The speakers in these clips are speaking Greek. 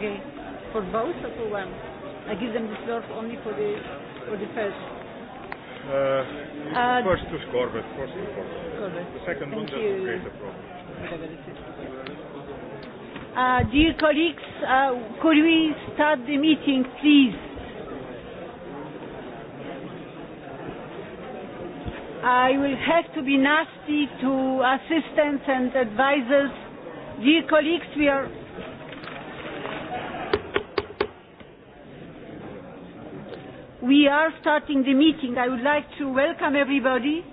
Okay. For both or for one? I give them the floor only for the for the first. Uh, first to score, but first to score. The second one doesn't create a problem. Uh, dear colleagues, uh, could we start the meeting, please? I will have to be nasty to assistants and advisors. Dear colleagues, we are We are starting the meeting. I would like to welcome everybody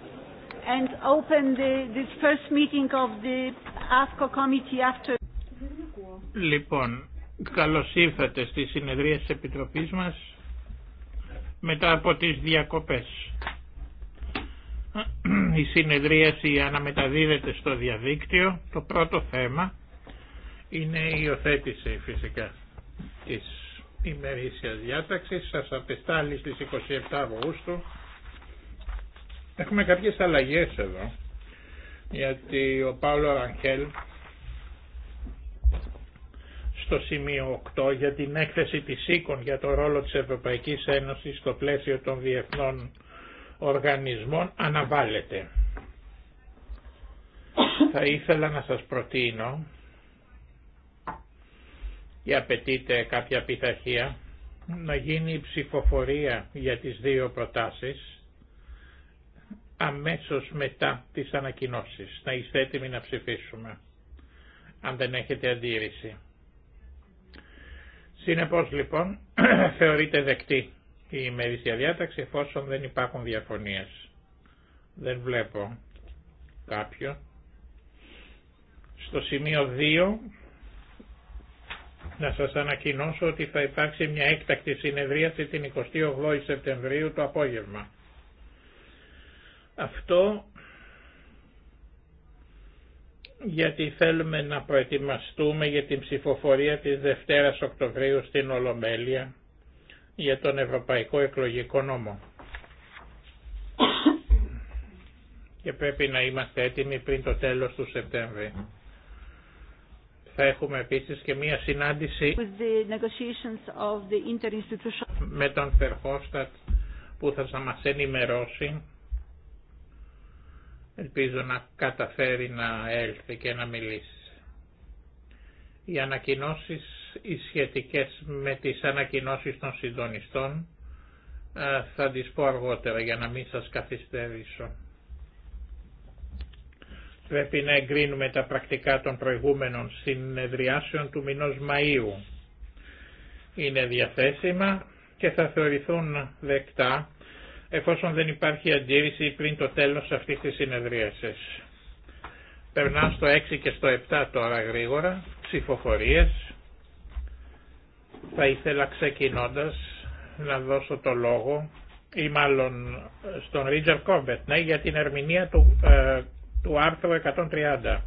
and open the, this first meeting of the AFCO committee after. Λοιπόν, καλώς ήρθατε στη συνεδρία Επιτροπής μας μετά από τις διακοπές. Η συνεδρίαση αναμεταδίδεται στο διαδίκτυο. Το πρώτο θέμα είναι η υιοθέτηση φυσικά της ημερήσιας διάταξης. Σας απεστάλλει στις 27 Αυγούστου. Έχουμε κάποιες αλλαγές εδώ. Γιατί ο Παύλο Ρανχέλ στο σημείο 8 για την έκθεση της ΕΚΟΝ για το ρόλο της Ευρωπαϊκής Ένωσης στο πλαίσιο των διεθνών οργανισμών αναβάλλεται. Θα ήθελα να σας προτείνω ή απαιτείται κάποια πειθαρχία, να γίνει η απαιτείται κάποια πειθαρχία να γίνει η ψηφοφορία για τις δύο προτάσεις αμέσως μετά τις ανακοινώσεις, να είστε έτοιμοι να ψηφίσουμε, αν δεν έχετε αντίρρηση. Συνεπώς λοιπόν θεωρείται δεκτή η ημερήσια διάταξη εφόσον δεν υπάρχουν διαφωνίες. Δεν βλέπω κάποιο. Στο σημείο 2 να σας ανακοινώσω ότι θα υπάρξει μια έκτακτη συνεδρίαση την 28η Σεπτεμβρίου το απόγευμα. Αυτό γιατί θέλουμε να προετοιμαστούμε για την ψηφοφορία της Δευτέρας Οκτωβρίου στην Ολομέλεια για τον Ευρωπαϊκό Εκλογικό Νόμο. Και πρέπει να είμαστε έτοιμοι πριν το τέλος του Σεπτέμβρη. Θα έχουμε επίσης και μία συνάντηση με τον Φερχόστατ που θα μας ενημερώσει. Ελπίζω να καταφέρει να έλθει και να μιλήσει. Οι ανακοινώσεις οι σχετικές με τις ανακοινώσεις των συντονιστών ε, θα τις πω αργότερα για να μην σας καθυστερήσω. Πρέπει να εγκρίνουμε τα πρακτικά των προηγούμενων συνεδριάσεων του μηνός Μαΐου. Είναι διαθέσιμα και θα θεωρηθούν δεκτά εφόσον δεν υπάρχει αντίρρηση πριν το τέλος αυτής της συνεδρίασης. Περνάω στο 6 και στο 7 τώρα γρήγορα, ψηφοφορίες. Θα ήθελα ξεκινώντας να δώσω το λόγο ή μάλλον στον Ρίτζαρ Κόμπετ, ναι, για την ερμηνεία του ε, του άρθρου 130.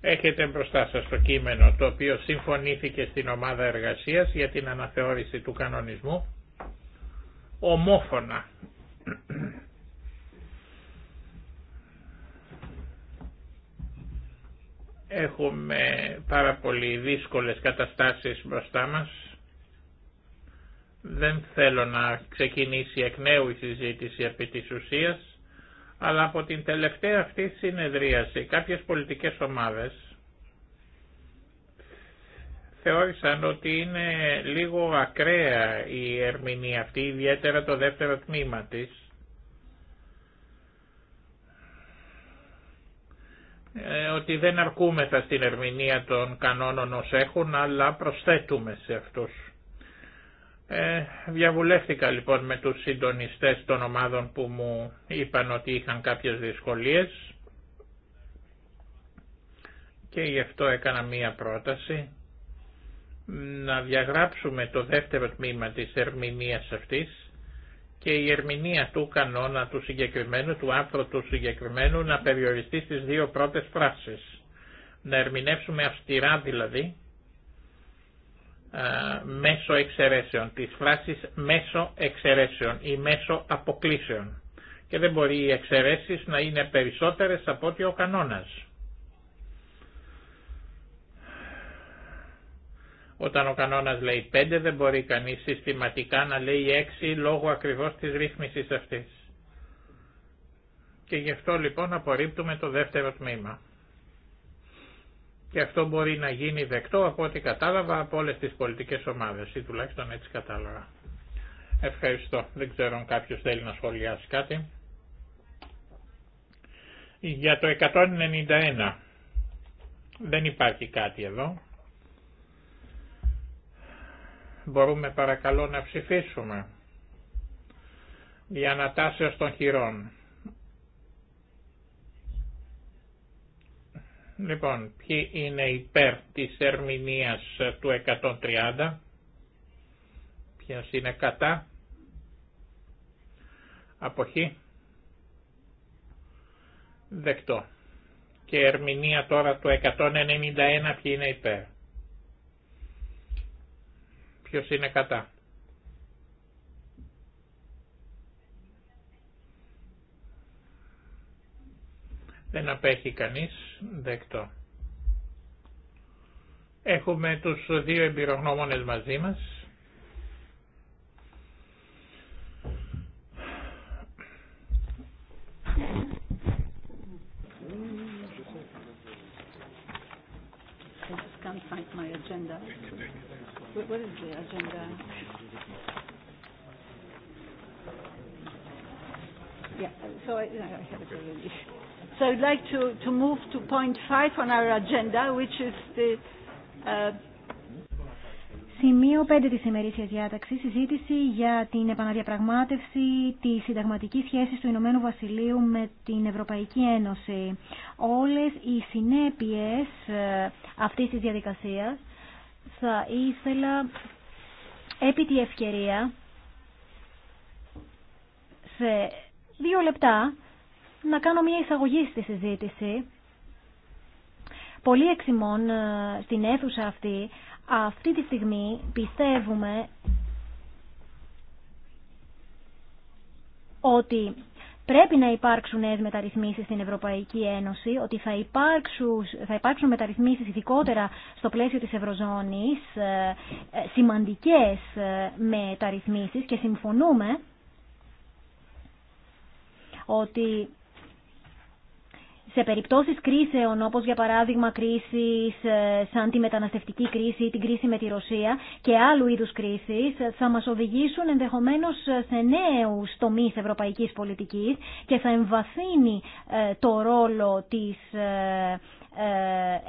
Έχετε μπροστά σας το κείμενο το οποίο συμφωνήθηκε στην ομάδα εργασίας για την αναθεώρηση του κανονισμού ομόφωνα. Έχουμε πάρα πολύ δύσκολες καταστάσεις μπροστά μας. Δεν θέλω να ξεκινήσει εκ νέου η συζήτηση επί της ουσίας αλλά από την τελευταία αυτή συνεδρίαση κάποιες πολιτικές ομάδες θεώρησαν ότι είναι λίγο ακραία η ερμηνεία αυτή, ιδιαίτερα το δεύτερο τμήμα της, ε, ότι δεν αρκούμεθα στην ερμηνεία των κανόνων ως έχουν, αλλά προσθέτουμε σε αυτούς. Ε, διαβουλεύτηκα λοιπόν με τους συντονιστές των ομάδων που μου είπαν ότι είχαν κάποιες δυσκολίες και γι' αυτό έκανα μία πρόταση να διαγράψουμε το δεύτερο τμήμα της ερμηνείας αυτής και η ερμηνεία του κανόνα του συγκεκριμένου, του άρθρου του συγκεκριμένου να περιοριστεί στις δύο πρώτες φράσεις. Να ερμηνεύσουμε αυστηρά δηλαδή ε, μέσω εξαιρέσεων, της φράσης μέσω εξαιρέσεων ή μέσω αποκλήσεων. Και δεν μπορεί οι εξαιρέσεις να είναι περισσότερες από ό,τι ο κανόνας. Όταν ο κανόνας λέει 5 δεν μπορεί κανείς συστηματικά να λέει 6 λόγω ακριβώς της ρύθμισης αυτής. Και γι' αυτό λοιπόν απορρίπτουμε το δεύτερο τμήμα. Και αυτό μπορεί να γίνει δεκτό από ό,τι κατάλαβα από όλες τις πολιτικές ομάδες ή τουλάχιστον έτσι κατάλαβα. Ευχαριστώ. Δεν ξέρω αν κάποιος θέλει να σχολιάσει κάτι. Για το 191 δεν υπάρχει κάτι εδώ. Μπορούμε παρακαλώ να ψηφίσουμε. ανατάσσεως των χειρών. Λοιπόν, ποιοι είναι υπέρ της ερμηνείας του 130, ποιος είναι κατά, αποχή, δεκτό. Και ερμηνεία τώρα του 191, ποιοι είναι υπέρ, ποιος είναι κατά. Δεν απέχει κανείς δεκτό. Έχουμε τους δύο εμπειρογνώμονες μαζί μας. Yeah, so I, So I'd like to, to move to point five on our agenda, which is the... Uh, Σημείο 5 της ημερήσιας διάταξης, συζήτηση για την επαναδιαπραγμάτευση της συνταγματικής σχέσης του Ηνωμένου Βασιλείου με την Ευρωπαϊκή Ένωση. Όλες οι συνέπειες ε, αυτής της διαδικασίας θα ήθελα επί τη ευκαιρία σε δύο λεπτά να κάνω μια εισαγωγή στη συζήτηση. Πολύ εξημών ε, στην αίθουσα αυτή, αυτή τη στιγμή πιστεύουμε ότι πρέπει να υπάρξουν νέες μεταρρυθμίσεις στην Ευρωπαϊκή Ένωση, ότι θα υπάρξουν, θα υπάρξουν μεταρρυθμίσεις ειδικότερα στο πλαίσιο της Ευρωζώνης, ε, ε, σημαντικές μεταρρυθμίσεις και συμφωνούμε ότι σε περιπτώσεις κρίσεων, όπως για παράδειγμα κρίσεις ε, σαν τη μεταναστευτική κρίση ή την κρίση με τη Ρωσία και άλλου είδους κρίσεις, θα μας οδηγήσουν ενδεχομένως σε νέους τομείς ευρωπαϊκής πολιτικής και θα εμβαθύνει ε, το ρόλο της ε,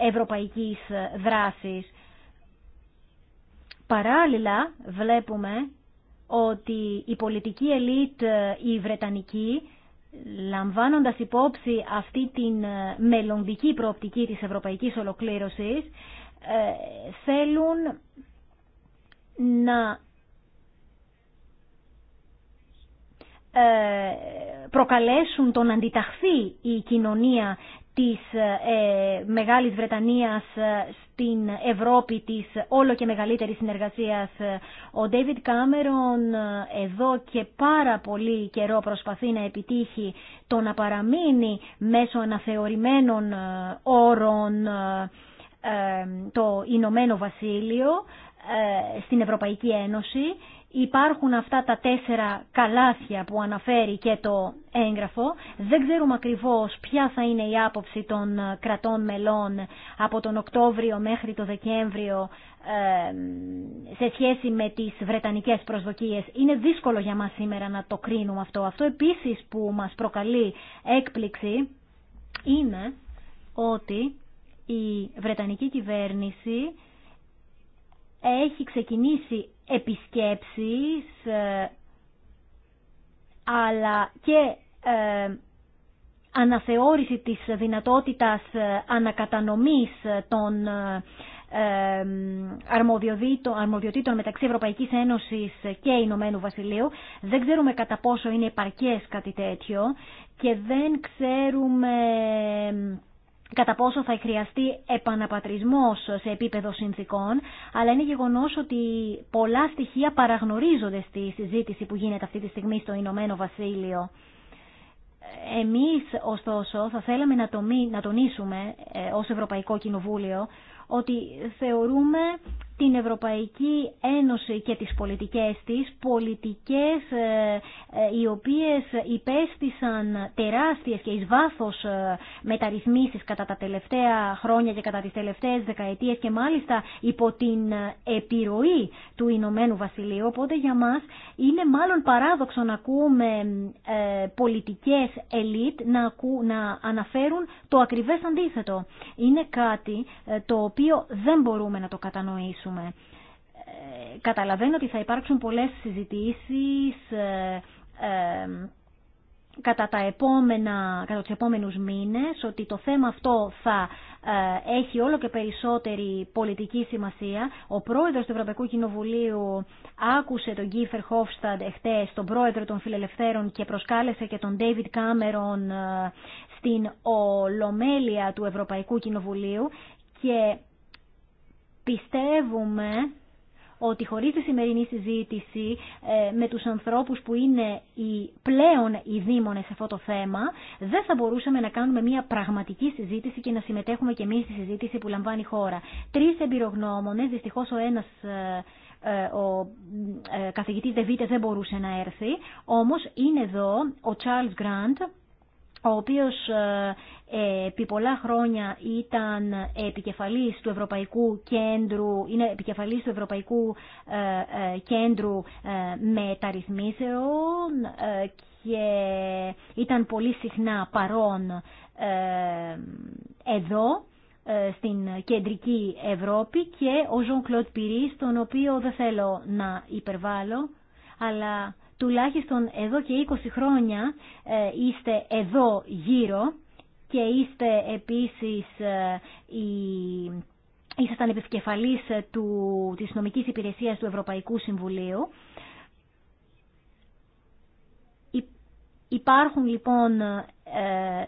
ευρωπαϊκής δράσης. Παράλληλα βλέπουμε ότι η πολιτική ελίτ η Βρετανική λαμβάνοντας υπόψη αυτή την ε, μελλοντική προοπτική της ευρωπαϊκής ολοκλήρωσης, ε, θέλουν να ε, προκαλέσουν τον αντιταχθεί η κοινωνία της Μεγάλης Βρετανίας την Ευρώπη της όλο και μεγαλύτερης συνεργασίας. Ο David Κάμερον εδώ και πάρα πολύ καιρό προσπαθεί να επιτύχει το να παραμείνει μέσω αναθεωρημένων ε, όρων ε, ε, το Ηνωμένο Βασίλειο στην Ευρωπαϊκή Ένωση υπάρχουν αυτά τα τέσσερα καλάθια που αναφέρει και το έγγραφο. Δεν ξέρουμε ακριβώς ποια θα είναι η άποψη των ε, κρατών μελών από τον Οκτώβριο μέχρι το Δεκέμβριο σε σχέση με τις βρετανικές προσδοκίες. Είναι δύσκολο για μας σήμερα να το κρίνουμε αυτό. Αυτό επίσης που μας προκαλεί έκπληξη είναι ότι η βρετανική κυβέρνηση έχει ξεκινήσει επισκέψεις ε, αλλά και ε, αναθεώρηση της δυνατότητας ε, ανακατανομής των αρμοδιοτήτων μεταξύ Ευρωπαϊκής Ένωσης και Ηνωμένου Βασιλείου. Δεν ξέρουμε κατά πόσο είναι επαρκές κάτι τέτοιο και δεν ξέρουμε κατά πόσο θα χρειαστεί επαναπατρισμός σε επίπεδο συνθήκων, αλλά είναι γεγονός ότι πολλά στοιχεία παραγνωρίζονται στη συζήτηση που γίνεται αυτή τη στιγμή στο Ηνωμένο Βασίλειο. Εμείς, ωστόσο, θα θέλαμε να τονίσουμε ε, ως Ευρωπαϊκό Κοινοβούλιο ότι θεωρούμε την Ευρωπαϊκή Ένωση και τις πολιτικές της, πολιτικές ε, ε, οι οποίες υπέστησαν τεράστιες και εις βάθος ε, μεταρρυθμίσεις κατά τα τελευταία χρόνια και κατά τις τελευταίες δεκαετίες και μάλιστα υπό την επιρροή του Ηνωμένου Βασιλείου. Οπότε για μας είναι μάλλον παράδοξο να ακούμε πολιτικές ελίτ να αναφέρουν το ακριβές αντίθετο. Είναι κάτι το οποίο δεν μπορούμε να το κατανοήσουμε. Ε, καταλαβαίνω ότι θα υπάρξουν πολλές συζητήσεις ε, ε, κατά, τα επόμενα, κατά τους επόμενους μήνες ότι το θέμα αυτό θα έχει όλο και περισσότερη πολιτική σημασία. Ο πρόεδρος του Ευρωπαϊκού Κοινοβουλίου άκουσε τον Γκίφερ Χόφσταντ εχθές, τον πρόεδρο των Φιλελευθέρων και προσκάλεσε και τον Ντέιβιτ Κάμερον στην Ολομέλεια του Ευρωπαϊκού Κοινοβουλίου και Πιστεύουμε ότι χωρίς τη σημερινή συζήτηση ε, με τους ανθρώπους που είναι οι πλέον οι δήμονες σε αυτό το θέμα, δεν θα μπορούσαμε να κάνουμε μια πραγματική συζήτηση και να συμμετέχουμε και εμείς στη συζήτηση που λαμβάνει η χώρα. Τρεις εμπειρογνώμονες, δυστυχώς ο ένας ε, ε, ο καθηγητής Δεβίτες δεν μπορούσε να έρθει, όμως είναι εδώ ο Charles Grant, ο οποίος ε, ε, επί πολλά χρόνια ήταν επικεφαλής του Ευρωπαϊκού Κέντρου, είναι επικεφαλής του Ευρωπαϊκού ε, Κέντρου Μεταρρυθμίσεων και ήταν πολύ συχνά παρόν εδώ στην κεντρική Ευρώπη και ο Ζων Κλοντ Πυρίς, τον οποίο δεν θέλω να υπερβάλλω, αλλά τουλάχιστον εδώ και 20 χρόνια ε, είστε εδώ γύρω και είστε επίσης ε, η ήσασταν επισκεφαλής ε, του, της νομικής υπηρεσίας του Ευρωπαϊκού Συμβουλίου. Υπάρχουν λοιπόν,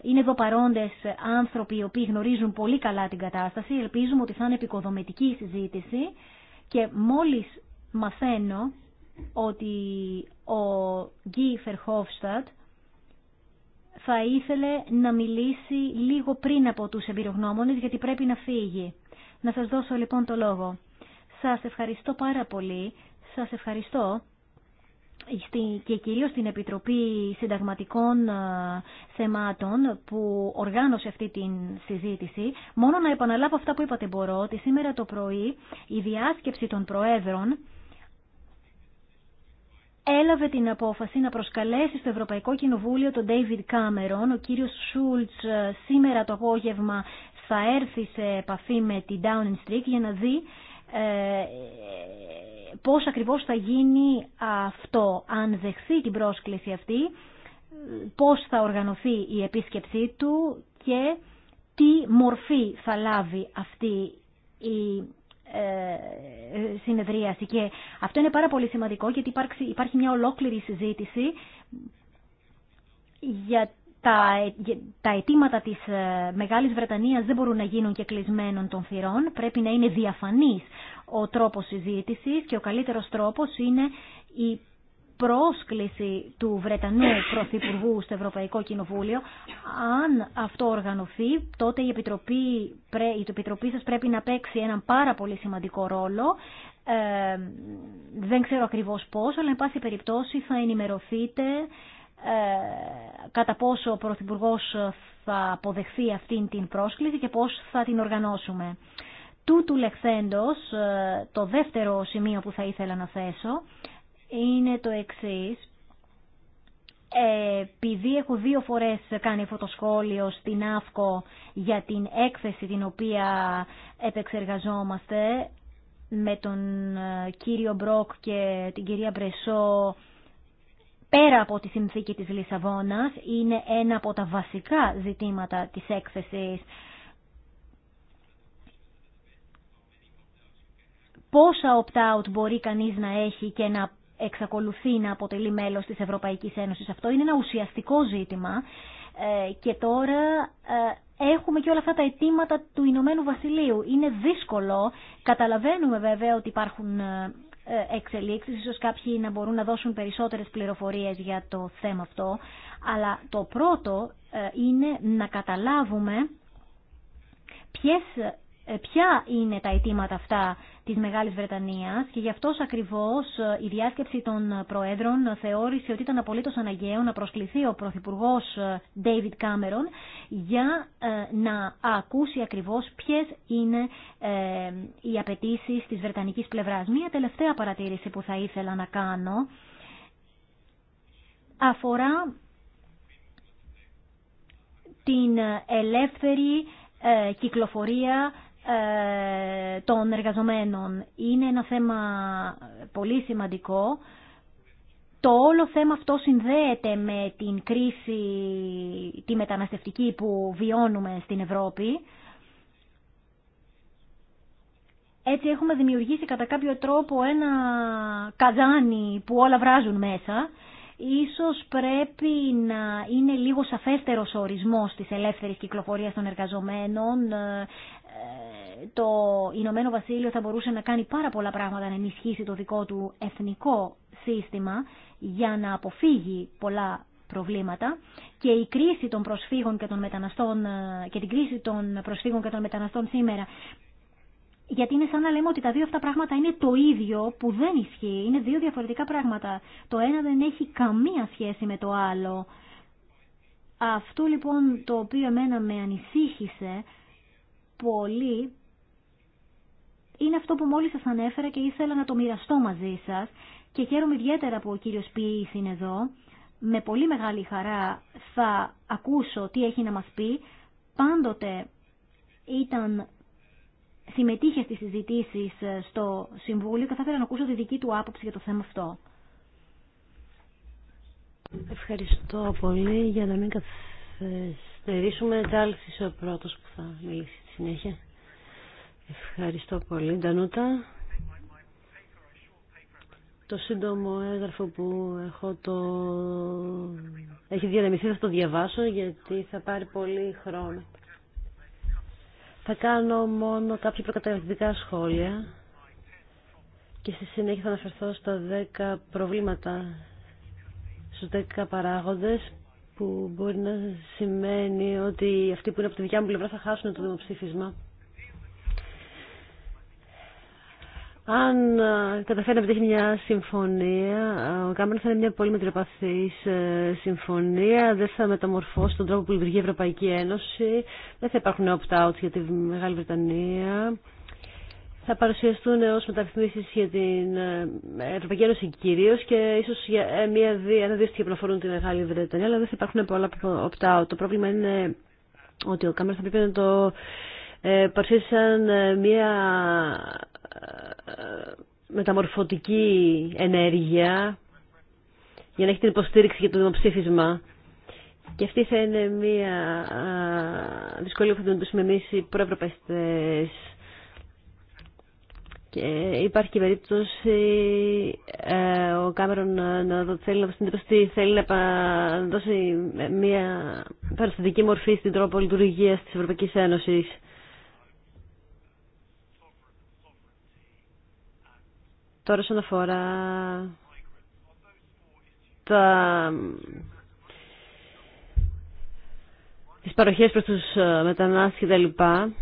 είναι εδώ παρόντες άνθρωποι οι οποίοι γνωρίζουν πολύ καλά την κατάσταση. Ελπίζουμε ότι θα είναι επικοδομητική συζήτηση και μόλις μαθαίνω ότι ο Γκί Φερχόφστατ θα ήθελε να μιλήσει λίγο πριν από τους εμπειρογνώμονες γιατί πρέπει να φύγει. Να σας δώσω λοιπόν το λόγο. Σας ευχαριστώ πάρα πολύ. Σας ευχαριστώ και κυρίως την Επιτροπή Συνταγματικών ε, Θεμάτων που οργάνωσε αυτή την συζήτηση. Μόνο να επαναλάβω αυτά που είπατε μπορώ, ότι σήμερα το πρωί η διάσκεψη των Προέδρων έλαβε την απόφαση να προσκαλέσει στο Ευρωπαϊκό Κοινοβούλιο τον David Cameron. Ο κύριος Σούλτς ε, σήμερα το απόγευμα θα έρθει σε επαφή με την Downing Street για να δει ε, πώς ακριβώς θα γίνει αυτό. Αν δεχθεί την πρόσκληση αυτή, πώς θα οργανωθεί η επίσκεψή του και τι μορφή θα λάβει αυτή η ε, συνεδρίαση και αυτό είναι πάρα πολύ σημαντικό γιατί υπάρχει μια ολόκληρη συζήτηση για τα, τα αιτήματα της ε, Μεγάλης Βρετανίας δεν μπορούν να γίνουν και κλεισμένων των θυρών. Πρέπει να είναι διαφανής ο τρόπος συζήτησης και ο καλύτερος τρόπος είναι η πρόσκληση του Βρετανού Πρωθυπουργού στο Ευρωπαϊκό Κοινοβούλιο. Αν αυτό οργανωθεί, τότε η Επιτροπή, η σας πρέπει να παίξει έναν πάρα πολύ σημαντικό ρόλο. Ε, δεν ξέρω ακριβώς πώς, αλλά εν πάση περιπτώσει θα ενημερωθείτε ε, κατά πόσο ο Πρωθυπουργό θα αποδεχθεί αυτήν την πρόσκληση και πώς θα την οργανώσουμε. Τούτου λεχθέντος, ε, το δεύτερο σημείο που θα ήθελα να θέσω, είναι το Ε, Επειδή έχω δύο φορές κάνει φωτοσχόλιο στην ΑΦΚΟ για την έκθεση την οποία επεξεργαζόμαστε με τον ε, κύριο Μπρόκ και την κυρία Μπρεσό πέρα από τη συνθήκη της Λισαβόνας είναι ένα από τα βασικά ζητήματα της έκθεσης. Πόσα opt-out μπορεί κανείς να έχει και να εξακολουθεί να αποτελεί μέλος της Ευρωπαϊκής Ένωσης. Αυτό είναι ένα ουσιαστικό ζήτημα ε, και τώρα ε, έχουμε και όλα αυτά τα αιτήματα του Ηνωμένου Βασιλείου. Είναι δύσκολο, καταλαβαίνουμε βέβαια ότι υπάρχουν ε, εξελίξεις, ίσως κάποιοι να μπορούν να δώσουν περισσότερες πληροφορίες για το θέμα αυτό, αλλά το πρώτο είναι να καταλάβουμε ποιες ε, ποια είναι τα αιτήματα αυτά της Μεγάλης Βρετανίας και γι' αυτό ακριβώς ε, η διάσκεψη των Προέδρων θεώρησε ότι ήταν απολύτως αναγκαίο να προσκληθεί ο Πρωθυπουργό ε, David Cameron για να ακούσει ακριβώς ποιες είναι οι απαιτήσει της Βρετανικής πλευράς. Μία τελευταία παρατήρηση που θα ήθελα να κάνω αφορά την ελεύθερη κυκλοφορία ε, των εργαζομένων. Είναι ένα θέμα πολύ σημαντικό. Το όλο θέμα αυτό συνδέεται με την κρίση τη μεταναστευτική που βιώνουμε στην Ευρώπη. Έτσι έχουμε δημιουργήσει κατά κάποιο τρόπο ένα καζάνι που όλα βράζουν μέσα Ίσως πρέπει να είναι λίγο σαφέστερος ο ορισμός της ελεύθερης κυκλοφορίας των εργαζομένων. Ε, το Ηνωμένο Βασίλειο θα μπορούσε να κάνει πάρα πολλά πράγματα να ενισχύσει το δικό του εθνικό σύστημα για να αποφύγει πολλά προβλήματα και η κρίση των προσφύγων και των μεταναστών ε, και την κρίση των προσφύγων και των μεταναστών σήμερα γιατί είναι σαν να λέμε ότι τα δύο αυτά πράγματα είναι το ίδιο που δεν ισχύει. Είναι δύο διαφορετικά πράγματα. Το ένα δεν έχει καμία σχέση με το άλλο. Αυτό λοιπόν το οποίο εμένα με ανησύχησε πολύ είναι αυτό που μόλις σας ανέφερα και ήθελα να το μοιραστώ μαζί σας και χαίρομαι ιδιαίτερα που ο κύριος Ποιής είναι εδώ. Με πολύ μεγάλη χαρά θα ακούσω τι έχει να μας πει. Πάντοτε ήταν συμμετείχε στις συζητήσεις ε, στο Συμβούλιο και θα ήθελα να ακούσω τη δική του άποψη για το θέμα αυτό. Ευχαριστώ πολύ για να μην καθυστερήσουμε. Τέλος, είσαι ο πρώτος που θα μιλήσει στη συνέχεια. Ευχαριστώ πολύ. Ντανούτα. Το σύντομο έγγραφο που έχω το... έχει διανεμηθεί θα το διαβάσω γιατί θα πάρει πολύ χρόνο. Θα κάνω μόνο κάποια προκαταρκτικά σχόλια και στη συνέχεια θα αναφερθώ στα 10 προβλήματα, στους 10 παράγοντες που μπορεί να σημαίνει ότι αυτοί που είναι από τη δικιά μου πλευρά θα χάσουν το δημοψήφισμα. Αν ε, καταφέρει να πετύχει μια συμφωνία, ε, ο Κάμερον θα είναι μια πολύ μετριοπαθή ε, συμφωνία, δεν θα μεταμορφώσει τον τρόπο που λειτουργεί η Ευρωπαϊκή Ένωση, δεν θα υπάρχουν opt-outs για τη Μεγάλη Βρετανία. Θα παρουσιαστούν ω μεταρρυθμίσει για την Ευρωπαϊκή Ένωση κυρίω και ίσω για ένα-δύο στοιχεία που αφορούν τη Μεγάλη Βρετανία, αλλά δεν θα υπάρχουν πολλά opt-out. Το πρόβλημα είναι ότι ο Κάμερον θα πρέπει να το ε, παρουσίασαν ε, μια ε, μεταμορφωτική ενέργεια για να έχει την υποστήριξη για το δημοψήφισμα. Και αυτή θα είναι μια δυσκολία που θα αντιμετωπίσουμε εμεί οι προευρωπαϊστέ. Και υπάρχει και περίπτωση ο Κάμερον να δω, θέλει να θέλει να δώσει μια παραστατική μορφή στην τρόπο λειτουργία τη Ευρωπαϊκή Ένωση. Τώρα, όσον αφορά τα... τις παροχές προς τους ε, μετανάστες και τα λοιπά,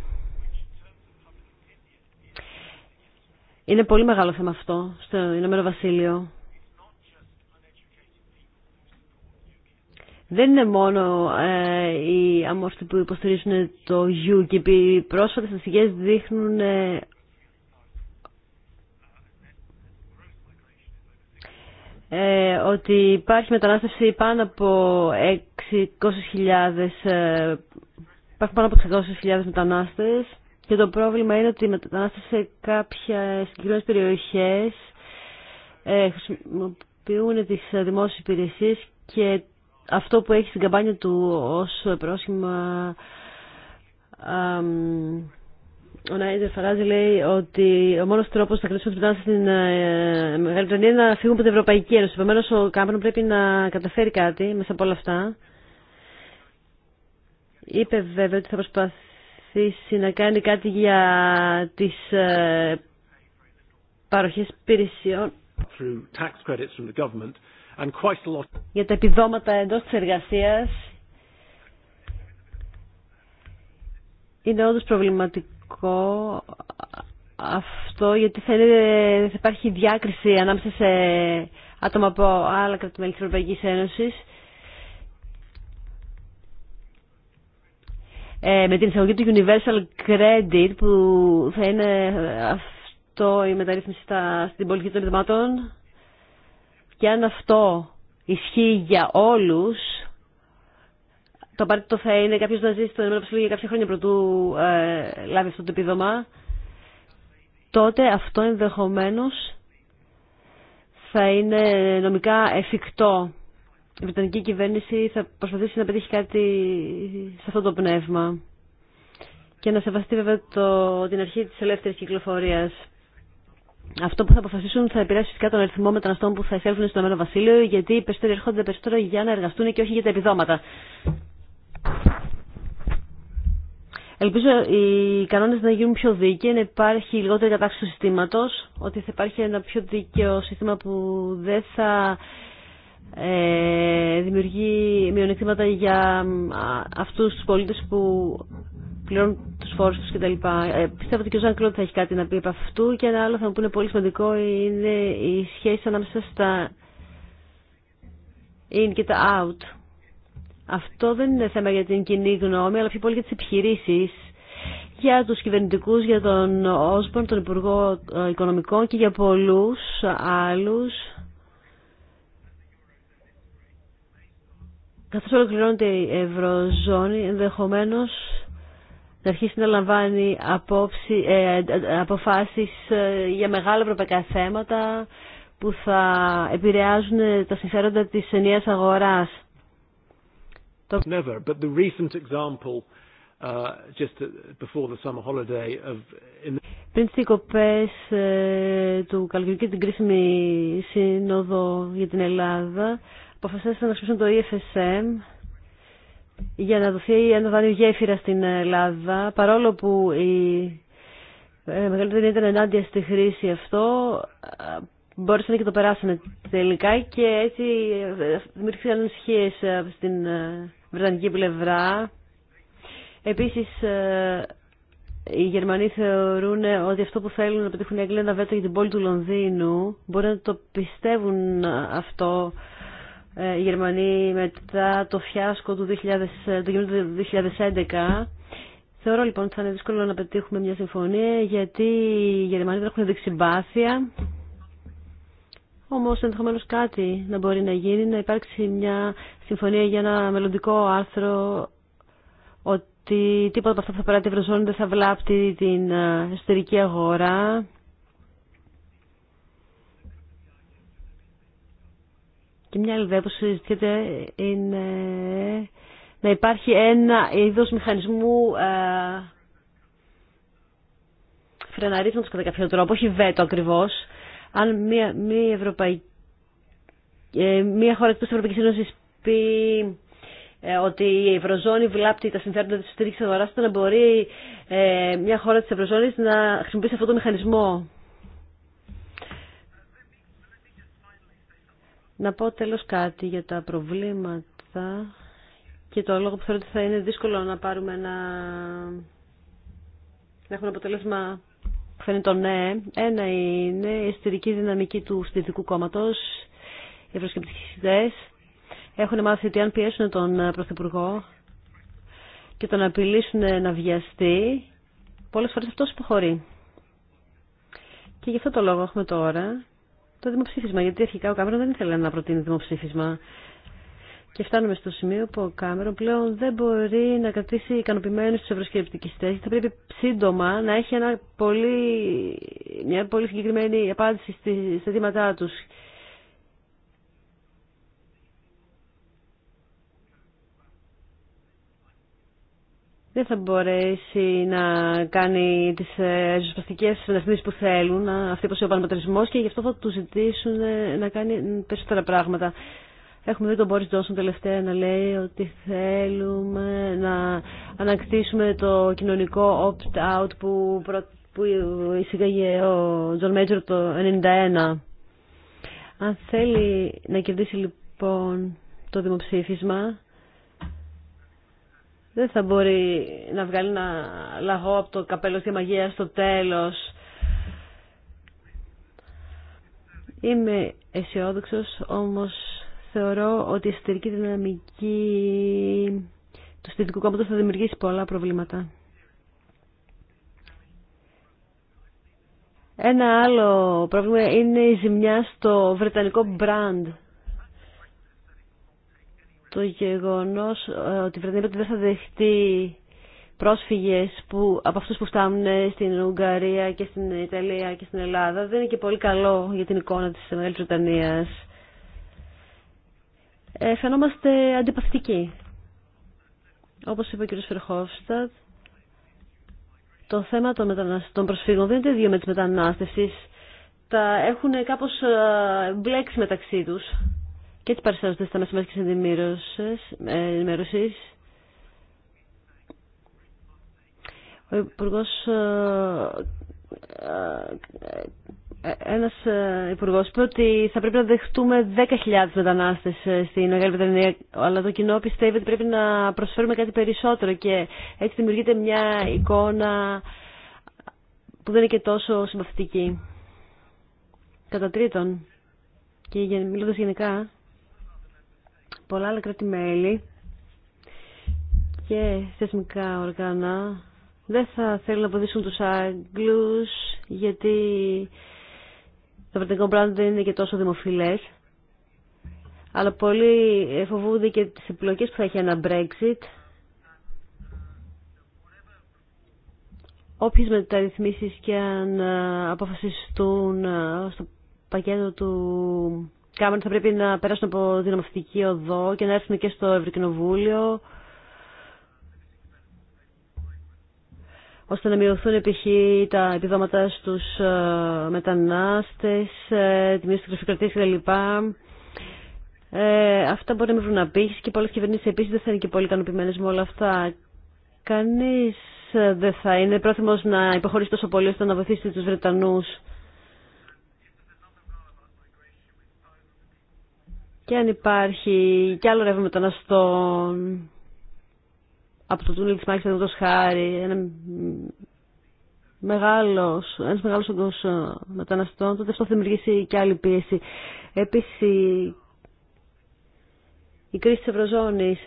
είναι πολύ μεγάλο θέμα αυτό στο Ηνωμένο Βασίλειο. Δεν είναι μόνο ε, οι αμόρφοι που υποστηρίζουν το UKIP. Οι πρόσφατες αστυγές δείχνουν ε, Ε, ότι υπάρχει μετανάστευση πάνω από 600.000 ε, υπάρχουν πάνω από 600.000 μετανάστες και το πρόβλημα είναι ότι η μετανάστευση σε κάποιες συγκεκριμένες περιοχές ε, χρησιμοποιούν τις δημόσιες υπηρεσίες και αυτό που έχει στην καμπάνια του ως πρόσχημα ο Νάιντερ Φαράζη λέει ότι ο μόνο τρόπο να κρατήσουμε την στην ε, Μεγάλη Βρετανία είναι να φύγουν από την Ευρωπαϊκή Ένωση. Επομένω, ο Κάμερον πρέπει να καταφέρει κάτι μέσα από όλα αυτά. Είπε βέβαια ότι θα προσπαθήσει να κάνει κάτι για τι ε, παροχέ υπηρεσιών για τα επιδόματα εντό τη εργασία. είναι όντως προβληματικό σημαντικό αυτό γιατί είναι, θα υπάρχει διάκριση ανάμεσα σε άτομα από άλλα κρατημέλη της Ευρωπαϊκής Ένωσης ε, με την εισαγωγή του Universal Credit που θα είναι αυτό η μεταρρύθμιση στα, στην πολιτική των ρυθμάτων και αν αυτό ισχύει για όλους το απαραίτητο θα είναι κάποιο να ζήσει στο ΕΕ για κάποια χρόνια πρωτού ε, λάβει αυτό το επίδομα, τότε αυτό ενδεχομένω θα είναι νομικά εφικτό. Η Βρετανική κυβέρνηση θα προσπαθήσει να πετύχει κάτι σε αυτό το πνεύμα και να σεβαστεί βέβαια το, την αρχή τη ελεύθερη κυκλοφορία. Αυτό που θα αποφασίσουν θα επηρεάσει φυσικά τον αριθμό μεταναστών που θα εισέλθουν στο Ηνωμένο Βασίλειο, γιατί οι περισσότεροι έρχονται περισσότερο για να εργαστούν και όχι για τα επιδόματα. Ελπίζω οι κανόνες να γίνουν πιο δίκαιοι, να υπάρχει λιγότερη κατάξυση του συστήματος, ότι θα υπάρχει ένα πιο δίκαιο σύστημα που δεν θα ε, δημιουργεί μειονεκτήματα για αυτούς τους πολίτες που πληρώνουν τους φόρους τους κτλ. Ε, πιστεύω ότι και ο Ζαν Κλόντ θα έχει κάτι να πει από αυτού και ένα άλλο θα μου πούνε πολύ σημαντικό είναι η σχέση ανάμεσα στα in και τα out. Αυτό δεν είναι θέμα για την κοινή γνώμη, αλλά πιο πολύ για τι επιχειρήσει για τους κυβερνητικού για τον όσπον, τον Υπουργό ε, Οικονομικών και για πολλού άλλου. Καθώς ολοκληρώνεται η Ευρωζώνη, ενδεχομένω να αρχίσει να λαμβάνει αποφάσει αποφάσεις ε, για μεγάλα ευρωπαϊκά θέματα που θα επηρεάζουν τα συμφέροντα της ενιαίας αγοράς. Never, but the recent example uh, just before the summer holiday of... Πριν τις δικοπές ε, του καλοκαιριού και την κρίσιμη σύνοδο για την Ελλάδα, αποφασίστηκαν να χρησιμοποιήσουν το EFSM για να δοθεί ένα δάνειο γέφυρα στην Ελλάδα, παρόλο που η ε, μεγαλύτερη ήταν ενάντια στη χρήση αυτό, μπόρεσαν και το περάσανε τελικά και έτσι ε, δημιουργήθηκαν ανησυχίες ε, στην ε, Βρετανική πλευρά. Επίσης, οι Γερμανοί θεωρούν ότι αυτό που θέλουν να πετύχουν οι είναι ένα βέτο για την πόλη του Λονδίνου μπορεί να το πιστεύουν αυτό οι Γερμανοί μετά το φιάσκο του 2000, του 2011. Θεωρώ λοιπόν ότι θα είναι δύσκολο να πετύχουμε μια συμφωνία γιατί οι Γερμανοί δεν έχουν δείξει συμπάθεια όμως ενδεχομένως κάτι να μπορεί να γίνει, να υπάρξει μια συμφωνία για ένα μελλοντικό άρθρο ότι τίποτα από αυτά που θα περάσει δεν θα βλάπτει την ε, εσωτερική αγορά. Και μια άλλη ιδέα που συζητιέται είναι να υπάρχει ένα είδος μηχανισμού ε, φρεναρίσματος κατά κάποιο τρόπο, όχι βέτο ακριβώς, αν μια, μια, ε, μια χώρα εκτός της Ευρωπαϊκής Ένωσης πει ε, ότι η Ευρωζώνη βλάπτει τα συμφέροντα της στήριξης αγοράς, να μπορεί ε, μια χώρα της Ευρωζώνης να χρησιμοποιήσει αυτό το μηχανισμό. Να πω τέλος κάτι για τα προβλήματα και το λόγο που θεωρώ ότι θα είναι δύσκολο να πάρουμε να έχουμε αποτέλεσμα φαίνεται ναι. Ένα είναι η εσωτερική δυναμική του Συντηρητικού κόμματο, οι ευρωσκεπτικιστέ. Έχουν μάθει ότι αν πιέσουν τον Πρωθυπουργό και τον απειλήσουν να βιαστεί, πολλέ φορές αυτός υποχωρεί. Και γι' αυτό το λόγο έχουμε τώρα το δημοψήφισμα, γιατί αρχικά ο Κάμερον δεν ήθελε να προτείνει δημοψήφισμα. Και φτάνουμε στο σημείο που ο Κάμερον πλέον δεν μπορεί να κρατήσει ικανοποιημένους τους ευρωσκεπτικιστές. Θα πρέπει σύντομα να έχει ένα πολύ, μια πολύ συγκεκριμένη απάντηση στη, στα αιτήματά τους. Δεν θα μπορέσει να κάνει τις ε, ριζοσπαστικές μεταρρυθμίσεις που θέλουν αυτοί είναι ο επαναπατρισμός και γι' αυτό θα του ζητήσουν ε, να κάνει ε, περισσότερα πράγματα. Έχουμε δει τον Μπόρις Τζόνσον τελευταία να λέει ότι θέλουμε να ανακτήσουμε το κοινωνικό opt-out που, που εισήγαγε ο Τζον Μέτζορ το 1991. Αν θέλει να κερδίσει λοιπόν το δημοψήφισμα, δεν θα μπορεί να βγάλει ένα λαγό από το καπέλο στη μαγεία στο τέλος. Είμαι αισιόδοξο, όμως θεωρώ ότι η εσωτερική δυναμική του Συντηρητικού κόμματο θα δημιουργήσει πολλά προβλήματα. Ένα άλλο πρόβλημα είναι η ζημιά στο βρετανικό μπραντ. Το γεγονός ε, ότι η Βρετανία δεν θα δεχτεί πρόσφυγες που, από αυτούς που φτάνουν στην Ουγγαρία και στην Ιταλία και στην Ελλάδα δεν είναι και πολύ καλό για την εικόνα της Μεγάλης Βρετανίας. Ε, φαινόμαστε αντιπαθητικοί. Όπως είπε ο κ. Φερχόφστατ, το θέμα των, προσφύγων δεν είναι δύο με τις μετανάστευσεις. Τα έχουν κάπως ε, μπλέξει μεταξύ τους. Και έτσι παρουσιάζονται στα μέσα μας και ενημέρωσης. Ο ε, ε, ένας ε, υπουργό είπε ότι θα πρέπει να δεχτούμε 10.000 μετανάστε ε, στην Μεγάλη Βρετανία, αλλά το κοινό πιστεύει ότι πρέπει να προσφέρουμε κάτι περισσότερο και έτσι δημιουργείται μια εικόνα που δεν είναι και τόσο συμπαθητική. Κατά τρίτον, και μιλώντα γενικά, πολλά άλλα κράτη-μέλη και θεσμικά οργάνα δεν θα θέλουν να αποδείξουν του Άγγλου γιατί το βρετανικό μπράντ δεν είναι και τόσο δημοφιλές. Αλλά πολλοί φοβούνται και τι επιλογέ που θα έχει ένα Brexit. Όποιε μεταρρυθμίσει και αν ε, αποφασιστούν ε, στο πακέτο του Κάμερον θα πρέπει να περάσουν από δυναμωτική οδό και να έρθουν και στο Ευρωκοινοβούλιο. ώστε να μειωθούν π.χ. τα επιδόματα στους ε, μετανάστες, ε, τη μείωση της γραφειοκρατίας κλπ. Ε, αυτά μπορεί να μην βρουν απήχηση και πολλές κυβερνήσεις επίσης δεν θα είναι και πολύ ικανοποιημένε με όλα αυτά. Κανείς δεν θα είναι πρόθυμος να υποχωρήσει τόσο πολύ ώστε να βοηθήσει τους Βρετανούς. Και αν υπάρχει κι άλλο ρεύμα μεταναστών από το της Μάχης, το χάρη, ένα μεγάλος, ένας μεγάλος όγκος ε, μεταναστών, τότε αυτό θα δημιουργήσει και άλλη πίεση. Επίσης, η κρίση της Ευρωζώνης,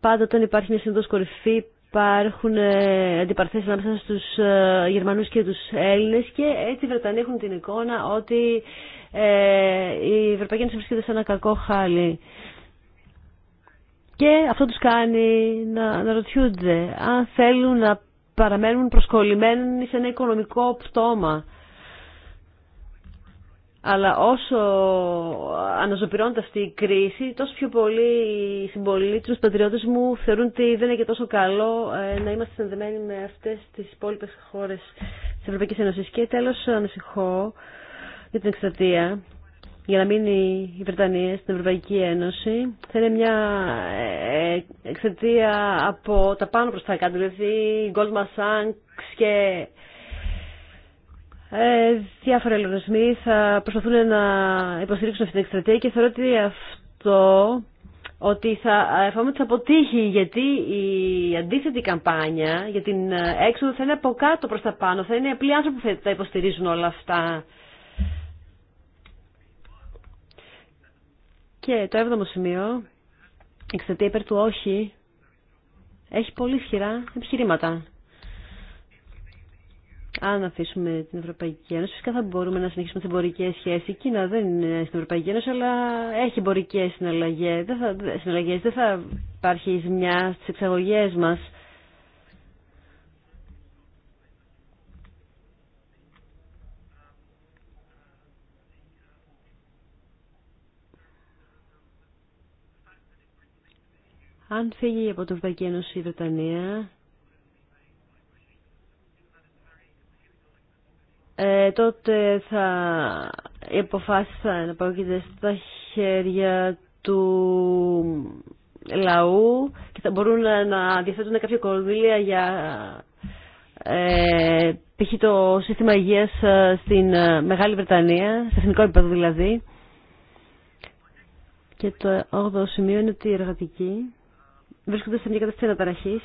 πάντα όταν υπάρχει μια σύνδοση κορυφή, υπάρχουν ε, αντιπαρθέσεις ανάμεσα στους ε, Γερμανούς και τους Έλληνες και έτσι οι Βρετανοί έχουν την εικόνα ότι η Ευρωπαϊκή Ένωση βρίσκεται σε ένα κακό χάλι. Και αυτό τους κάνει να ρωτιούνται αν θέλουν να παραμένουν προσκολλημένοι σε ένα οικονομικό πτώμα. Αλλά όσο αναζωπηρώνεται αυτή η κρίση, τόσο πιο πολλοί οι συμπολίτε του πατριώτε μου θεωρούν ότι δεν είναι και τόσο καλό ε, να είμαστε συνδεμένοι με αυτέ τι υπόλοιπε χώρε τη Ευρωπαϊκή Ένωση. Και τέλο, ανησυχώ για την εκστρατεία για να μείνει η Βρετανία στην Ευρωπαϊκή Ένωση θα είναι μια ε, εξαιτία από τα πάνω προς τα κάτω, δηλαδή Goldman Sachs και ε, διάφοροι θα προσπαθούν να υποστηρίξουν αυτή την εκστρατεία και θεωρώ ότι αυτό ότι θα, ε, αποτύχει γιατί η αντίθετη καμπάνια για την ε, έξοδο θα είναι από κάτω προς τα πάνω, θα είναι απλοί άνθρωποι που θα υποστηρίζουν όλα αυτά. Και το έβδομο σημείο, εξαιτία υπέρ του όχι, έχει πολύ ισχυρά επιχειρήματα. Αν αφήσουμε την Ευρωπαϊκή Ένωση, φυσικά θα μπορούμε να συνεχίσουμε τι εμπορικέ σχέσει. Η Κίνα δεν είναι στην Ευρωπαϊκή Ένωση, αλλά έχει εμπορικέ συναλλαγέ. Δεν δεν θα υπάρχει ζημιά στι εξαγωγέ μα. Αν φύγει από το Ευρωπαϊκή Ένωση η Βρετανία, ε, τότε θα, οι να θα στα χέρια του λαού και θα μπορούν να, διαθέτουν κάποια κονδύλια για ε, π.χ. το σύστημα υγείας ε, στην ε, Μεγάλη Βρετανία, σε εθνικό επίπεδο δηλαδή. Και το 8ο σημείο είναι ότι η εργατική βρίσκονται σε μια κατάσταση αναταραχή.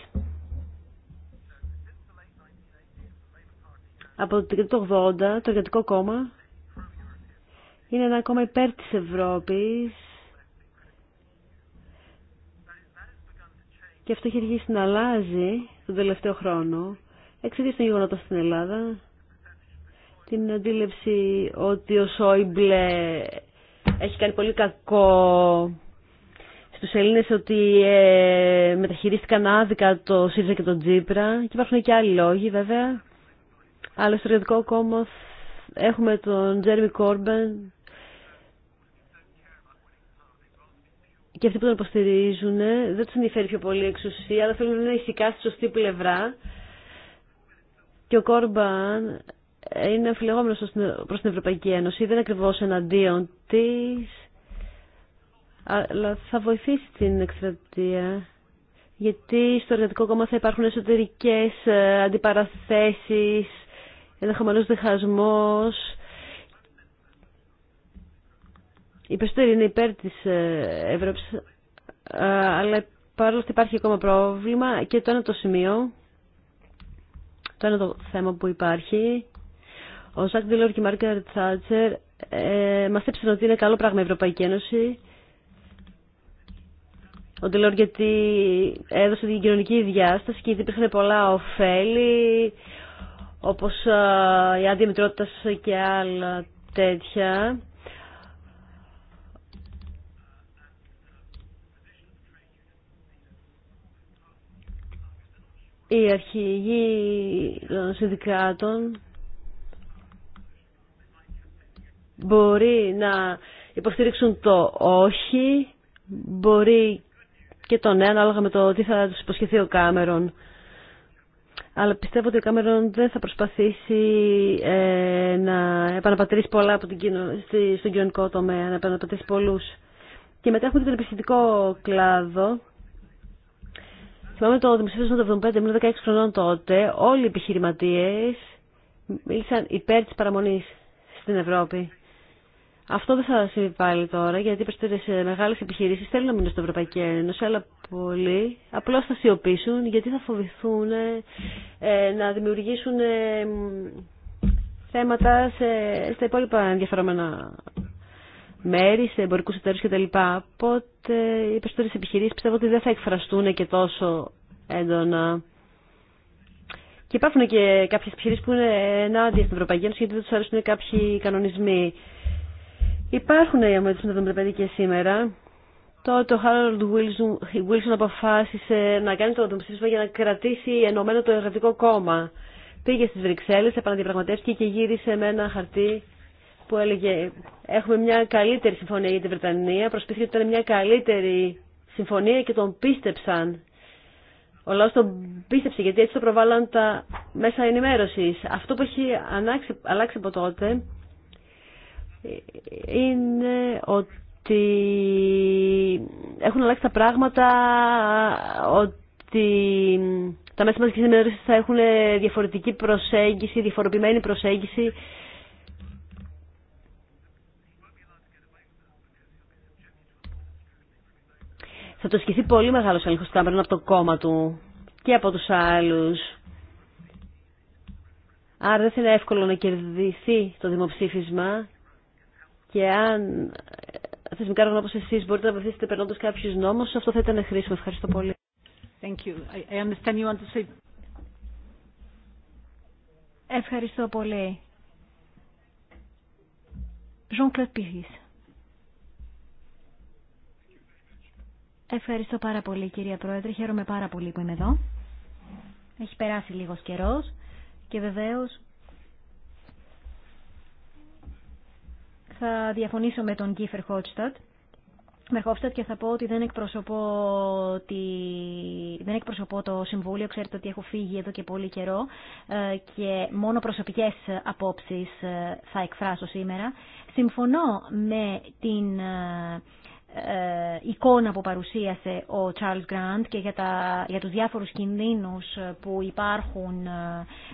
από το 1980 το εργατικό κόμμα είναι ένα κόμμα υπέρ της Ευρώπης και αυτό έχει αρχίσει να αλλάζει τον τελευταίο χρόνο εξαιτίας των γεγονότων στην Ελλάδα την αντίληψη ότι ο Σόιμπλε έχει κάνει πολύ κακό στους Έλληνες ότι ε, μεταχειρίστηκαν άδικα το ΣΥΡΙΖΑ και το Τζίπρα και υπάρχουν και άλλοι λόγοι βέβαια. Αλλά στο Εργατικό Κόμμα έχουμε τον Τζέρμι Κόρμπεν και αυτοί που τον υποστηρίζουν ε, δεν τους ενδιαφέρει πιο πολύ η εξουσία αλλά θέλουν να είναι ηθικά στη σωστή πλευρά και ο Κόρμπαν ε, είναι αμφιλεγόμενος προς την Ευρωπαϊκή Ένωση δεν ακριβώς εναντίον της αλλά θα βοηθήσει την εκστρατεία γιατί στο εργατικό κόμμα θα υπάρχουν εσωτερικές ε, αντιπαραθέσεις, ενδεχομένως διχασμός. Η περισσότερη είναι υπέρ της ε, Ευρώπης, ε, αλλά παρόλο ότι υπάρχει ακόμα πρόβλημα και το ένα το σημείο, το ένα το θέμα που υπάρχει, ο Ζακ Ντιλόρ και η Μάρκερ Θάτσερ ε, μας ότι είναι καλό πράγμα η Ευρωπαϊκή Ένωση ο Ντελόρ γιατί έδωσε την κοινωνική διάσταση και υπήρχαν πολλά ωφέλη όπως ε, η αντιμετρότητα και άλλα τέτοια. η αρχηγοί των συνδικάτων μπορεί να υποστήριξουν το όχι, μπορεί και τον ένα ανάλογα με το τι θα του υποσχεθεί ο Κάμερον. Αλλά πιστεύω ότι ο Κάμερον δεν θα προσπαθήσει ε, να επαναπατρίσει πολλά από την κοινο... στον κοινωνικό τομέα, να επαναπατρίσει πολλούς. Και μετά έχουμε και τον επιστημικό κλάδο. Θυμάμαι το δημοσίευμα του 75, ήμουν 16 χρονών τότε, όλοι οι επιχειρηματίες μίλησαν υπέρ της παραμονής στην Ευρώπη. Αυτό δεν θα συμβεί πάλι τώρα, γιατί οι περισσότερε μεγάλε επιχειρήσει θέλουν να μείνουν στην Ευρωπαϊκή Ένωση, αλλά πολλοί απλώ θα σιωπήσουν γιατί θα φοβηθούν ε, ε, να δημιουργήσουν ε, θέματα σε, στα υπόλοιπα ενδιαφερόμενα μέρη, σε εμπορικού εταίρου κτλ. Οπότε οι περισσότερε επιχειρήσει πιστεύω ότι δεν θα εκφραστούν και τόσο έντονα. Και υπάρχουν και κάποιε επιχειρήσει που είναι ενάντια στην Ευρωπαϊκή Ένωση γιατί δεν του αρέσουν κάποιοι κανονισμοί. Υπάρχουν οι αμέτρες και σήμερα. Τότε ο Harold Βίλσον αποφάσισε να κάνει το νομοψήφισμα για να κρατήσει ενωμένο το εργατικό κόμμα. Πήγε στις Βρυξέλλες, επαναδιαπραγματεύτηκε και γύρισε με ένα χαρτί που έλεγε έχουμε μια καλύτερη συμφωνία για την Βρετανία. Προσπίθηκε ότι ήταν μια καλύτερη συμφωνία και τον πίστεψαν. Ο λαός τον πίστεψε γιατί έτσι το προβάλλαν τα μέσα ενημέρωσης. Αυτό που έχει αλλάξει από τότε είναι ότι έχουν αλλάξει τα πράγματα, ότι τα μέσα μαζικής ενημέρωσης θα έχουν διαφορετική προσέγγιση, διαφοροποιημένη προσέγγιση. Θα το σκηθεί πολύ μεγάλος έλεγχος Κάμερον από το κόμμα του και από τους άλλους. Άρα δεν θα είναι εύκολο να κερδιθεί το δημοψήφισμα και αν θεσμικά όργανα όπως εσείς μπορείτε να βοηθήσετε περνώντας κάποιους νόμους, αυτό θα ήταν χρήσιμο. Ευχαριστώ πολύ. Ευχαριστώ πολύ. Jean-Claude Ευχαριστώ πάρα πολύ κυρία Πρόεδρε. Χαίρομαι πάρα πολύ που είμαι εδώ. Έχει περάσει λίγος καιρός και βεβαίως θα διαφωνήσω με τον Κίφερ Χότστατ. και θα πω ότι δεν εκπροσωπώ, τη... δεν εκπροσωπώ το Συμβούλιο. Ξέρετε ότι έχω φύγει εδώ και πολύ καιρό ε, και μόνο προσωπικές απόψεις ε, θα εκφράσω σήμερα. Συμφωνώ με την ε, εικόνα που παρουσίασε ο Charles Grant και για, τα, για τους διάφορους κινδύνους που υπάρχουν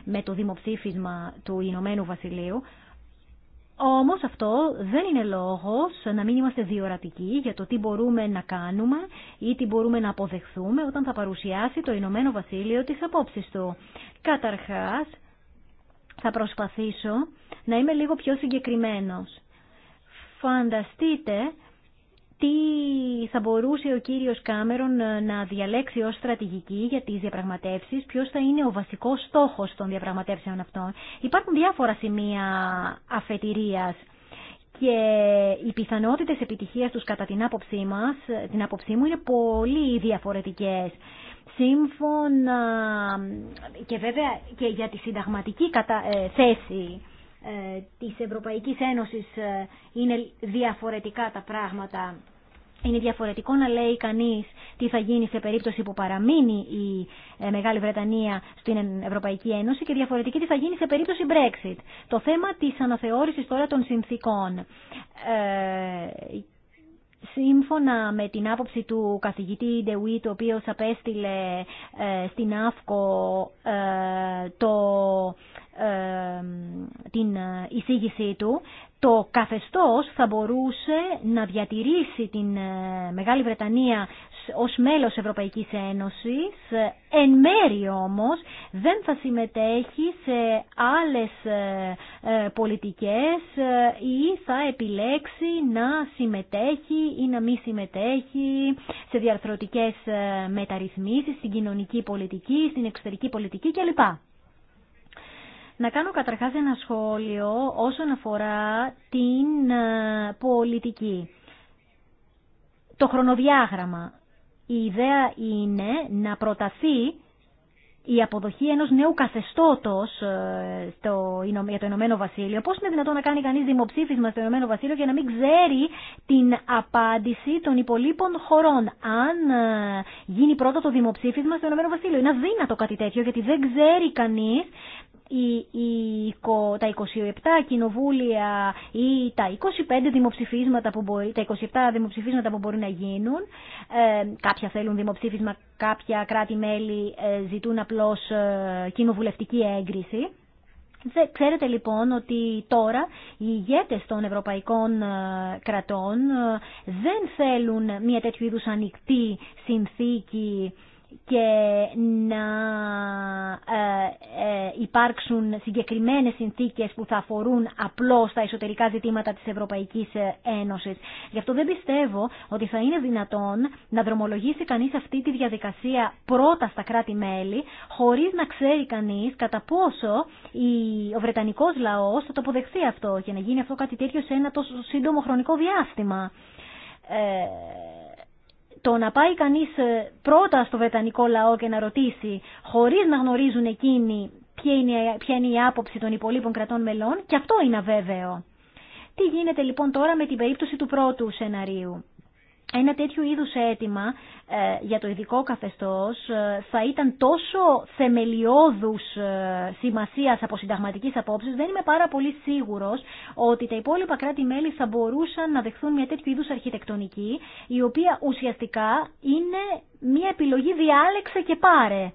με το δημοψήφισμα του Ηνωμένου Βασιλείου. Όμως αυτό δεν είναι λόγος να μην είμαστε διορατικοί για το τι μπορούμε να κάνουμε ή τι μπορούμε να αποδεχθούμε όταν θα παρουσιάσει το Ηνωμένο Βασίλειο τις απόψεις του. Καταρχάς, θα προσπαθήσω να είμαι λίγο πιο συγκεκριμένος. Φανταστείτε τι θα μπορούσε ο κύριος Κάμερον ε, να διαλέξει ως στρατηγική για τις διαπραγματεύσεις, ποιος θα είναι ο βασικός στόχος των διαπραγματεύσεων αυτών. Υπάρχουν διάφορα σημεία αφετηρίας και οι πιθανότητες επιτυχίας τους κατά την άποψή, μας, ε, την άποψή μου είναι πολύ διαφορετικές. Σύμφωνα και βέβαια και για τη συνταγματική ε, θέση της Ευρωπαϊκής Ένωσης είναι διαφορετικά τα πράγματα. Είναι διαφορετικό να λέει κανείς τι θα γίνει σε περίπτωση που παραμείνει η ε, Μεγάλη Βρετανία στην Ευρωπαϊκή Ένωση και διαφορετική τι θα γίνει σε περίπτωση Brexit. Το θέμα της αναθεώρησης τώρα των συνθήκων ε, σύμφωνα με την άποψη του καθηγητή Ντεουί, ο οποίο απέστειλε ε, στην ΑΦΚΟ το, την εισήγησή του, το καθεστώς θα μπορούσε να διατηρήσει την ε, Μεγάλη Βρετανία ως μέλος Ευρωπαϊκής Ένωσης, εν μέρη όμως δεν θα συμμετέχει σε άλλες ε, ε, πολιτικές ή θα επιλέξει να συμμετέχει ή να μη συμμετέχει σε διαρθρωτικές μεταρρυθμίσεις, στην κοινωνική πολιτική, στην εξωτερική πολιτική κλπ. Να κάνω καταρχάς ένα σχόλιο όσον αφορά την ε, πολιτική. Το χρονοδιάγραμμα. Η ιδέα είναι να προταθεί η αποδοχή ενός νέου καθεστώτος ε, στο, για το Ηνωμένο Βασίλειο. Πώς είναι δυνατόν να κάνει κανείς δημοψήφισμα στο Ηνωμένο Βασίλειο για να μην ξέρει την απάντηση των υπολείπων χωρών. Αν ε, γίνει πρώτα το δημοψήφισμα στο Ηνωμένο Βασίλειο. Είναι αδύνατο κάτι τέτοιο γιατί δεν ξέρει κανείς οι, τα 27 κοινοβούλια ή τα 25 δημοψηφίσματα που μπορεί, τα 27 δημοψηφίσματα που μπορεί να γίνουν. Ε, κάποια θέλουν δημοψήφισμα, κάποια κράτη-μέλη ε, ζητούν απλώς ε, κοινοβουλευτική έγκριση. Ξέρετε λοιπόν ότι τώρα οι ηγέτες των ευρωπαϊκών ε, κρατών δεν θέλουν μια τέτοιου είδους ανοιχτή συνθήκη και να ε, ε, υπάρξουν συγκεκριμένες συνθήκες που θα αφορούν απλώς τα εσωτερικά ζητήματα της Ευρωπαϊκής ε, Ένωσης. Γι' αυτό δεν πιστεύω ότι θα είναι δυνατόν να δρομολογήσει κανείς αυτή τη διαδικασία πρώτα στα κράτη-μέλη, χωρίς να ξέρει κανείς κατά πόσο ο Βρετανικός λαός θα το αποδεχθεί αυτό και να γίνει αυτό κάτι τέτοιο σε ένα τόσο σύντομο χρονικό διάστημα. Ε, το να πάει κανείς ε, πρώτα στο Βρετανικό λαό και να ρωτήσει, χωρίς να γνωρίζουν εκείνοι ποια είναι, ποια είναι η άποψη των υπολείπων κρατών μελών, και αυτό είναι αβέβαιο. Τι γίνεται λοιπόν τώρα με την περίπτωση του πρώτου σεναρίου ένα τέτοιο είδους αίτημα ε, για το ειδικό καθεστώς ε, θα ήταν τόσο θεμελιώδους ε, σημασίας από συνταγματική απόψης, δεν είμαι πάρα πολύ σίγουρος ότι τα υπόλοιπα κράτη-μέλη θα μπορούσαν να δεχθούν μια τέτοιου είδους αρχιτεκτονική, η οποία ουσιαστικά είναι μια επιλογή διάλεξε και πάρε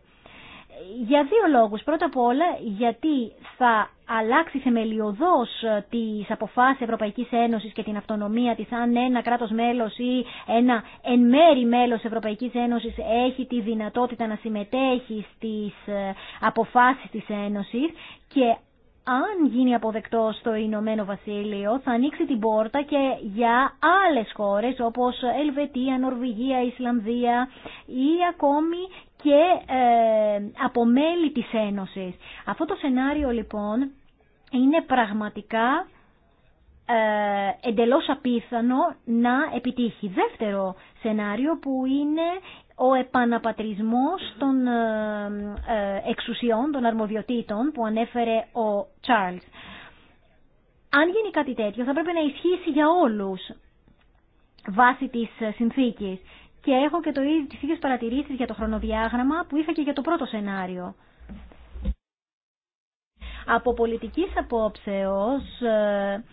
για δύο λόγους. Πρώτα απ' όλα γιατί θα αλλάξει θεμελιωδώς ε, της αποφάσεις Ευρωπαϊκής Ένωσης και την αυτονομία της αν ένα κράτος μέλος ή ένα εν μέρη μέλος Ευρωπαϊκής Ένωσης έχει τη δυνατότητα να συμμετέχει στις ε, αποφάσεις της Ένωσης και αν γίνει αποδεκτό στο Ηνωμένο Βασίλειο, θα ανοίξει την πόρτα και για άλλες χώρες όπως Ελβετία, Νορβηγία, Ισλανδία ή ακόμη και ε, από μέλη της Ένωσης. Αυτό το σενάριο λοιπόν είναι πραγματικά ε, εντελώς απίθανο να επιτύχει. Δεύτερο σενάριο που είναι ο επαναπατρισμός των ε, εξουσιών, των αρμοδιοτήτων που ανέφερε ο Τσάρλς. Αν γίνει κάτι τέτοιο θα πρέπει να ισχύσει για όλους βάσει της συνθήκης και έχω και το, τις ίδιες παρατηρήσεις για το χρονοδιάγραμμα που είχα και για το πρώτο σενάριο. Από πολιτικής απόψεως ε,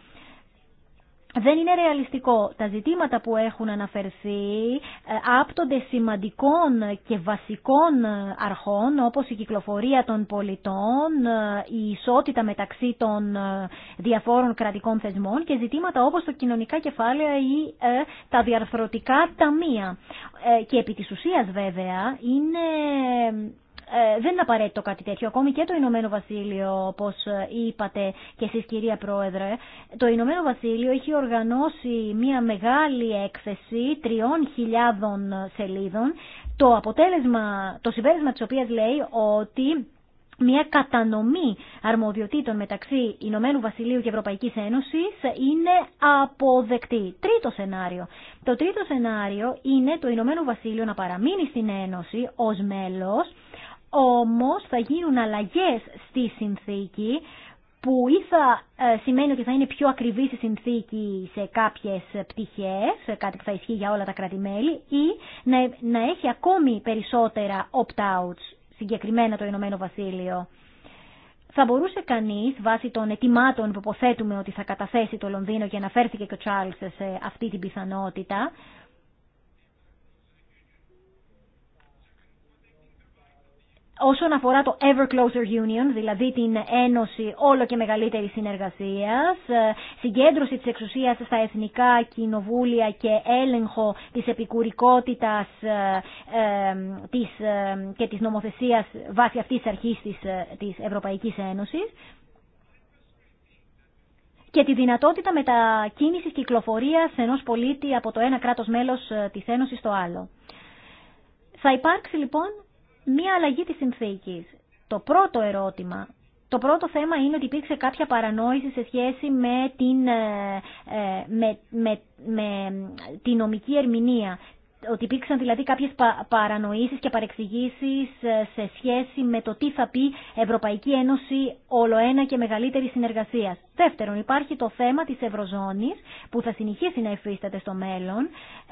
δεν είναι ρεαλιστικό. Τα ζητήματα που έχουν αναφερθεί ε, άπτονται σημαντικών και βασικών αρχών όπως η κυκλοφορία των πολιτών, ε, η ισότητα μεταξύ των ε, διαφόρων κρατικών θεσμών και ζητήματα όπως το κοινωνικά κεφάλαια ή τα διαρθρωτικά ταμεία. Και επί της ουσίας βέβαια είναι ε, δεν είναι απαραίτητο κάτι τέτοιο. Ακόμη και το Ηνωμένο Βασίλειο, όπως ε, είπατε και εσείς κυρία Πρόεδρε, το Ηνωμένο Βασίλειο έχει οργανώσει μια μεγάλη έκθεση τριών χιλιάδων σελίδων. Το αποτέλεσμα, το συμπέρασμα της οποίας λέει ότι μια κατανομή αρμοδιοτήτων μεταξύ Ηνωμένου Βασιλείου και Ευρωπαϊκής Ένωσης είναι αποδεκτή. Τρίτο σενάριο. Το τρίτο σενάριο είναι το Ηνωμένο Βασίλειο να παραμείνει στην Ένωση ως μέλος όμως θα γίνουν αλλαγές στη συνθήκη που ή θα ε, σημαίνει ότι θα είναι πιο ακριβή η συνθήκη σε κάποιες πτυχές, κάτι που θα ισχύει για όλα τα κρατη ή να, έχει ακόμη περισσότερα opt-outs, συγκεκριμένα το Ηνωμένο Βασίλειο. Θα μπορούσε κανείς, βάσει των ετοιμάτων που υποθέτουμε ότι θα καταθέσει το Λονδίνο και αναφέρθηκε και ο Τσάρλς σε αυτή την πιθανότητα, Όσον αφορά το Ever Closer Union, δηλαδή την ένωση όλο και μεγαλύτερη συνεργασία, ε, συγκέντρωση της εξουσία στα εθνικά κοινοβούλια και έλεγχο της επικουρικότητας ε, ε, της, και της νομοθεσίας βάσει αυτής τη αρχής της, της Ευρωπαϊκής Ένωσης, και τη δυνατότητα μετακίνησης κυκλοφορίας ενός πολίτη από το ένα κράτος μέλο τη Ένωση στο άλλο. Θα υπάρξει λοιπόν μία αλλαγή της συνθήκης. Το πρώτο ερώτημα το πρώτο θέμα είναι ότι υπήρξε κάποια παρανόηση σε σχέση με την, ε, ε, με, την νομική ερμηνεία ότι υπήρξαν δηλαδή κάποιες παρανοήσεις και παρεξηγήσεις ε, σε σχέση με το τι θα πει Ευρωπαϊκή Ένωση ολοένα και μεγαλύτερη συνεργασία. Δεύτερον, υπάρχει το θέμα της Ευρωζώνης που θα συνεχίσει να υφίσταται στο μέλλον.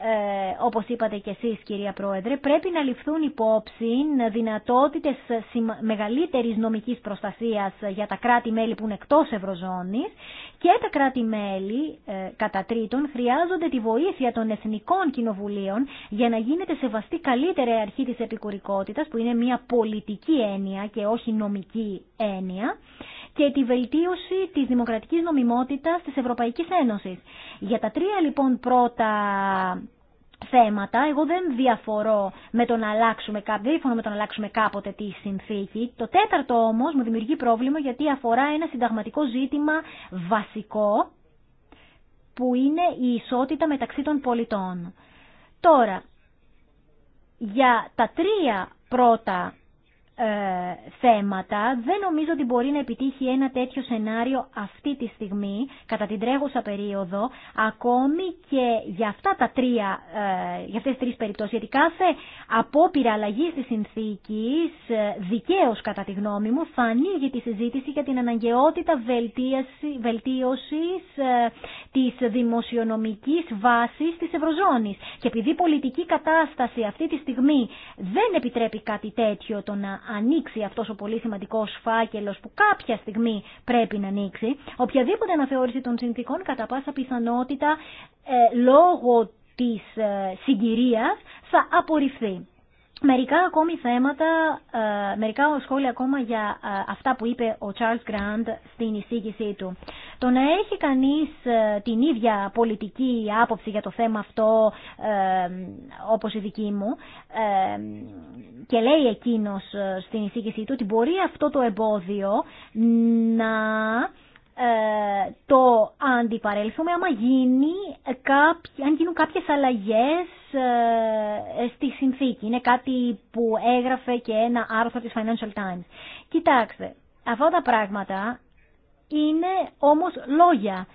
Ε, όπως είπατε και εσείς κυρία Πρόεδρε, πρέπει να ληφθούν υπόψη δυνατότητες μεγαλύτερης νομικής προστασίας για τα κράτη-μέλη που είναι εκτός Ευρωζώνης και τα κράτη-μέλη, ε, κατά τρίτον, χρειάζονται τη βοήθεια των εθνικών κοινοβουλίων για να γίνεται σεβαστή καλύτερα αρχή της επικουρικότητας που είναι μια πολιτική έννοια και όχι νομική έννοια και τη βελτίωση της δημοκρατικής νομιμότητας της Ευρωπαϊκής Ένωσης. Για τα τρία λοιπόν πρώτα θέματα. Εγώ δεν διαφορώ με το να αλλάξουμε, δεν με το να αλλάξουμε κάποτε τη συνθήκη. Το τέταρτο όμως μου δημιουργεί πρόβλημα γιατί αφορά ένα συνταγματικό ζήτημα βασικό που είναι η ισότητα μεταξύ των πολιτών. Τώρα, για τα τρία πρώτα ε, θέματα. Δεν νομίζω ότι μπορεί να επιτύχει ένα τέτοιο σενάριο αυτή τη στιγμή, κατά την τρέχουσα περίοδο, ακόμη και για αυτά τα τρία, ε, για αυτές τις τρεις περιπτώσεις. Γιατί κάθε απόπειρα αλλαγή της συνθήκης, ε, δικαίως κατά τη γνώμη μου, θα ανοίγει τη συζήτηση για την αναγκαιότητα βελτίωση, βελτίωσης της δημοσιονομικής βάσης της Ευρωζώνης. Και επειδή η πολιτική κατάσταση αυτή τη στιγμή δεν επιτρέπει κάτι τέτοιο το να ανοίξει αυτός ο πολύ σημαντικός φάκελος που κάποια στιγμή πρέπει να ανοίξει. Οποιαδήποτε αναθεώρηση των συνθήκων κατά πάσα πιθανότητα ε, λόγω της ε, συγκυρίας θα απορριφθεί. Μερικά ακόμη θέματα, ε, μερικά σχόλια ακόμα για ε, αυτά που είπε ο Charles Grant στην εισήγησή του. Το να έχει κανείς ε, την ίδια πολιτική άποψη για το θέμα αυτό όπως η δική μου και λέει εκείνος στην εισήγησή του ότι μπορεί αυτό το εμπόδιο να ε, το αντιπαρέλθουμε άμα γίνει αν γίνουν κάποιες αλλαγές ε, στη συνθήκη. Είναι κάτι που έγραφε και ένα άρθρο της Financial Times. Κοιτάξτε, αυτά τα πράγματα είναι όμως λόγια.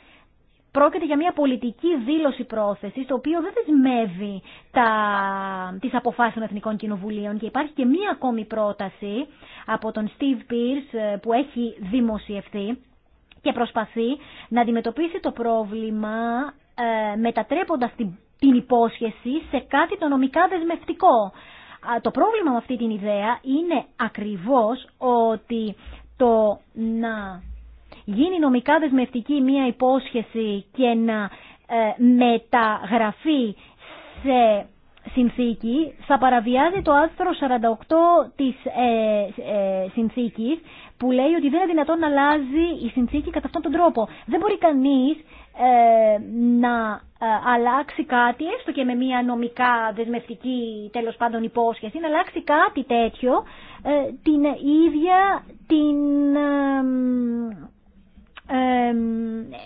Πρόκειται για μια πολιτική δήλωση πρόθεσης, το οποίο δεν δεσμεύει τα, τις αποφάσεις των Εθνικών Κοινοβουλίων και υπάρχει και μια ακόμη πρόταση από τον Steve Pierce ε, που έχει δημοσιευθεί, και προσπαθεί να αντιμετωπίσει το πρόβλημα ε, μετατρέποντας την υπόσχεση σε κάτι το νομικά δεσμευτικό. Το πρόβλημα με αυτή την ιδέα είναι ακριβώς ότι το να γίνει νομικά δεσμευτική μία υπόσχεση και να ε, μεταγραφεί σε συνθήκη θα παραβιάζει το άρθρο 48 της ε, ε συνθήκης που λέει ότι δεν είναι δυνατόν να αλλάζει η συνθήκη κατά αυτόν τον τρόπο. Δεν μπορεί κανείς ε, να ε, αλλάξει κάτι, έστω και με μια νομικά δεσμευτική τέλος πάντων υπόσχεση, να αλλάξει κάτι τέτοιο ε, την ίδια την ε,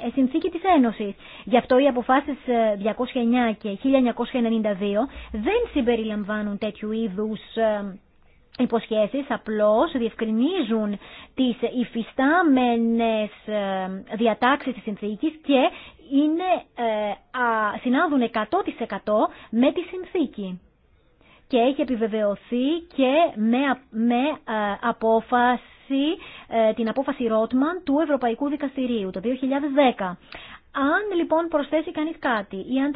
ε, συνθήκη της Ένωσης. Γι' αυτό οι αποφάσεις 209 και 1992 δεν συμπεριλαμβάνουν τέτοιου είδους υποσχέσεις απλώς διευκρινίζουν τις υφιστάμενες ε, διατάξεις της συνθήκης και είναι, ε, συνάδουν 100% με τη συνθήκη. Και έχει επιβεβαιωθεί και με, με ε, απόφαση, την απόφαση Ρότμαν του Ευρωπαϊκού Δικαστηρίου το 2010. Αν λοιπόν προσθέσει κανείς κάτι ή αν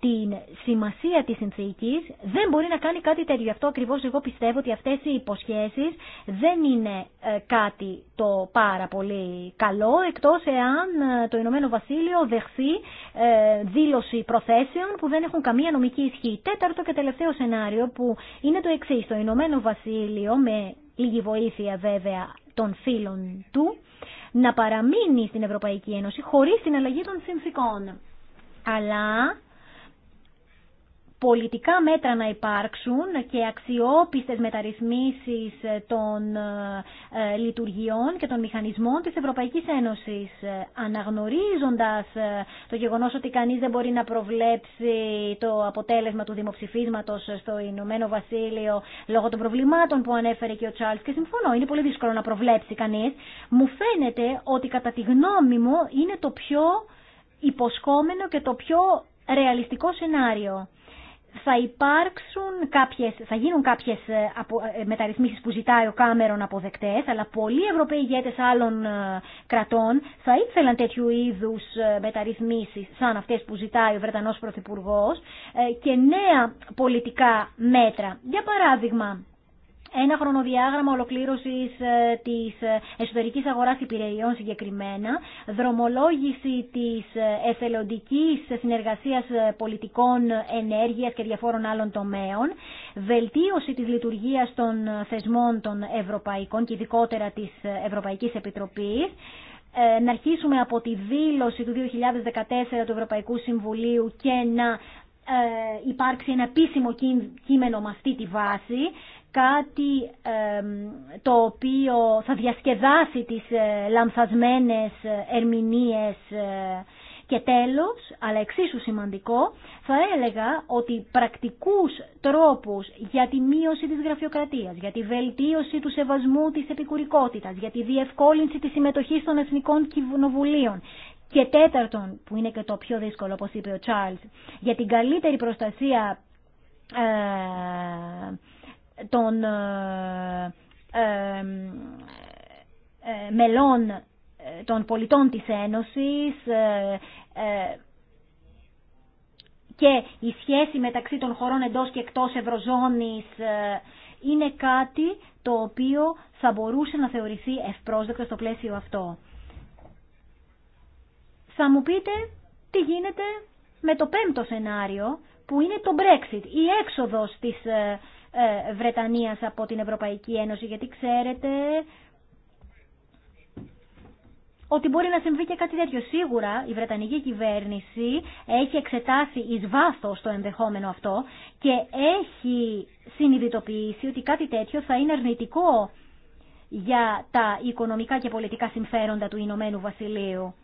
την σημασία της συνθήκης, δεν μπορεί να κάνει κάτι τέτοιο. Γι' αυτό ακριβώς εγώ πιστεύω ότι αυτές οι υποσχέσεις δεν είναι ε, κάτι το πάρα πολύ καλό, εκτός εάν ε, το Ηνωμένο Βασίλειο δεχθεί ε, δήλωση προθέσεων που δεν έχουν καμία νομική ισχύ. Τέταρτο και τελευταίο σενάριο που είναι το εξή. Το Ηνωμένο Βασίλειο, με λίγη βοήθεια βέβαια των φίλων του, να παραμείνει στην Ευρωπαϊκή Ένωση χωρίς την αλλαγή των συνθήκων. Αλλά πολιτικά μέτρα να υπάρξουν και αξιόπιστες μεταρρυθμίσεις των ε, λειτουργιών και των μηχανισμών της Ευρωπαϊκής Ένωσης. Ε, αναγνωρίζοντας ε, το γεγονός ότι κανείς δεν μπορεί να προβλέψει το αποτέλεσμα του δημοψηφίσματος στο Ηνωμένο Βασίλειο λόγω των προβλημάτων που ανέφερε και ο Τσάρλς και συμφωνώ, είναι πολύ δύσκολο να προβλέψει κανείς, μου φαίνεται ότι κατά τη γνώμη μου είναι το πιο υποσχόμενο και το πιο ρεαλιστικό σενάριο θα υπάρξουν κάποιες, θα γίνουν κάποιες ε, ε, μεταρρυθμίσεις που ζητάει ο Κάμερον αποδεκτές, αλλά πολλοί Ευρωπαίοι ηγέτες άλλων ε, κρατών θα ήθελαν τέτοιου είδους μεταρρυθμίσεις σαν αυτές που ζητάει ο Βρετανός Πρωθυπουργός και νέα πολιτικά μέτρα. Για παράδειγμα, ένα χρονοδιάγραμμα ολοκλήρωσης ε, της ε, εσωτερικής αγοράς υπηρεσιών συγκεκριμένα, δρομολόγηση της ε, εθελοντική συνεργασίας πολιτικών ενέργειας και διαφόρων άλλων τομέων, βελτίωση της λειτουργίας των θεσμών των ευρωπαϊκών και ειδικότερα της Ευρωπαϊκής Επιτροπής, να αρχίσουμε από τη δήλωση του 2014 του Ευρωπαϊκού Συμβουλίου και να υπάρξει ένα επίσημο κείμενο με αυτή τη βάση κάτι το οποίο θα διασκεδάσει τις ε, λαμφασμένες ε, ερμηνείες ε, και τέλος, αλλά εξίσου σημαντικό, θα έλεγα ότι πρακτικούς τρόπους για τη μείωση της γραφειοκρατίας, για τη βελτίωση του σεβασμού της επικουρικότητας, για τη διευκόλυνση της συμμετοχής των εθνικών κοινοβουλίων και τέταρτον, που είναι και το πιο δύσκολο, όπως είπε ο Τσάρλς, για την καλύτερη προστασία των ε, ε, ε, μελών των πολιτών της Ένωσης και η σχέση μεταξύ των χωρών εντός και εκτός Ευρωζώνης είναι κάτι το οποίο θα μπορούσε να θεωρηθεί ευπρόσδεκτο στο πλαίσιο αυτό. Θα μου πείτε τι γίνεται με το πέμπτο σενάριο που είναι το Brexit, η έξοδος της ε, Βρετανίας από την Ευρωπαϊκή Ένωση, γιατί ξέρετε ότι μπορεί να συμβεί και κάτι τέτοιο. Σίγουρα η Βρετανική κυβέρνηση έχει εξετάσει εις βάθος το ενδεχόμενο αυτό και έχει συνειδητοποιήσει ότι κάτι τέτοιο θα είναι αρνητικό για τα οικονομικά και πολιτικά συμφέροντα του Ηνωμένου Βασιλείου.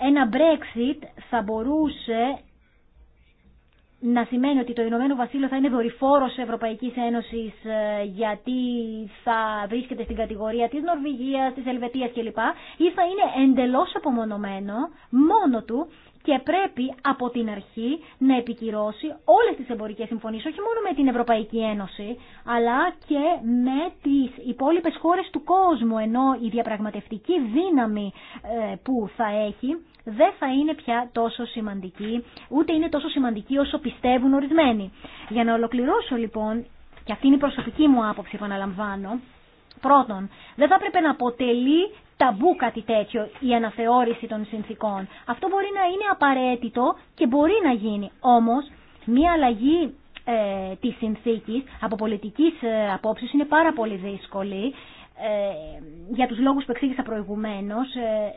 Ένα Brexit θα μπορούσε να σημαίνει ότι το Ηνωμένο Βασίλειο θα είναι δορυφόρο Ευρωπαϊκής Ένωσης ε, γιατί θα βρίσκεται στην κατηγορία της Νορβηγίας, της Ελβετία κλπ. ή θα είναι εντελώς απομονωμένο μόνο του και πρέπει από την αρχή να επικυρώσει όλες τις εμπορικέ συμφωνίες, όχι μόνο με την Ευρωπαϊκή Ένωση, αλλά και με τι υπόλοιπε χώρε του κόσμου, ενώ η διαπραγματευτική δύναμη ε, που θα έχει δεν θα είναι πια τόσο σημαντική, ούτε είναι τόσο σημαντική όσο πιστεύουν ορισμένοι. Για να ολοκληρώσω λοιπόν, και αυτή είναι η προσωπική μου άποψη, αναλαμβάνω, πρώτον, δεν θα πρέπει να αποτελεί ταμπού κάτι τέτοιο η αναθεώρηση των συνθήκων. Αυτό μπορεί να είναι απαραίτητο και μπορεί να γίνει. Όμως, μία αλλαγή ε, της συνθήκης από πολιτικής ε, απόψης είναι πάρα πολύ δύσκολη. Ε, για τους λόγους που εξήγησα προηγουμένως, ε,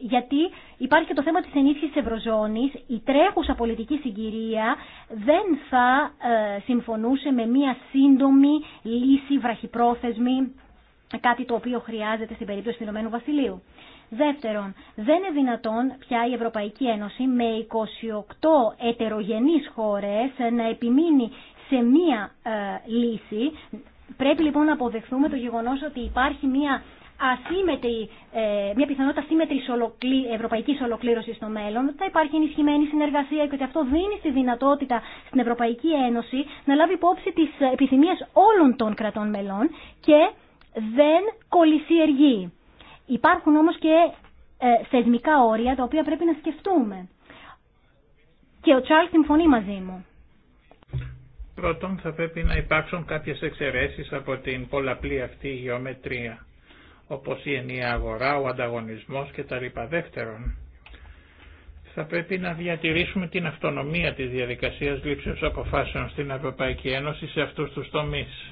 γιατί υπάρχει και το θέμα της ενίσχυσης της Ευρωζώνης. Η τρέχουσα πολιτική συγκυρία δεν θα ε, συμφωνούσε με μια σύντομη λύση βραχυπρόθεσμη, κάτι το οποίο χρειάζεται στην περίπτωση του Ηνωμένου Βασιλείου. Δεύτερον, δεν είναι δυνατόν πια η Ευρωπαϊκή Ένωση με 28 ετερογενείς χώρες να επιμείνει σε μία ε, λύση. Πρέπει λοιπόν να αποδεχθούμε το γεγονός ότι υπάρχει μία ασύμετρη, ε, μια πιθανότητα ασύμετρης ολοκλή, ευρωπαϊκής ολοκλήρωσης στο μέλλον, θα υπάρχει ενισχυμένη συνεργασία και ότι αυτό δίνει τη δυνατότητα στην Ευρωπαϊκή Ένωση να λάβει υπόψη τις επιθυμίες όλων των κρατών μελών και δεν κολυσιεργεί. Υπάρχουν όμως και ε, θεσμικά όρια τα οποία πρέπει να σκεφτούμε. Και ο Τσάρλ συμφωνεί μαζί μου. Πρώτον θα πρέπει να υπάρξουν κάποιες εξαιρέσεις από την πολλαπλή αυτή γεωμετρία όπως η ενιαία αγορά, ο ανταγωνισμός και λοιπά Δεύτερον, θα πρέπει να διατηρήσουμε την αυτονομία της διαδικασίας λήψης αποφάσεων στην Ευρωπαϊκή Ένωση σε αυτούς τους τομείς.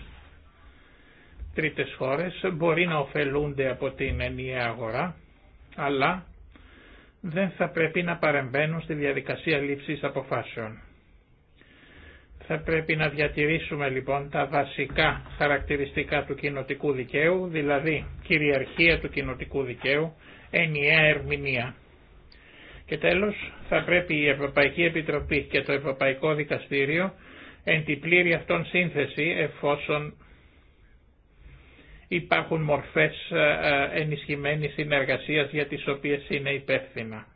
Τρίτες χώρες μπορεί να ωφελούνται από την ενιαία αγορά, αλλά δεν θα πρέπει να παρεμβαίνουν στη διαδικασία λήψης αποφάσεων. Θα πρέπει να διατηρήσουμε λοιπόν τα βασικά χαρακτηριστικά του κοινοτικού δικαίου, δηλαδή κυριαρχία του κοινοτικού δικαίου, ενιαία ερμηνεία. Και τέλος θα πρέπει η Ευρωπαϊκή Επιτροπή και το Ευρωπαϊκό Δικαστήριο εν την πλήρη αυτών σύνθεση εφόσον υπάρχουν μορφές ε, ε, ενισχυμένης συνεργασίας για τις οποίες είναι υπεύθυνα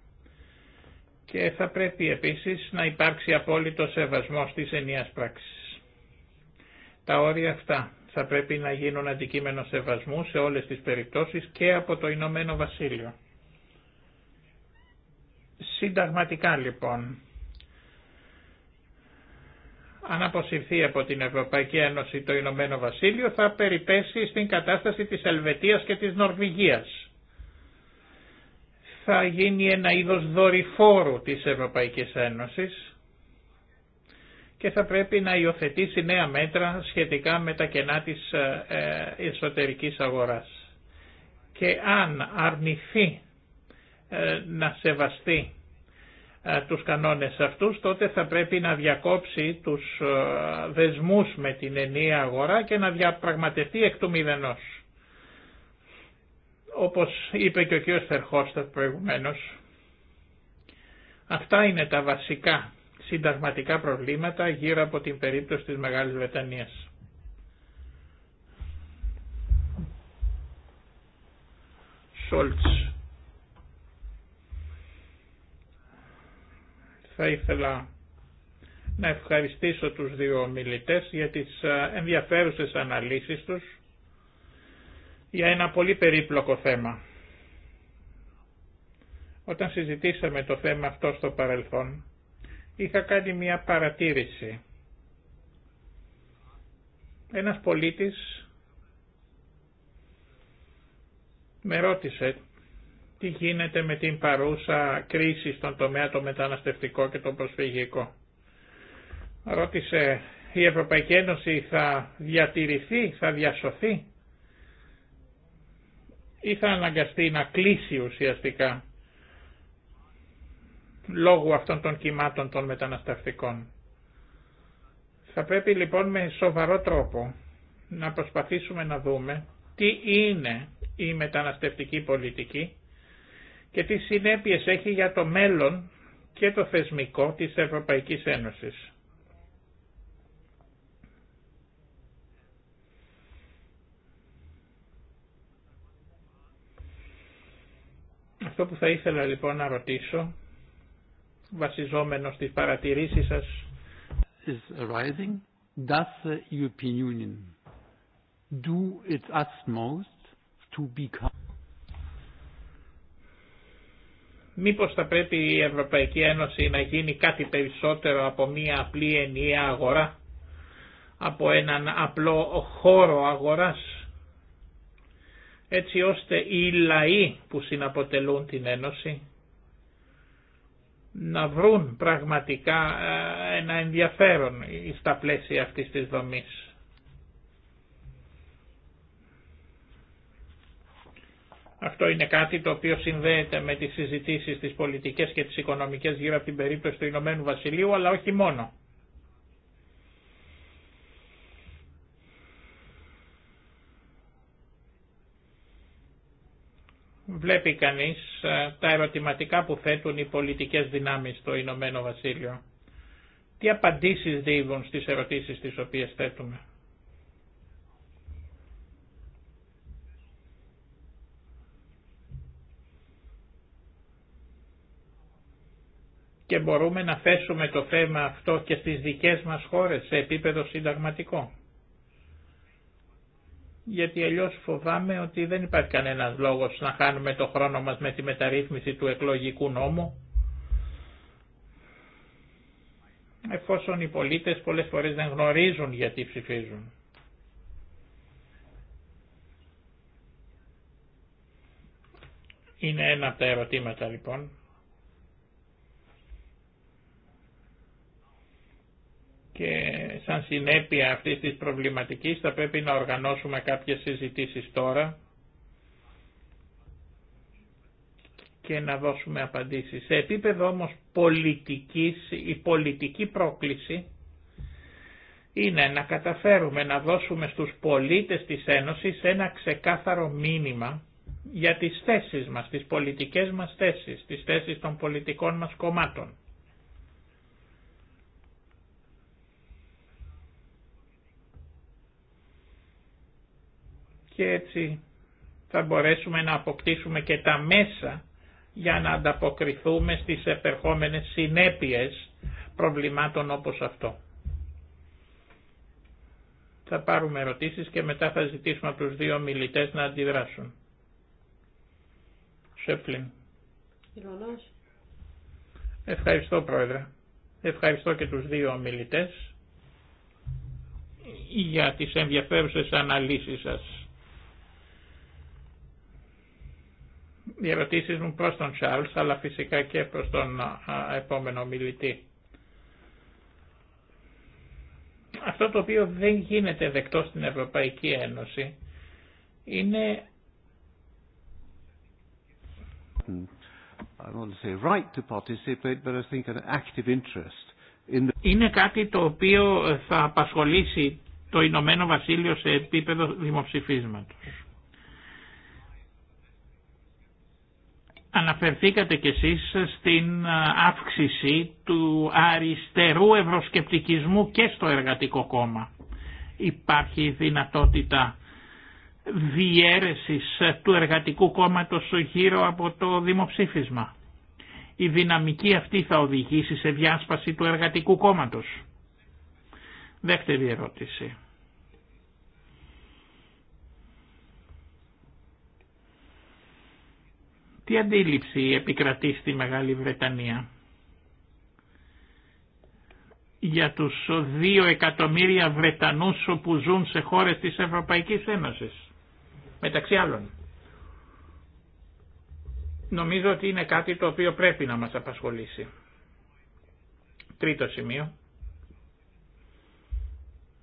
και θα πρέπει επίσης να υπάρξει απόλυτο σεβασμό της ενίας πράξης. Τα όρια αυτά θα πρέπει να γίνουν αντικείμενο σεβασμού σε όλες τις περιπτώσεις και από το Ηνωμένο Βασίλειο. Συνταγματικά λοιπόν, αν αποσυρθεί από την Ευρωπαϊκή Ένωση το Ηνωμένο Βασίλειο θα περιπέσει στην κατάσταση της Ελβετίας και της Νορβηγίας θα γίνει ένα είδος δορυφόρου της Ευρωπαϊκής Ένωσης και θα πρέπει να υιοθετήσει νέα μέτρα σχετικά με τα κενά της ε, ε, εσωτερικής αγοράς. Και αν αρνηθεί ε, να σεβαστεί τους κανόνες αυτούς, τότε θα πρέπει να διακόψει τους δεσμούς με την ενιαία αγορά και να διαπραγματευτεί εκ του μηδενός. Όπως είπε και ο κ. Φερχώστατ προηγουμένως, αυτά είναι τα βασικά συνταγματικά προβλήματα γύρω από την περίπτωση της Μεγάλης Βρετανίας. Σόλτς. Θα ήθελα να ευχαριστήσω τους δύο μιλητές για τις ε, ενδιαφέρουσες αναλύσεις τους για ένα πολύ περίπλοκο θέμα. Όταν συζητήσαμε το θέμα αυτό στο παρελθόν, είχα κάνει μια παρατήρηση. Ένας πολίτης με ρώτησε τι γίνεται με την παρούσα κρίση στον τομέα το μεταναστευτικό και το προσφυγικό. Ρώτησε η Ευρωπαϊκή Ένωση θα διατηρηθεί, θα διασωθεί ή θα αναγκαστεί να κλείσει ουσιαστικά λόγω αυτών των κυμάτων των μεταναστευτικών. Θα πρέπει λοιπόν με σοβαρό τρόπο να προσπαθήσουμε να δούμε τι είναι η μεταναστευτική πολιτική και τι συνέπειες έχει για το μέλλον και το θεσμικό της Ευρωπαϊκής Ένωσης. Αυτό που θα ήθελα λοιπόν να ρωτήσω, βασιζόμενο στις παρατηρήσεις σας, is Μήπως θα πρέπει η Ευρωπαϊκή Ένωση να γίνει κάτι περισσότερο από μία απλή ενιαία αγορά, από έναν απλό χώρο αγοράς έτσι ώστε οι λαοί που συναποτελούν την Ένωση να βρουν πραγματικά ε, ένα ενδιαφέρον στα πλαίσια αυτής της δομής. Αυτό είναι κάτι το οποίο συνδέεται με τις συζητήσεις, τις πολιτικές και τις οικονομικές γύρω από την περίπτωση του Ηνωμένου Βασιλείου, αλλά όχι μόνο. βλέπει κανείς ε, τα ερωτηματικά που θέτουν οι πολιτικές δυνάμεις στο Ηνωμένο Βασίλειο. Τι απαντήσεις δίδουν στις ερωτήσεις τις οποίες θέτουμε. Και μπορούμε να θέσουμε το θέμα αυτό και στις δικές μας χώρες σε επίπεδο συνταγματικό γιατί αλλιώς φοβάμαι ότι δεν υπάρχει κανένας λόγος να χάνουμε το χρόνο μας με τη μεταρρύθμιση του εκλογικού νόμου, εφόσον οι πολίτες πολλές φορές δεν γνωρίζουν γιατί ψηφίζουν. Είναι ένα από τα ερωτήματα λοιπόν. και σαν συνέπεια αυτής της προβληματικής θα πρέπει να οργανώσουμε κάποιες συζητήσεις τώρα και να δώσουμε απαντήσεις. Σε επίπεδο όμως πολιτικής, η πολιτική πρόκληση είναι να καταφέρουμε να δώσουμε στους πολίτες της Ένωσης ένα ξεκάθαρο μήνυμα για τις θέσεις μας, τις πολιτικές μας θέσεις, τις θέσεις των πολιτικών μας κομμάτων. και έτσι θα μπορέσουμε να αποκτήσουμε και τα μέσα για να ανταποκριθούμε στις επερχόμενες συνέπειες προβλημάτων όπως αυτό. Θα πάρουμε ερωτήσεις και μετά θα ζητήσουμε από τους δύο μιλητές να αντιδράσουν. Σεφλίν. Ευχαριστώ Πρόεδρε. Ευχαριστώ και τους δύο μιλητές για τις ενδιαφέρουσες αναλύσεις σας. οι ερωτήσεις μου προς τον Τσάρλ, αλλά φυσικά και προς τον επόμενο μιλητή. Αυτό το οποίο δεν γίνεται δεκτό στην Ευρωπαϊκή Ένωση είναι είναι κάτι το οποίο θα απασχολήσει το Ηνωμένο Βασίλειο σε επίπεδο δημοψηφίσματος. Αναφερθήκατε κι εσείς στην αύξηση του αριστερού ευρωσκεπτικισμού και στο εργατικό κόμμα. Υπάρχει δυνατότητα διέρεσης του εργατικού κόμματος γύρω από το δημοψήφισμα. Η δυναμική αυτή θα οδηγήσει σε διάσπαση του εργατικού κόμματος. Δεύτερη ερώτηση. Τι αντίληψη επικρατεί στη Μεγάλη Βρετανία για τους δύο εκατομμύρια Βρετανούς που ζουν σε χώρες της Ευρωπαϊκής Ένωσης, μεταξύ άλλων. Νομίζω ότι είναι κάτι το οποίο πρέπει να μας απασχολήσει. Τρίτο σημείο.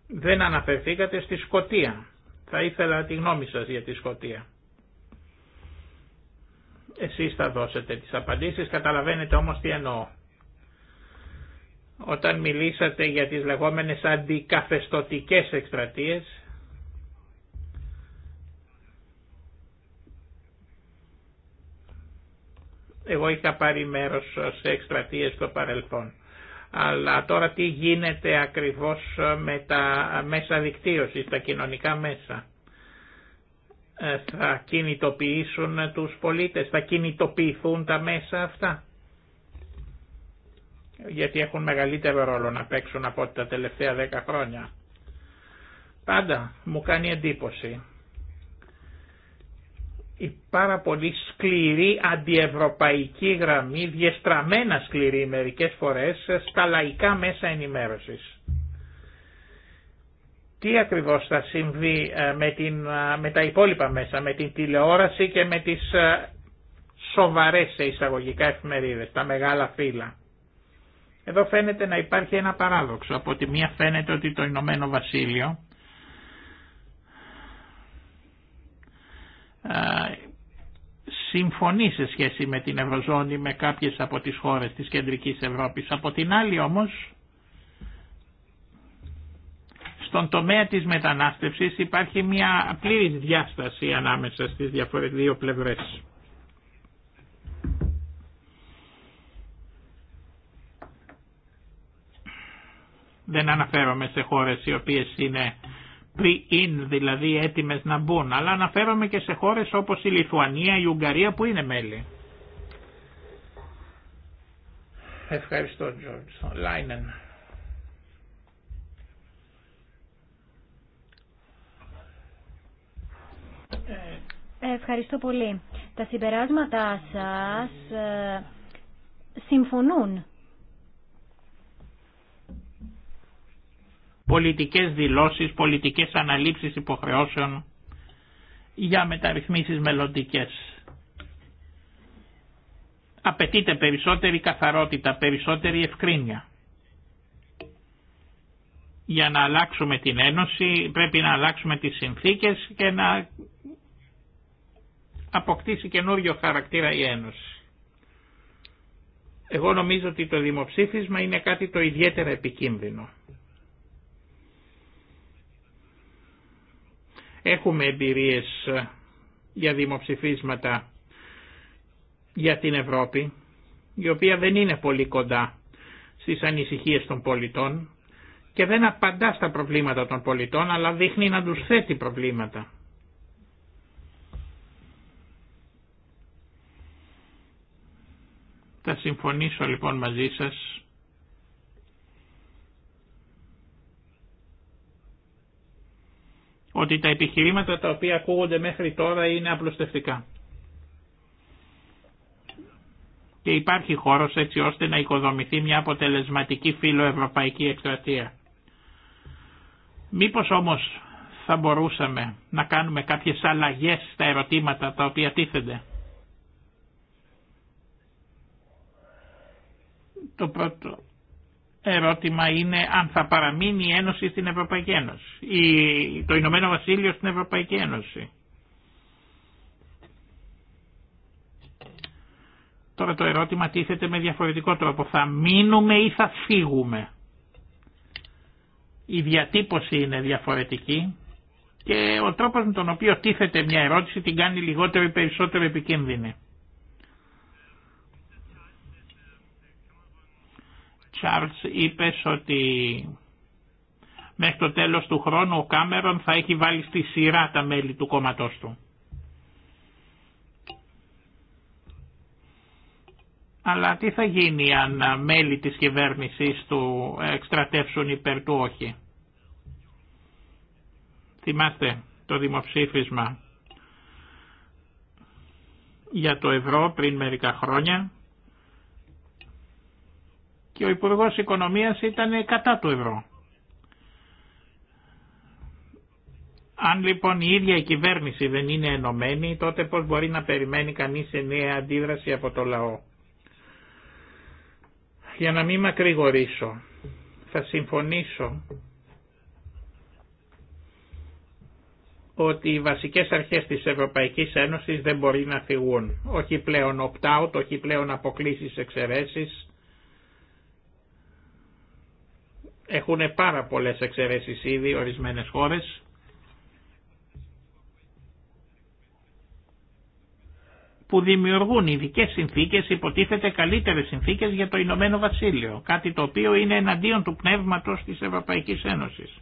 Δεν αναφερθήκατε στη Σκοτία. Θα ήθελα τη γνώμη σας για τη Σκοτία. Εσείς θα δώσετε τις απαντήσεις, καταλαβαίνετε όμως τι εννοώ. Όταν μιλήσατε για τις λεγόμενες αντικαθεστοτικές εκστρατείες, εγώ είχα πάρει μέρος σε εκστρατείες στο παρελθόν. Αλλά τώρα τι γίνεται ακριβώς με τα μέσα δικτύωσης, τα κοινωνικά μέσα. Ε, θα κινητοποιήσουν τους πολίτες, θα κινητοποιηθούν τα μέσα αυτά. Γιατί έχουν μεγαλύτερο ρόλο να παίξουν από τα τελευταία δέκα χρόνια. Πάντα μου κάνει εντύπωση η πάρα πολύ σκληρή αντιευρωπαϊκή γραμμή, διεστραμμένα σκληρή μερικές φορές, στα λαϊκά μέσα ενημέρωσης τι ακριβώς θα συμβεί ε, με, την, ε, με τα υπόλοιπα μέσα, με την τηλεόραση και με τις ε, σοβαρές σε εισαγωγικά εφημερίδες, τα μεγάλα φύλλα. Εδώ φαίνεται να υπάρχει ένα παράδοξο. Από τη μία φαίνεται ότι το Ηνωμένο Βασίλειο συμφωνεί σε σχέση με την Ευρωζώνη με κάποιες από τις χώρες της Κεντρικής Ευρώπης. Από την άλλη όμως στον τομέα της μετανάστευσης υπάρχει μια πλήρης διάσταση ανάμεσα στις δύο πλευρές. Δεν αναφέρομαι σε χώρες οι οποίες είναι pre-in, δηλαδή έτοιμες να μπουν, αλλά αναφέρομαι και σε χώρες όπως η Λιθουανία, η Ουγγαρία που είναι μέλη. Ευχαριστώ, Τζόρτζ. Λάινεν. Ευχαριστώ πολύ. Τα συμπεράσματά σας ε, συμφωνούν. Πολιτικές δηλώσεις, πολιτικές αναλήψεις υποχρεώσεων για μεταρρυθμίσεις μελλοντικέ. Απαιτείται περισσότερη καθαρότητα, περισσότερη ευκρίνεια. Για να αλλάξουμε την Ένωση πρέπει να αλλάξουμε τις συνθήκες και να αποκτήσει καινούριο χαρακτήρα η Ένωση. Εγώ νομίζω ότι το δημοψήφισμα είναι κάτι το ιδιαίτερα επικίνδυνο. Έχουμε εμπειρίες ε, για δημοψηφίσματα για την Ευρώπη, η οποία δεν είναι πολύ κοντά στις ανησυχίες των πολιτών και δεν απαντά στα προβλήματα των πολιτών, αλλά δείχνει να τους θέτει προβλήματα. Θα συμφωνήσω λοιπόν μαζί σας ότι τα επιχειρήματα τα οποία ακούγονται μέχρι τώρα είναι απλουστευτικά. Και υπάρχει χώρος έτσι ώστε να οικοδομηθεί μια αποτελεσματική φιλοευρωπαϊκή εκστρατεία. Μήπως όμως θα μπορούσαμε να κάνουμε κάποιες αλλαγές στα ερωτήματα τα οποία τίθενται. Το πρώτο ερώτημα είναι αν θα παραμείνει η Ένωση στην Ευρωπαϊκή Ένωση, η, το Ηνωμένο Βασίλειο στην Ευρωπαϊκή Ένωση. Τώρα το ερώτημα τίθεται με διαφορετικό τρόπο. Θα μείνουμε ή θα φύγουμε. Η διατύπωση είναι διαφορετική και ο τρόπος με τον οποίο τίθεται μια ερώτηση την κάνει λιγότερο ή περισσότερο επικίνδυνη. Τσάρλς είπε ότι μέχρι το τέλος του χρόνου ο Κάμερον θα έχει βάλει στη σειρά τα μέλη του κόμματός του. Αλλά τι θα γίνει αν μέλη της κυβέρνησης του εκστρατεύσουν υπέρ του όχι. Θυμάστε το δημοψήφισμα για το ευρώ πριν μερικά χρόνια και ο Υπουργός Οικονομίας ήταν κατά του ευρώ. Αν λοιπόν η ίδια η κυβέρνηση δεν είναι ενωμένη, τότε πώς μπορεί να περιμένει κανείς νέα αντίδραση από το λαό. Για να μην μακρηγορήσω, θα συμφωνήσω ότι οι βασικές αρχές της Ευρωπαϊκής Ένωσης δεν μπορεί να φυγούν. Όχι πλέον opt-out, όχι πλέον αποκλήσεις εξαιρέσεις, Έχουν πάρα πολλές εξαιρέσεις ήδη ορισμένες χώρες. που δημιουργούν ειδικέ συνθήκες, υποτίθεται καλύτερες συνθήκες για το Ηνωμένο Βασίλειο, κάτι το οποίο είναι εναντίον του πνεύματος της Ευρωπαϊκής Ένωσης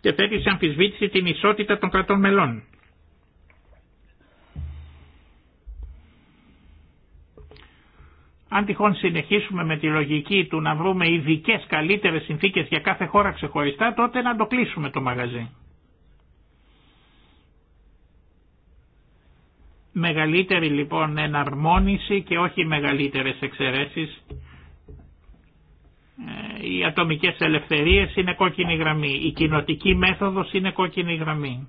και θέτει σε αμφισβήτηση την ισότητα των κρατών μελών. Αν τυχόν συνεχίσουμε με τη λογική του να βρούμε ειδικέ καλύτερε συνθήκε για κάθε χώρα ξεχωριστά, τότε να το κλείσουμε το μαγαζί. Μεγαλύτερη λοιπόν εναρμόνιση και όχι μεγαλύτερες εξαιρέσεις. Ε, οι ατομικές ελευθερίες είναι κόκκινη γραμμή. Η κοινοτική μέθοδος είναι κόκκινη γραμμή.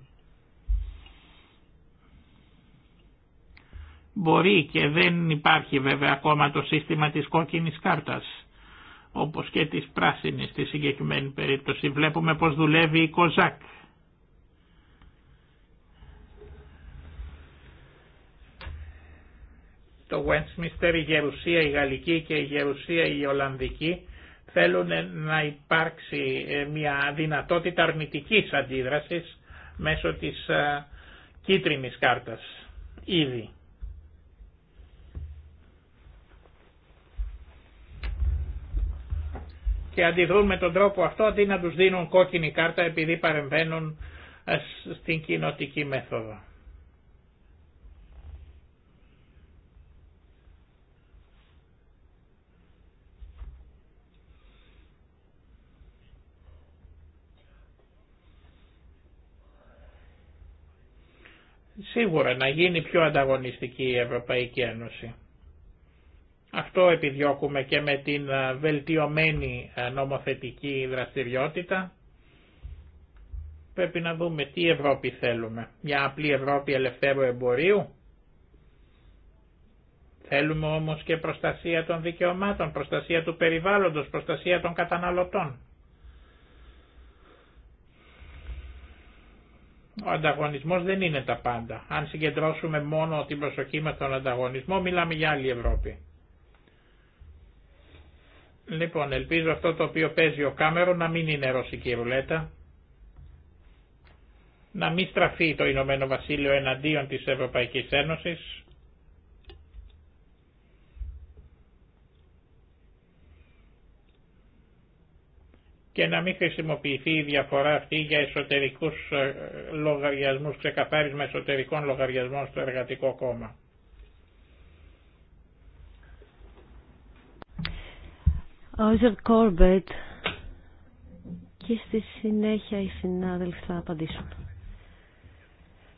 Μπορεί και δεν υπάρχει βέβαια ακόμα το σύστημα της κόκκινης κάρτας, όπως και της πράσινης στη συγκεκριμένη περίπτωση. Βλέπουμε πως δουλεύει η ΚΟΖΑΚ. Το Westminster, η Γερουσία η Γαλλική και η Γερουσία η Ολλανδική θέλουν να υπάρξει ε, μια δυνατότητα αρνητικής αντίδρασης μέσω της ε, κίτρινης κάρτας ήδη. και αντιδρούν με τον τρόπο αυτό αντί να τους δίνουν κόκκινη κάρτα επειδή παρεμβαίνουν ε, στην κοινοτική μέθοδο. Σίγουρα να γίνει πιο ανταγωνιστική η Ευρωπαϊκή Ένωση. Αυτό επιδιώκουμε και με την ε, βελτιωμένη ε, νομοθετική δραστηριότητα. Πρέπει να δούμε τι Ευρώπη θέλουμε. Μια απλή Ευρώπη ελευθέρου εμπορίου. Θέλουμε όμως και προστασία των δικαιωμάτων, προστασία του περιβάλλοντος, προστασία των καταναλωτών. Ο ανταγωνισμός δεν είναι τα πάντα. Αν συγκεντρώσουμε μόνο την προσοχή μας στον ανταγωνισμό, μιλάμε για άλλη Ευρώπη. Λοιπόν, ελπίζω αυτό το οποίο παίζει ο Κάμερο να μην είναι ρωσική ρουλέτα, να μην στραφεί το Ηνωμένο Βασίλειο εναντίον της Ευρωπαϊκής Ένωσης, και να μην χρησιμοποιηθεί η διαφορά αυτή για εσωτερικούς ε, λογαριασμούς, ξεκαθάρισμα εσωτερικών λογαριασμών στο εργατικό κόμμα. ο Κόρμπετ και στη συνέχεια οι συνάδελφοι θα απαντήσουν.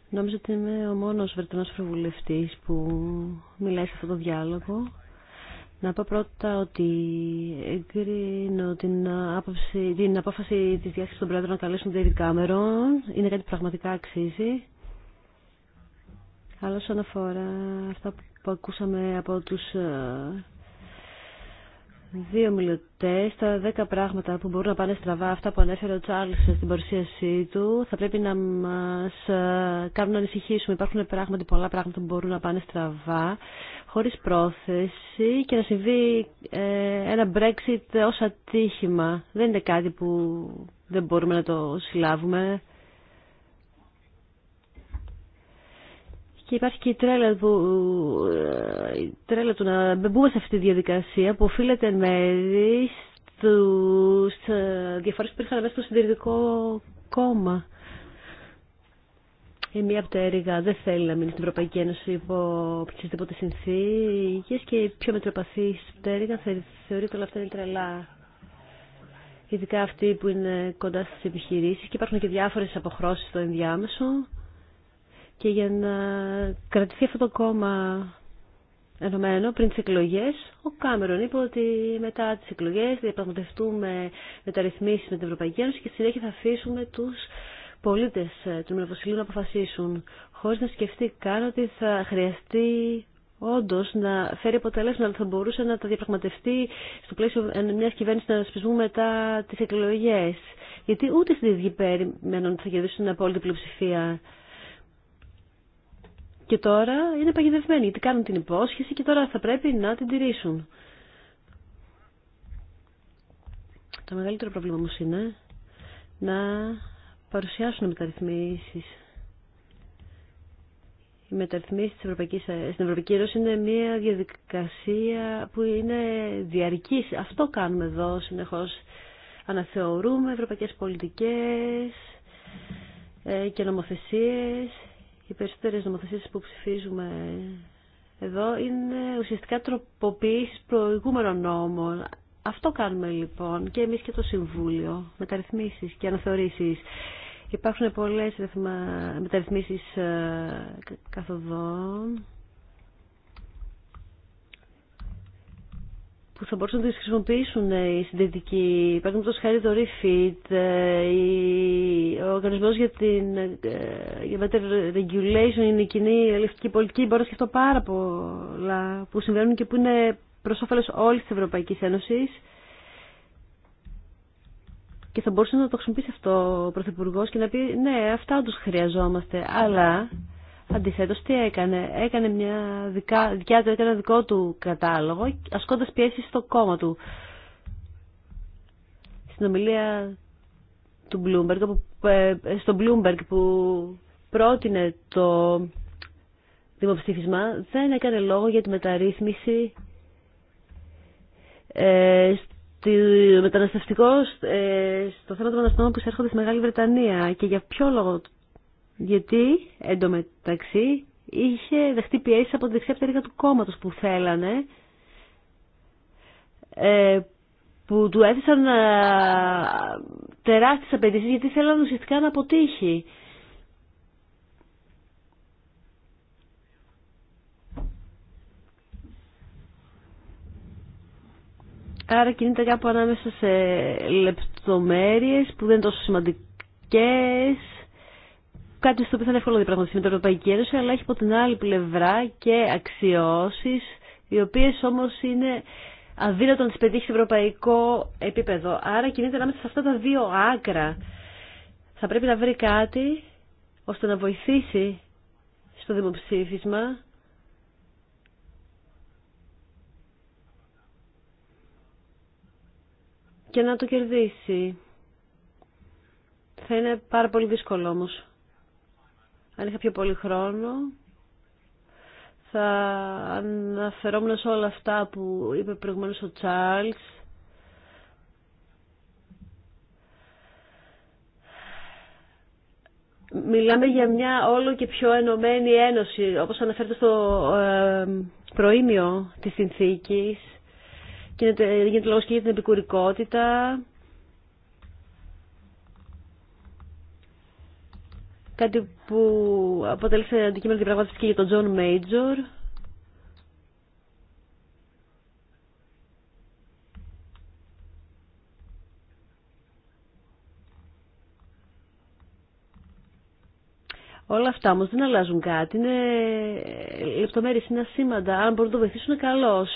Νόμιζα ότι είμαι ο μόνος Βρετανός προβουλευτής που μιλάει σε αυτό το διάλογο. Να πω πρώτα ότι εγκρίνω την, απόφαση της διάσκεψης των Πρόεδρων να καλέσουν τον David Cameron. Είναι κάτι που πραγματικά αξίζει. Αλλά όσον αφορά αυτά που ακούσαμε από τους ε, Δύο μιλωτέ, τα δέκα πράγματα που μπορούν να πάνε στραβά, αυτά που ανέφερε ο Τσάρλ στην παρουσίασή του, θα πρέπει να μα ε, κάνουν να ανησυχήσουμε. Υπάρχουν πράγματι πολλά πράγματα που μπορούν να πάνε στραβά, χωρί πρόθεση και να συμβεί ε, ένα Brexit ω ατύχημα. Δεν είναι κάτι που δεν μπορούμε να το συλλάβουμε. Και υπάρχει και η τρέλα, που, ε, η τρέλα του να μπούμε σε αυτή τη διαδικασία που οφείλεται εν μέρη στους ε, διαφορές που υπήρχαν μέσα στο συντηρητικό κόμμα. Η ε, μία από τα δεν θέλει να μείνει στην Ευρωπαϊκή Ένωση υπό οποιασδήποτε συνθήκε και η πιο μετροπαθή πτέρυγα θεωρεί ότι όλα αυτά είναι τρελά. Ειδικά αυτοί που είναι κοντά στι επιχειρήσει και υπάρχουν και διάφορες αποχρώσεις στο ενδιάμεσο. Και για να κρατηθεί αυτό το κόμμα ενωμένο πριν τι εκλογέ, ο Κάμερον είπε ότι μετά τι εκλογέ, θα διαπραγματευτούμε ρυθμίσει με την Ευρωπαϊκή Ένωση και στη συνέχεια θα αφήσουμε του πολίτε του Μηνοβασιλείου να αποφασίσουν, χωρί να σκεφτεί καν ότι θα χρειαστεί όντω να φέρει αποτελέσματα, αλλά θα μπορούσε να τα διαπραγματευτεί στο πλαίσιο μια κυβέρνηση ανασπισμού μετά τι εκλογέ. Γιατί ούτε στην ίδια περιμέναν ότι θα κερδίσουν την απόλυτη πλειοψηφία και τώρα είναι παγιδευμένοι γιατί κάνουν την υπόσχεση και τώρα θα πρέπει να την τηρήσουν. Το μεγαλύτερο πρόβλημα όμως, είναι να παρουσιάσουν μεταρρυθμίσεις. Οι μεταρρυθμίσεις στην Ευρωπαϊκή Ένωση είναι μια διαδικασία που είναι διαρκής. Αυτό κάνουμε εδώ συνεχώς. Αναθεωρούμε ευρωπαϊκές πολιτικές ε, και νομοθεσίες οι περισσότερες νομοθεσίες που ψηφίζουμε εδώ είναι ουσιαστικά τροποποίηση προηγούμενων νόμων. Αυτό κάνουμε λοιπόν και εμείς και το Συμβούλιο, μεταρρυθμίσεις και αναθεωρήσεις. Υπάρχουν πολλές μεταρρυθμίσεις ε, καθοδόν. που θα μπορούσαν να τις χρησιμοποιήσουν ε, οι συντηρητικοί. Παραδείγματο χάρη το ReFit, ε, ο οργανισμό για την ε, για better regulation, είναι η κοινή ελευθερική πολιτική. Μπορώ να σκεφτώ πάρα πολλά που συμβαίνουν και που είναι προ όφελο όλη τη Ευρωπαϊκή Ένωση. Και θα μπορούσε να το χρησιμοποιήσει αυτό ο Πρωθυπουργό και να πει ναι, αυτά του χρειαζόμαστε. Αλλά Αντιθέτως τι έκανε. Έκανε μια δικά, δικιά του, έκανε δικό του κατάλογο ασκώντας πιέσει στο κόμμα του. Στην ομιλία του Bloomberg, ε, στο Bloomberg που πρότεινε το δημοψήφισμα δεν έκανε λόγο για τη μεταρρύθμιση ε, στη, μεταναστευτικό ε, στο θέμα των μεταναστών που εισέρχονται στη Μεγάλη Βρετανία και για ποιο λόγο γιατί εντωμεταξύ είχε δεχτεί πιέσει από τη δεξιά πτέρυγα του κόμματο που θέλανε ε, που του έθεσαν ε, τεράστιες απαιτήσεις γιατί θέλανε ουσιαστικά να αποτύχει. Άρα κινείται κάπου ανάμεσα σε λεπτομέρειες που δεν είναι τόσο σημαντικές κάτι στο οποίο θα είναι εύκολο διαπραγματευτεί με την Ευρωπαϊκή Ένωση, αλλά έχει από την άλλη πλευρά και αξιώσει, οι οποίε όμω είναι αδύνατο να τι πετύχει σε ευρωπαϊκό επίπεδο. Άρα κινείται ανάμεσα σε αυτά τα δύο άκρα. Θα πρέπει να βρει κάτι ώστε να βοηθήσει στο δημοψήφισμα και να το κερδίσει. Θα είναι πάρα πολύ δύσκολο όμως. Αν είχα πιο πολύ χρόνο, θα αναφερόμουν σε όλα αυτά που είπε προηγουμένως ο Τσάρλς. Μιλάμε για μια όλο και πιο ενωμένη ένωση, όπως αναφέρεται στο ε, προήμιο της συνθήκης. Γίνεται, γίνεται λόγος και για την επικουρικότητα Κάτι που αποτέλεσε αντικείμενο διαπραγμάτευση και για τον Τζον Μέιτζορ. Όλα αυτά όμω δεν αλλάζουν κάτι. Είναι ε, λεπτομέρειε, είναι ασήμαντα. Αν μπορούν να το βοηθήσουν, καλώ.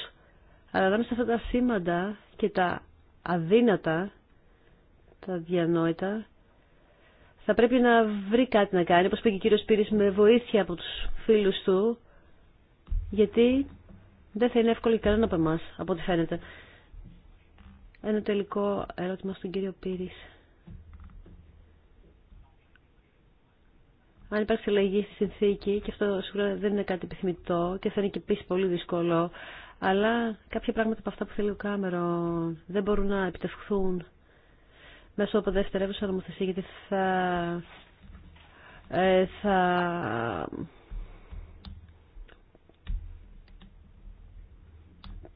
Αλλά ανάμεσα σε αυτά τα ασήμαντα και τα αδύνατα, τα διανόητα, θα πρέπει να βρει κάτι να κάνει, όπως πήγε ο κύριος Πύρης, με βοήθεια από τους φίλους του, γιατί δεν θα είναι εύκολο και κανένα από εμάς, από ό,τι φαίνεται. Ένα τελικό ερώτημα στον κύριο Πύρης. Αν υπάρξει αλλαγή στη συνθήκη, και αυτό σίγουρα δεν είναι κάτι επιθυμητό και θα είναι και επίση πολύ δύσκολο, αλλά κάποια πράγματα από αυτά που θέλει ο Κάμερο δεν μπορούν να επιτευχθούν μέσω από δευτερεύουσα νομοθεσία γιατί θα, ε, θα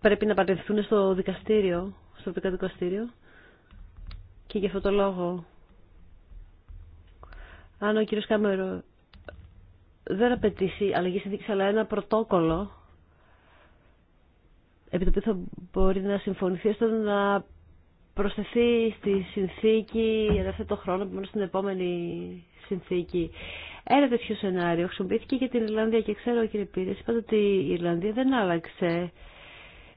πρέπει να παραιτηθούν στο δικαστήριο, στο Ευρωπαϊκό Δικαστήριο και για αυτό το λόγο αν ο κύριος Κάμερο δεν απαιτήσει αλλαγή συνθήκης αλλά ένα πρωτόκολλο επί θα μπορεί να συμφωνηθεί ώστε να προσθεθεί στη συνθήκη για αυτό το χρόνο, μόνο στην επόμενη συνθήκη. Ένα τέτοιο σενάριο χρησιμοποιήθηκε για την Ιρλανδία και ξέρω κύριε Πύρες, είπατε ότι η Ιρλανδία δεν άλλαξε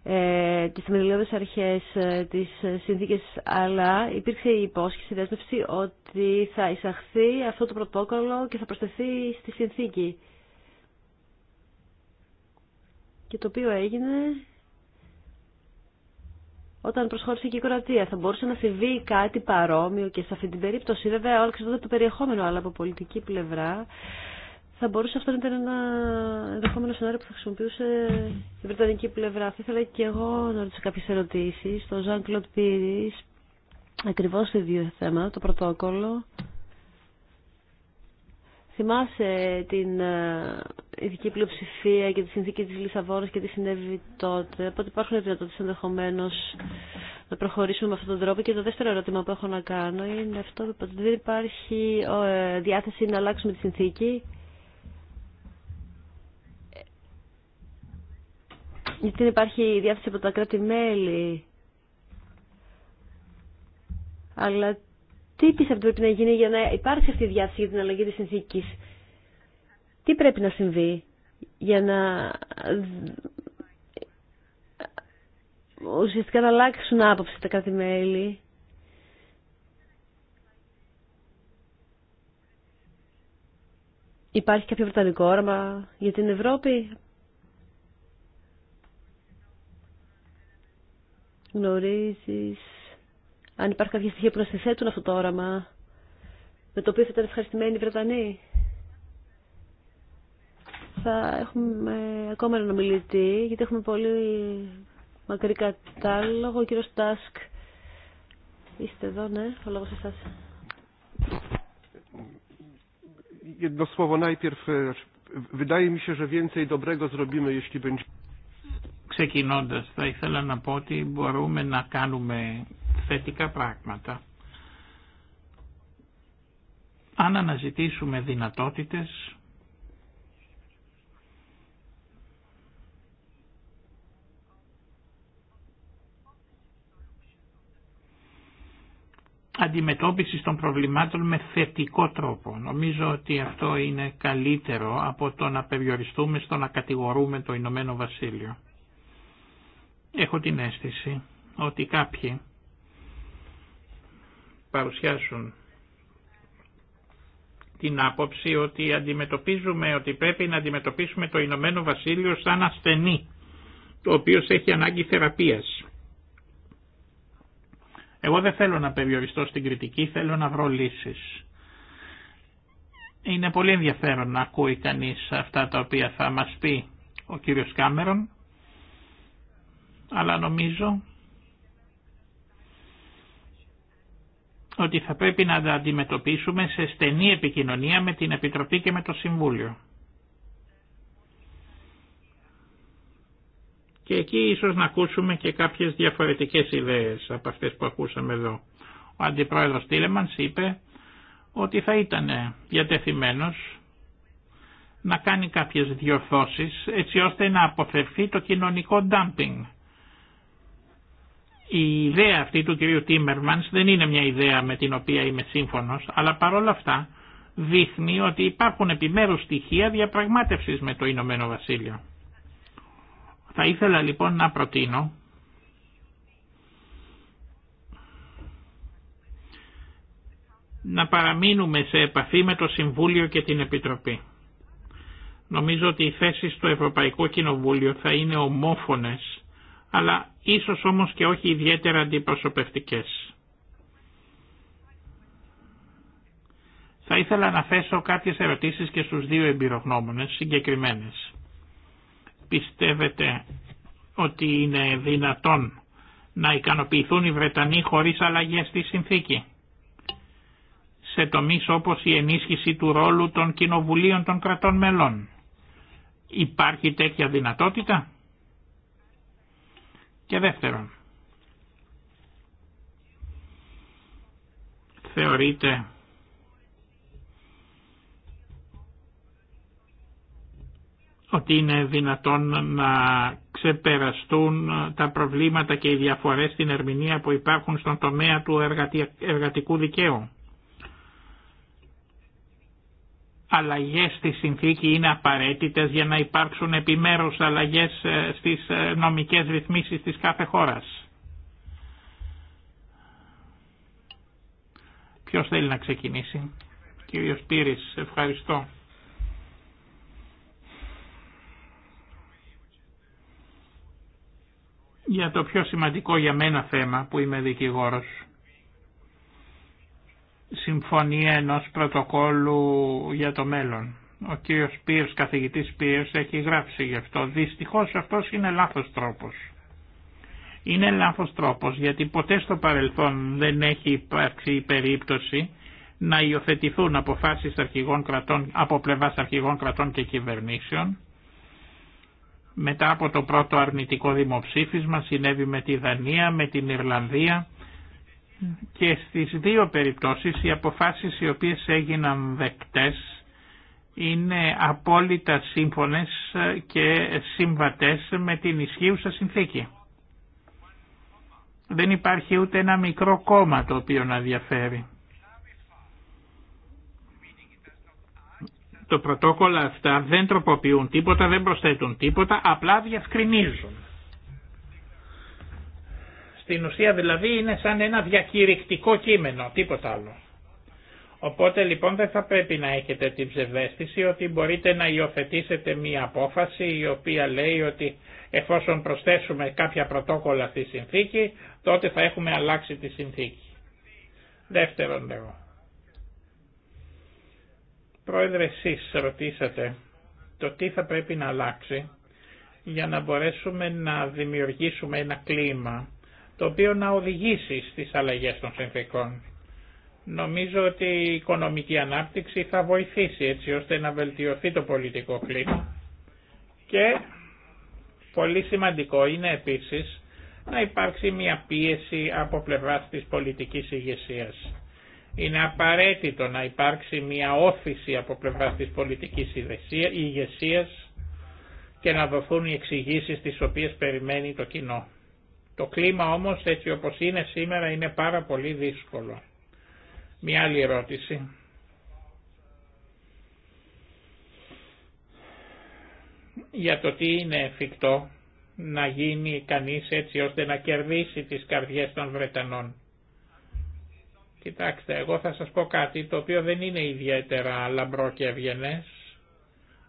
ε, τις θεμελιώδες αρχές ε, της συνθήκες, αλλά υπήρξε η υπόσχεση, η δέσμευση ότι θα εισαχθεί αυτό το πρωτόκολλο και θα προσθεθεί στη συνθήκη. Και το οποίο έγινε όταν προσχώρησε και η Κροατία. Θα μπορούσε να συμβεί κάτι παρόμοιο και σε αυτή την περίπτωση, βέβαια, όλα ξέρετε το περιεχόμενο, αλλά από πολιτική πλευρά, θα μπορούσε αυτό να ήταν ένα ενδεχόμενο σενάριο που θα χρησιμοποιούσε η Βρετανική πλευρά. Θα ήθελα και εγώ να ρωτήσω κάποιε ερωτήσει στον Ζαν Κλοντ Πύρη, ακριβώ σε δύο θέματα, το πρωτόκολλο Θυμάσαι την ε, ειδική πλειοψηφία και τη συνθήκη της Λισαβόνας και τι συνέβη τότε. Οπότε υπάρχουν δυνατότητες ενδεχομένω να προχωρήσουμε με αυτόν τον τρόπο. Και το δεύτερο ερώτημα που έχω να κάνω είναι αυτό που Δεν υπάρχει ε, διάθεση να αλλάξουμε τη συνθήκη. Γιατί δεν υπάρχει διάθεση από τα κράτη-μέλη. Αλλά τι πιστεύετε πρέπει να γίνει για να υπάρξει αυτή η διάθεση για την αλλαγή της συνθήκης. Τι πρέπει να συμβεί για να ουσιαστικά να αλλάξουν άποψη τα κάθε μέλη. Υπάρχει κάποιο βρετανικό όραμα για την Ευρώπη. Γνωρίζεις αν υπάρχει κάποια στοιχεία που να συνθέτουν αυτό το όραμα, με το οποίο θα ήταν ευχαριστημένοι οι Βρετανοί. Θα έχουμε ακόμα έναν ομιλητή, γιατί έχουμε πολύ μακρύ κατάλογο. Ο κύριο Τάσκ, είστε εδώ, ναι, ο λόγος εσάς. Jedno słowo najpierw. E, wydaje mi się, że więcej dobrego zrobimy, jeśli będzie. Ξεκινώντας, θα ήθελα να πω ότι μπορούμε να κάνουμε θετικά πράγματα. Αν αναζητήσουμε δυνατότητες αντιμετώπιση των προβλημάτων με θετικό τρόπο. Νομίζω ότι αυτό είναι καλύτερο από το να περιοριστούμε στο να κατηγορούμε το Ηνωμένο Βασίλειο. Έχω την αίσθηση ότι κάποιοι παρουσιάσουν την άποψη ότι αντιμετωπίζουμε, ότι πρέπει να αντιμετωπίσουμε το Ηνωμένο Βασίλειο σαν ασθενή, το οποίο έχει ανάγκη θεραπείας. Εγώ δεν θέλω να περιοριστώ στην κριτική, θέλω να βρω λύσεις. Είναι πολύ ενδιαφέρον να ακούει κανείς αυτά τα οποία θα μας πει ο κύριος Κάμερον, αλλά νομίζω ότι θα πρέπει να τα αντιμετωπίσουμε σε στενή επικοινωνία με την Επιτροπή και με το Συμβούλιο. Και εκεί ίσως να ακούσουμε και κάποιες διαφορετικές ιδέες από αυτές που ακούσαμε εδώ. Ο Αντιπρόεδρος Τίλεμανς είπε ότι θα ήταν διατεθειμένος να κάνει κάποιες διορθώσεις έτσι ώστε να αποφευθεί το κοινωνικό ντάμπινγκ η ιδέα αυτή του κυρίου Τίμερμανς δεν είναι μια ιδέα με την οποία είμαι σύμφωνος, αλλά παρόλα αυτά δείχνει ότι υπάρχουν επιμέρους στοιχεία διαπραγμάτευσης με το Ηνωμένο Βασίλειο. Θα ήθελα λοιπόν να προτείνω να παραμείνουμε σε επαφή με το Συμβούλιο και την Επιτροπή. Νομίζω ότι οι θέσεις του Ευρωπαϊκού Κοινοβούλιο θα είναι ομόφωνες αλλά ίσως όμως και όχι ιδιαίτερα αντιπροσωπευτικές. Θα ήθελα να θέσω κάποιες ερωτήσεις και στους δύο εμπειρογνώμονες συγκεκριμένες. Πιστεύετε ότι είναι δυνατόν να ικανοποιηθούν οι Βρετανοί χωρίς αλλαγές στη συνθήκη σε τομείς όπως η ενίσχυση του ρόλου των κοινοβουλίων των κρατών μελών. Υπάρχει τέτοια δυνατότητα. Και δεύτερον, θεωρείται ότι είναι δυνατόν να ξεπεραστούν τα προβλήματα και οι διαφορές στην ερμηνεία που υπάρχουν στον τομέα του εργατικού δικαίου. αλλαγές στη συνθήκη είναι απαραίτητες για να υπάρξουν επιμέρους αλλαγές ε, στις ε, νομικές ρυθμίσεις της κάθε χώρας. Ποιος θέλει να ξεκινήσει. Κύριο Πύρης, ευχαριστώ. Για το πιο σημαντικό για μένα θέμα που είμαι δικηγόρος συμφωνία ενός πρωτοκόλου για το μέλλον. Ο κύριος Πίρς, καθηγητής Πίρς, έχει γράψει γι' αυτό. Δυστυχώς αυτός είναι λάθος τρόπος. Είναι λάθος τρόπος γιατί ποτέ στο παρελθόν δεν έχει υπάρξει η περίπτωση να υιοθετηθούν αποφάσεις αρχηγών κρατών, από πλευράς αρχηγών κρατών και κυβερνήσεων. Μετά από το πρώτο αρνητικό δημοψήφισμα συνέβη με τη Δανία, με την Ιρλανδία και στις δύο περιπτώσεις οι αποφάσεις οι οποίες έγιναν δεκτές είναι απόλυτα σύμφωνες και σύμβατες με την ισχύουσα συνθήκη. Δεν υπάρχει ούτε ένα μικρό κόμμα το οποίο να διαφέρει. Το πρωτόκολλα αυτά δεν τροποποιούν τίποτα, δεν προσθέτουν τίποτα, απλά διασκρινίζουν. Στην ουσία δηλαδή είναι σαν ένα διακηρυκτικό κείμενο, τίποτα άλλο. Οπότε λοιπόν δεν θα πρέπει να έχετε την ψευδέστηση ότι μπορείτε να υιοθετήσετε μία απόφαση η οποία λέει ότι εφόσον προσθέσουμε κάποια πρωτόκολλα στη συνθήκη τότε θα έχουμε αλλάξει τη συνθήκη. Δεύτερον λέγω. Πρόεδρε εσείς ρωτήσατε το τι θα πρέπει να αλλάξει για να μπορέσουμε να δημιουργήσουμε ένα κλίμα το οποίο να οδηγήσει στις αλλαγές των συνθήκων. Νομίζω ότι η οικονομική ανάπτυξη θα βοηθήσει έτσι ώστε να βελτιωθεί το πολιτικό κλίμα και πολύ σημαντικό είναι επίσης να υπάρξει μια πίεση από πλευράς της πολιτικής ηγεσία. Είναι απαραίτητο να υπάρξει μια όθηση από πλευράς της πολιτικής ηγεσία και να δοθούν οι εξηγήσει τις οποίες περιμένει το κοινό. Το κλίμα όμως έτσι όπως είναι σήμερα είναι πάρα πολύ δύσκολο. Μια άλλη ερώτηση. Για το τι είναι εφικτό να γίνει κανείς έτσι ώστε να κερδίσει τις καρδιές των Βρετανών. Κοιτάξτε, εγώ θα σας πω κάτι το οποίο δεν είναι ιδιαίτερα λαμπρό και ευγενές,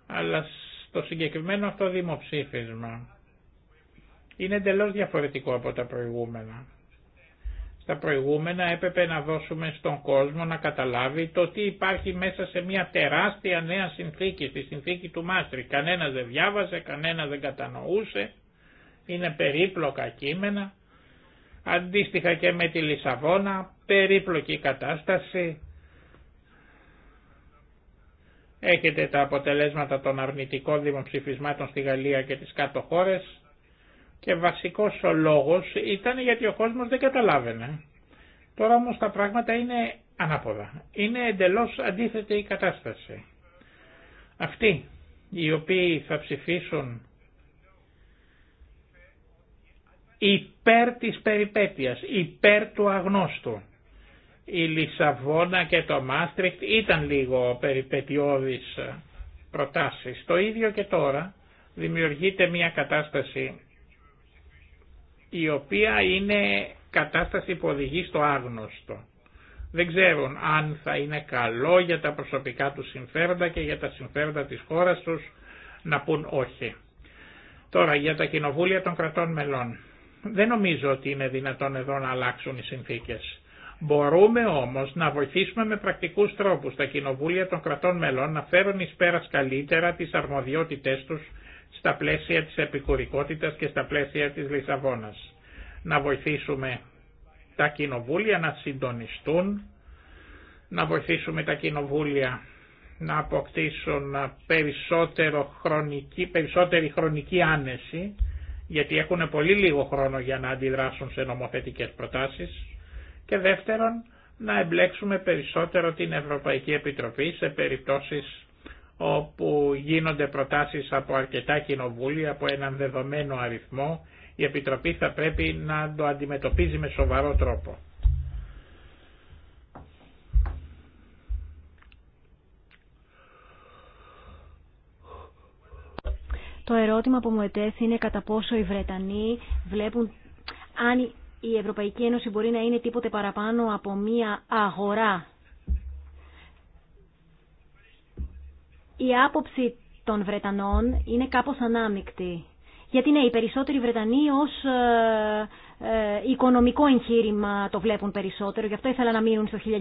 αλλά στο συγκεκριμένο αυτό δημοψήφισμα είναι εντελώ διαφορετικό από τα προηγούμενα. Στα προηγούμενα έπρεπε να δώσουμε στον κόσμο να καταλάβει το τι υπάρχει μέσα σε μια τεράστια νέα συνθήκη, στη συνθήκη του Μάστρη. Κανένας δεν διάβαζε, κανένας δεν κατανοούσε, είναι περίπλοκα κείμενα. Αντίστοιχα και με τη Λισαβόνα, περίπλοκη κατάσταση, Έχετε τα αποτελέσματα των αρνητικών δημοψηφισμάτων στη Γαλλία και τις κάτω χώρες. Και βασικός ο λόγος ήταν γιατί ο κόσμος δεν καταλάβαινε. Τώρα όμως τα πράγματα είναι ανάποδα. Είναι εντελώς αντίθετη η κατάσταση. Αυτοί οι οποίοι θα ψηφίσουν υπέρ της περιπέτειας, υπέρ του αγνώστου. Η Λισαβόνα και το Μάστριχτ ήταν λίγο περιπετειώδεις προτάσεις. Το ίδιο και τώρα δημιουργείται μια κατάσταση η οποία είναι κατάσταση που οδηγεί στο άγνωστο. Δεν ξέρουν αν θα είναι καλό για τα προσωπικά τους συμφέροντα και για τα συμφέροντα της χώρας τους να πούν όχι. Τώρα για τα κοινοβούλια των κρατών μελών. Δεν νομίζω ότι είναι δυνατόν εδώ να αλλάξουν οι συνθήκες. Μπορούμε όμως να βοηθήσουμε με πρακτικούς τρόπους τα κοινοβούλια των κρατών μελών να φέρουν εις πέρας καλύτερα τις αρμοδιότητές τους στα πλαίσια της επικουρικότητας και στα πλαίσια της Λισαβόνας. Να βοηθήσουμε τα κοινοβούλια να συντονιστούν, να βοηθήσουμε τα κοινοβούλια να αποκτήσουν περισσότερο χρονική, περισσότερη χρονική άνεση, γιατί έχουν πολύ λίγο χρόνο για να αντιδράσουν σε νομοθετικές προτάσεις. Και δεύτερον, να εμπλέξουμε περισσότερο την Ευρωπαϊκή Επιτροπή σε περιπτώσεις όπου γίνονται προτάσεις από αρκετά κοινοβούλια, από έναν δεδομένο αριθμό, η Επιτροπή θα πρέπει να το αντιμετωπίζει με σοβαρό τρόπο. Το ερώτημα που μου ετέθη είναι κατά πόσο οι Βρετανοί βλέπουν αν η Ευρωπαϊκή Ένωση μπορεί να είναι τίποτε παραπάνω από μία αγορά η άποψη των Βρετανών είναι κάπως ανάμεικτη. Γιατί ναι, οι περισσότεροι Βρετανοί ως ε, ε, οικονομικό εγχείρημα το βλέπουν περισσότερο. Γι' αυτό ήθελα να μείνουν στο 1975.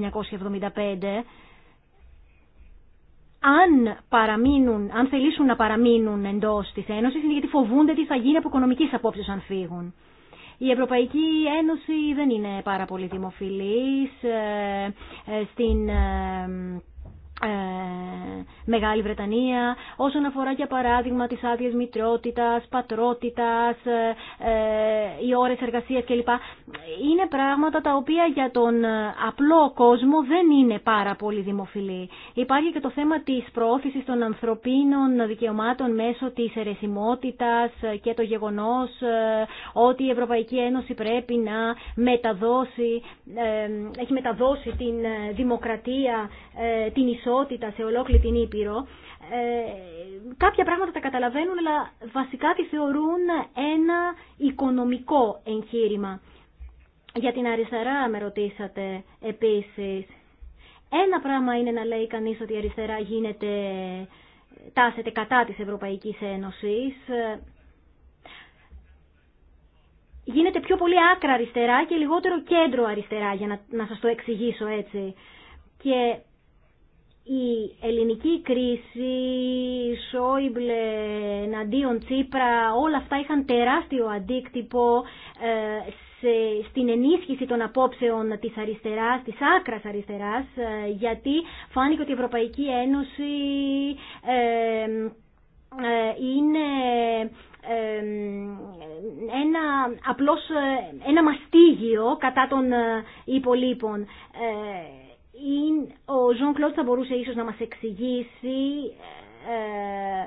Αν, παραμείνουν, αν θελήσουν να παραμείνουν εντός της Ένωσης είναι γιατί φοβούνται τι θα γίνει από οικονομικής απόψεως αν φύγουν. Η Ευρωπαϊκή Ένωση δεν είναι πάρα πολύ δημοφιλής. Ε, ε στην ε, Μεγάλη Βρετανία, όσον αφορά για παράδειγμα τις άδειες μητρότητας, πατρότητας, ε, ε, οι ώρες εργασίας κλπ. Είναι πράγματα τα οποία για τον απλό κόσμο δεν είναι πάρα πολύ δημοφιλή. Υπάρχει και το θέμα της προώθησης των ανθρωπίνων δικαιωμάτων μέσω της αιρεσιμότητας και το γεγονός ότι η Ευρωπαϊκή Ένωση πρέπει να μεταδώσει, έχει μεταδώσει την δημοκρατία, την ισότητα ισότητα σε ολόκληρη την Ήπειρο, ε, κάποια πράγματα τα καταλαβαίνουν, αλλά βασικά τη θεωρούν ένα οικονομικό εγχείρημα. Για την αριστερά με ρωτήσατε επίσης. Ένα πράγμα είναι να λέει κανείς ότι η αριστερά γίνεται, τάσεται κατά της Ευρωπαϊκής Ένωσης. Γίνεται πιο πολύ άκρα αριστερά και λιγότερο κέντρο αριστερά, για να, να σας το εξηγήσω έτσι. Και η ελληνική κρίση, Σόιμπλε, Ναντίον Τσίπρα, όλα αυτά είχαν τεράστιο αντίκτυπο ε, σε, στην ενίσχυση των απόψεων της αριστεράς, της άκρας αριστεράς, ε, γιατί φάνηκε ότι η Ευρωπαϊκή Ένωση ε, είναι ένα απλώς ένα μαστίγιο κατά των υπολείπων ο Ζων Κλοντ θα μπορούσε ίσως να μας εξηγήσει ε,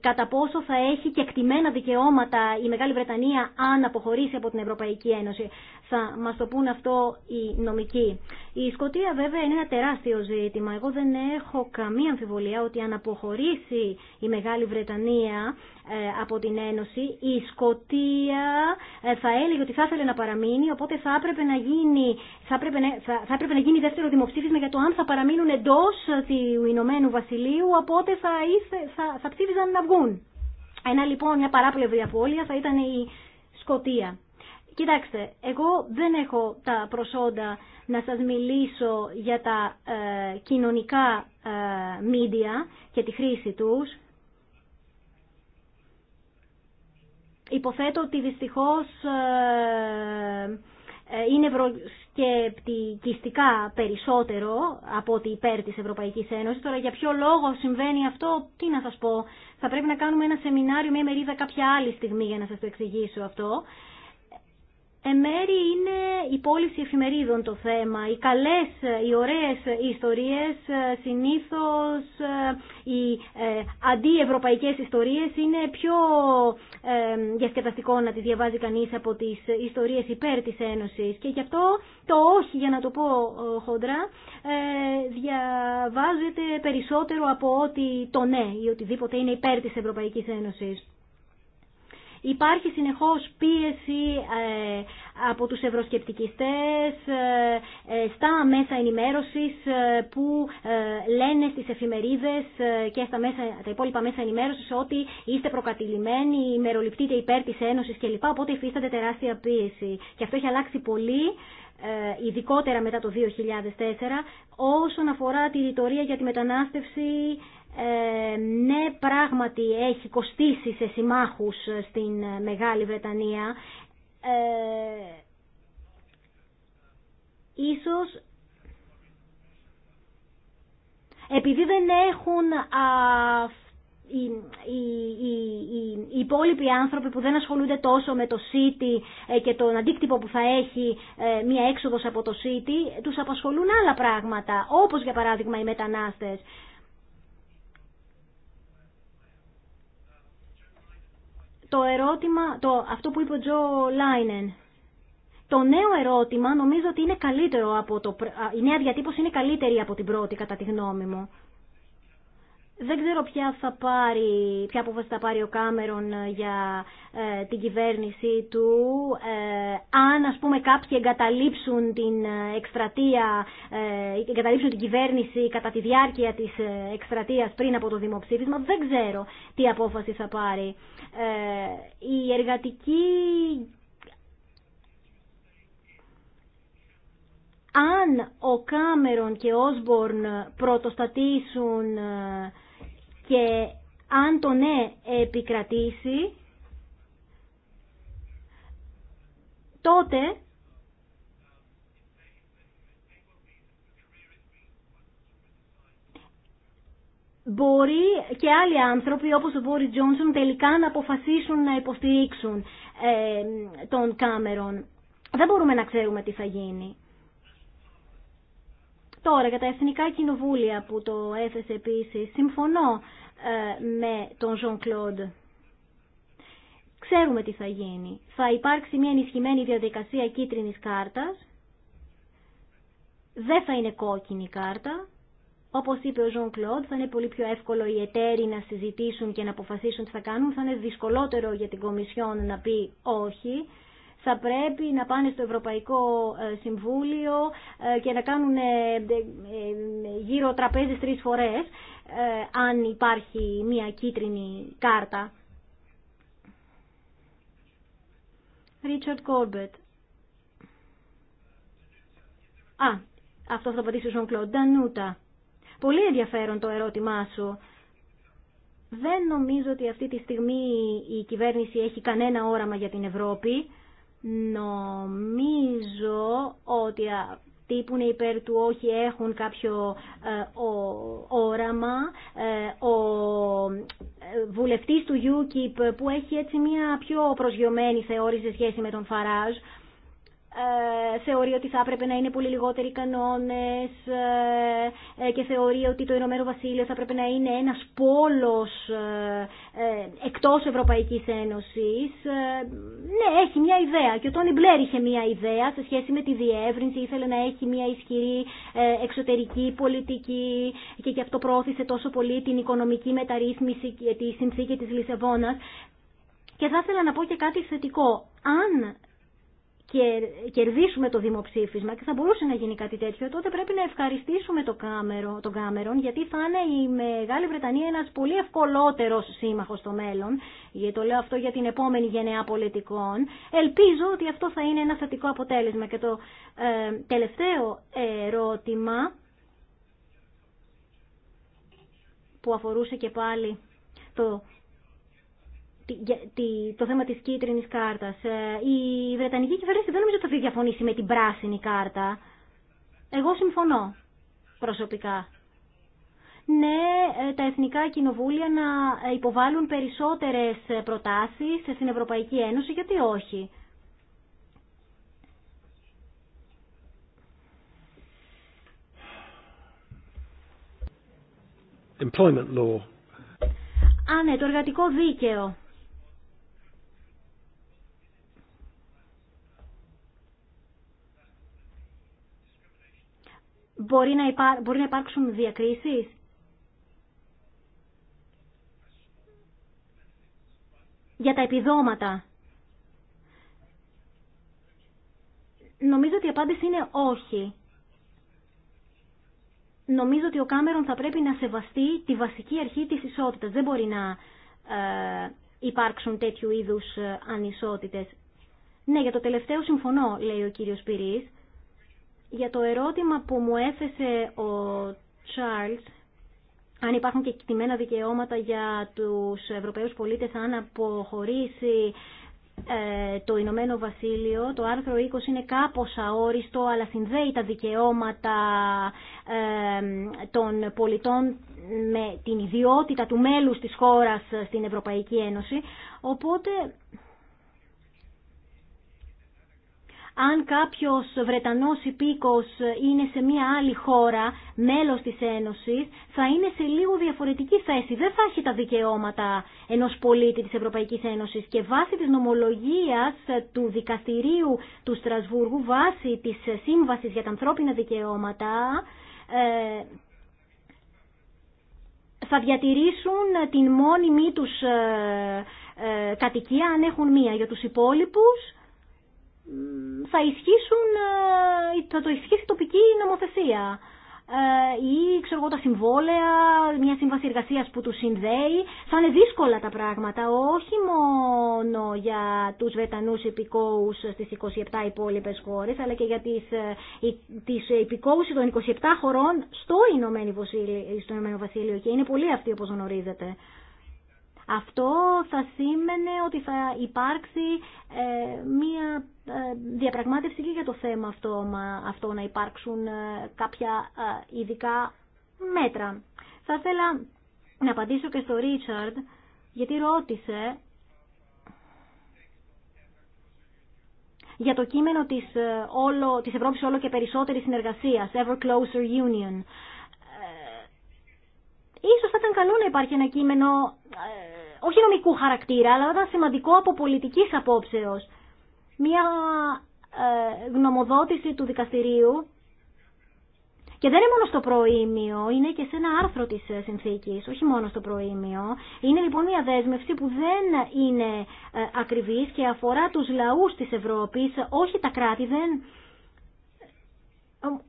κατά πόσο θα έχει και εκτιμένα δικαιώματα η Μεγάλη Βρετανία αν αποχωρήσει από την Ευρωπαϊκή Ένωση θα μας το πούν αυτό οι νομικοί. Η Σκοτία βέβαια είναι ένα τεράστιο ζήτημα. Εγώ δεν έχω καμία αμφιβολία ότι αν αποχωρήσει η Μεγάλη Βρετανία ε, από την Ένωση, η Σκοτία ε, θα έλεγε ότι θα ήθελε να παραμείνει, οπότε θα έπρεπε να γίνει, θα έπρεπε να, θα, θα να γίνει δεύτερο δημοψήφισμα για το αν θα παραμείνουν εντός του Ηνωμένου Βασιλείου, οπότε θα, ψήφισαν θα, θα να βγουν. Ένα λοιπόν, μια παράπλευρη απώλεια θα ήταν η Σκοτία. Κοιτάξτε, εγώ δεν έχω τα προσόντα να σας μιλήσω για τα ε, κοινωνικά ε, και τη χρήση τους. Υποθέτω ότι δυστυχώς ε, ε, είναι ευρωσκεπτικιστικά περισσότερο από ότι υπέρ της Ευρωπαϊκής Ένωσης. Τώρα για ποιο λόγο συμβαίνει αυτό, τι να σας πω. Θα πρέπει να κάνουμε ένα σεμινάριο, μια μερίδα κάποια άλλη στιγμή για να σας το εξηγήσω αυτό. Εμέρη είναι η πώληση εφημερίδων το θέμα. Οι καλές, οι ωραίες ιστορίες, ε, συνήθως ε, οι ε, αντιευρωπαϊκές ιστορίες είναι πιο ε, διασκεδαστικό να τη διαβάζει κανείς από τις ιστορίες υπέρ της Ένωσης. Και γι' αυτό το όχι, για να το πω χοντρά, διαβάζεται περισσότερο από ότι το ναι ή οτιδήποτε είναι υπέρ της Ευρωπαϊκής Ένωσης. Υπάρχει συνεχώς πίεση ε, από τους ευρωσκεπτικιστές ε, ε, στα μέσα ενημέρωσης που λένε στις εφημερίδες και στα, μέσα, τα υπόλοιπα μέσα ενημέρωσης ότι είστε προκατηλημένοι, μεροληπτείτε υπέρ της Ένωσης κλπ. Οπότε υφίσταται τεράστια πίεση. Και αυτό έχει αλλάξει πολύ ειδικότερα μετά το 2004, όσον αφορά τη ρητορία για τη μετανάστευση ε, ναι, πράγματι έχει κοστίσει σε συμμάχους ε, στην ε, Μεγάλη Βρετανία. Ε, ίσως επειδή δεν έχουν α, οι, υπόλοιποι άνθρωποι που δεν ασχολούνται τόσο με το city ε, και τον αντίκτυπο που θα έχει μια έξοδος από το city, τους απασχολούν άλλα πράγματα, όπως για παράδειγμα οι μετανάστες. το ερώτημα, το, αυτό που είπε ο Τζο Λάινεν. Το νέο ερώτημα νομίζω ότι είναι καλύτερο από το, η νέα διατύπωση είναι καλύτερη από την πρώτη κατά τη γνώμη μου. Δεν ξέρω ποια, θα πάρει, ποια απόφαση θα πάρει ο Κάμερον ε, για ε, την κυβέρνησή του. Ε, αν ας πούμε κάποιοι εγκαταλείψουν την εκστρατεία, ε, την κυβέρνηση κατά τη διάρκεια της εκστρατείας πριν από το δημοψήφισμα, δεν ξέρω τι απόφαση θα πάρει. η εργατική αν ο Κάμερον και ο Όσμπορν πρωτοστατήσουν και αν το ναι επικρατήσει, τότε μπορεί και άλλοι άνθρωποι όπως ο Βόρι Τζόνσον τελικά να αποφασίσουν να υποστηρίξουν ε, τον Κάμερον. Δεν μπορούμε να ξέρουμε τι θα γίνει. Τώρα για τα εθνικά κοινοβούλια που το έθεσε επίσης, συμφωνώ ε, με τον Ζων Κλοντ. Ξέρουμε τι θα γίνει. Θα υπάρξει μια ενισχυμένη διαδικασία κίτρινης κάρτας. Δεν θα είναι κόκκινη κάρτα. Όπως είπε ο Ζων Κλοντ, θα είναι πολύ πιο εύκολο οι εταίροι να συζητήσουν και να αποφασίσουν τι θα κάνουν. Θα είναι δυσκολότερο για την Κομισιόν να πει όχι θα πρέπει να πάνε στο Ευρωπαϊκό ε, Συμβούλιο ε, και να κάνουν ε, γύρω τραπέζι τρεις φορές αν υπάρχει μια κίτρινη κάρτα. Ρίτσαρτ Κόρμπετ. Α, αυτό θα το απαντήσει ο Ζων Κλοντ. Ντανούτα. Πολύ ενδιαφέρον το ερώτημά σου. Δεν νομίζω ότι αυτή τη στιγμή η κυβέρνηση έχει κανένα όραμα για την Ευρώπη. Νομίζω ότι αυτοί που είναι υπέρ του όχι έχουν κάποιο ε, ο, όραμα. Ε, ο ε, βουλευτής του UKIP που έχει έτσι μια πιο προσγειωμένη θεώρηση σε σχέση με τον Φαράζ ε, θεωρεί ότι θα έπρεπε να είναι πολύ λιγότεροι κανόνες ε, ε, και θεωρεί ότι το Ηνωμένο Βασίλειο θα έπρεπε να είναι ένας πόλος εκτός Ευρωπαϊκής Ένωσης. Ναι, έχει μια ιδέα και ο Τόνι Μπλερ είχε μια ιδέα σε σχέση με τη διεύρυνση, ήθελε να έχει μια ισχυρή εξωτερική πολιτική και γι' αυτό πρόθεσε τόσο πολύ την οικονομική μεταρρύθμιση και τη συνθήκη της Λισεβόνας. Και θα ήθελα να πω και κάτι θετικό. Αν και κερδίσουμε το δημοψήφισμα και θα μπορούσε να γίνει κάτι τέτοιο, τότε πρέπει να ευχαριστήσουμε το κάμερο, τον Κάμερον, γιατί θα είναι η Μεγάλη Βρετανία ένα πολύ ευκολότερο σύμμαχος στο μέλλον, γιατί το λέω αυτό για την επόμενη γενεά πολιτικών. Ελπίζω ότι αυτό θα είναι ένα θετικό αποτέλεσμα. Και το ε, τελευταίο ερώτημα, που αφορούσε και πάλι το το θέμα της κίτρινης κάρτας. Ε, η Βρετανική κυβέρνηση δεν νομίζω ότι θα διαφωνήσει με την πράσινη κάρτα. Εγώ συμφωνώ προσωπικά. Ναι, ε, τα εθνικά κοινοβούλια να υποβάλουν περισσότερες προτάσεις στην Ευρωπαϊκή Ένωση, γιατί όχι. Employment law. Α, ναι, το εργατικό δίκαιο. μπορεί να, να υπάρξουν διακρίσεις. Για τα επιδόματα. Νομίζω ότι η απάντηση είναι όχι. Νομίζω ότι ο Κάμερον θα πρέπει να σεβαστεί τη βασική αρχή της ισότητας. Δεν μπορεί να ε, υπάρξουν τέτοιου είδους ε, ανισότητες. Ναι, για το τελευταίο συμφωνώ, λέει ο κύριος Πυρής για το ερώτημα που μου έθεσε ο Charles, αν υπάρχουν και κοιτημένα δικαιώματα για τους Ευρωπαίους πολίτες αν αποχωρήσει ε, το Ηνωμένο Βασίλειο, το άρθρο 20 είναι κάπως αόριστο, αλλά συνδέει τα δικαιώματα ε, των πολιτών με την ιδιότητα του μέλους της χώρας στην Ευρωπαϊκή Ένωση. Οπότε αν κάποιος Βρετανός υπήκος είναι σε μια άλλη χώρα, μέλος της Ένωσης, θα είναι σε λίγο διαφορετική θέση. Δεν θα έχει τα δικαιώματα ενός πολίτη της Ευρωπαϊκής Ένωσης και βάσει της νομολογίας του Δικαστηρίου του Στρασβούργου, βάσει της Σύμβασης για τα ανθρώπινα δικαιώματα, ε, θα διατηρήσουν την μόνιμη τους ε, ε, κατοικία αν έχουν μία. Για τους υπόλοιπους θα ισχύσουν, ε, θα το ισχύσει η τοπική νομοθεσία ε, ή ξέρω εγώ τα συμβόλαια, μια σύμβαση εργασία που του συνδέει. Θα είναι δύσκολα τα πράγματα, όχι μόνο για του Βρετανού υπηκόου στι 27 υπόλοιπε χώρε, αλλά και για τι ε, υπηκόου των 27 χωρών στο Ηνωμένο Βασίλειο. Και είναι πολλοί αυτοί, όπω γνωρίζετε. Αυτό θα σήμαινε ότι θα υπάρξει ε, μία ε, διαπραγμάτευση και για το θέμα αυτό, αυτό να υπάρξουν ε, κάποια ειδικά μέτρα. Θα ήθελα να απαντήσω και στο Ρίτσαρντ, γιατί ρώτησε για το κείμενο της, όλο, της Ευρώπης όλο και περισσότερη συνεργασίας, Ever Closer Union. Ίσως θα ήταν καλό να υπάρχει ένα κείμενο ε, όχι νομικού χαρακτήρα, αλλά ήταν σημαντικό από πολιτικής απόψεως. Μια ε, γνωμοδότηση του δικαστηρίου και δεν είναι μόνο στο προήμιο, είναι και σε ένα άρθρο της ε, συνθήκης, όχι μόνο στο προήμιο. Είναι λοιπόν μια δέσμευση που δεν είναι ακριβής και αφορά τους λαούς της Ευρώπης, όχι τα κράτη, δεν...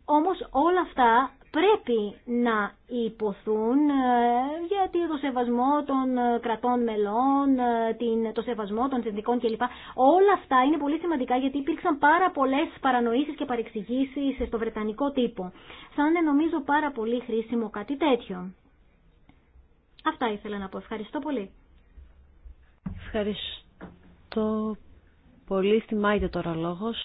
Όμως όλα αυτά πρέπει να υποθούν ε, γιατί το σεβασμό των ε, κρατών μελών, ε, το σεβασμό των συνδικών κλπ. Όλα αυτά είναι πολύ σημαντικά γιατί υπήρξαν πάρα πολλές παρανοήσεις και παρεξηγήσεις στο βρετανικό τύπο. Θα είναι νομίζω πάρα πολύ χρήσιμο κάτι τέτοιο. Αυτά ήθελα να πω. Ευχαριστώ πολύ. Ευχαριστώ πολύ. Στη Μάιτε τώρα λόγος.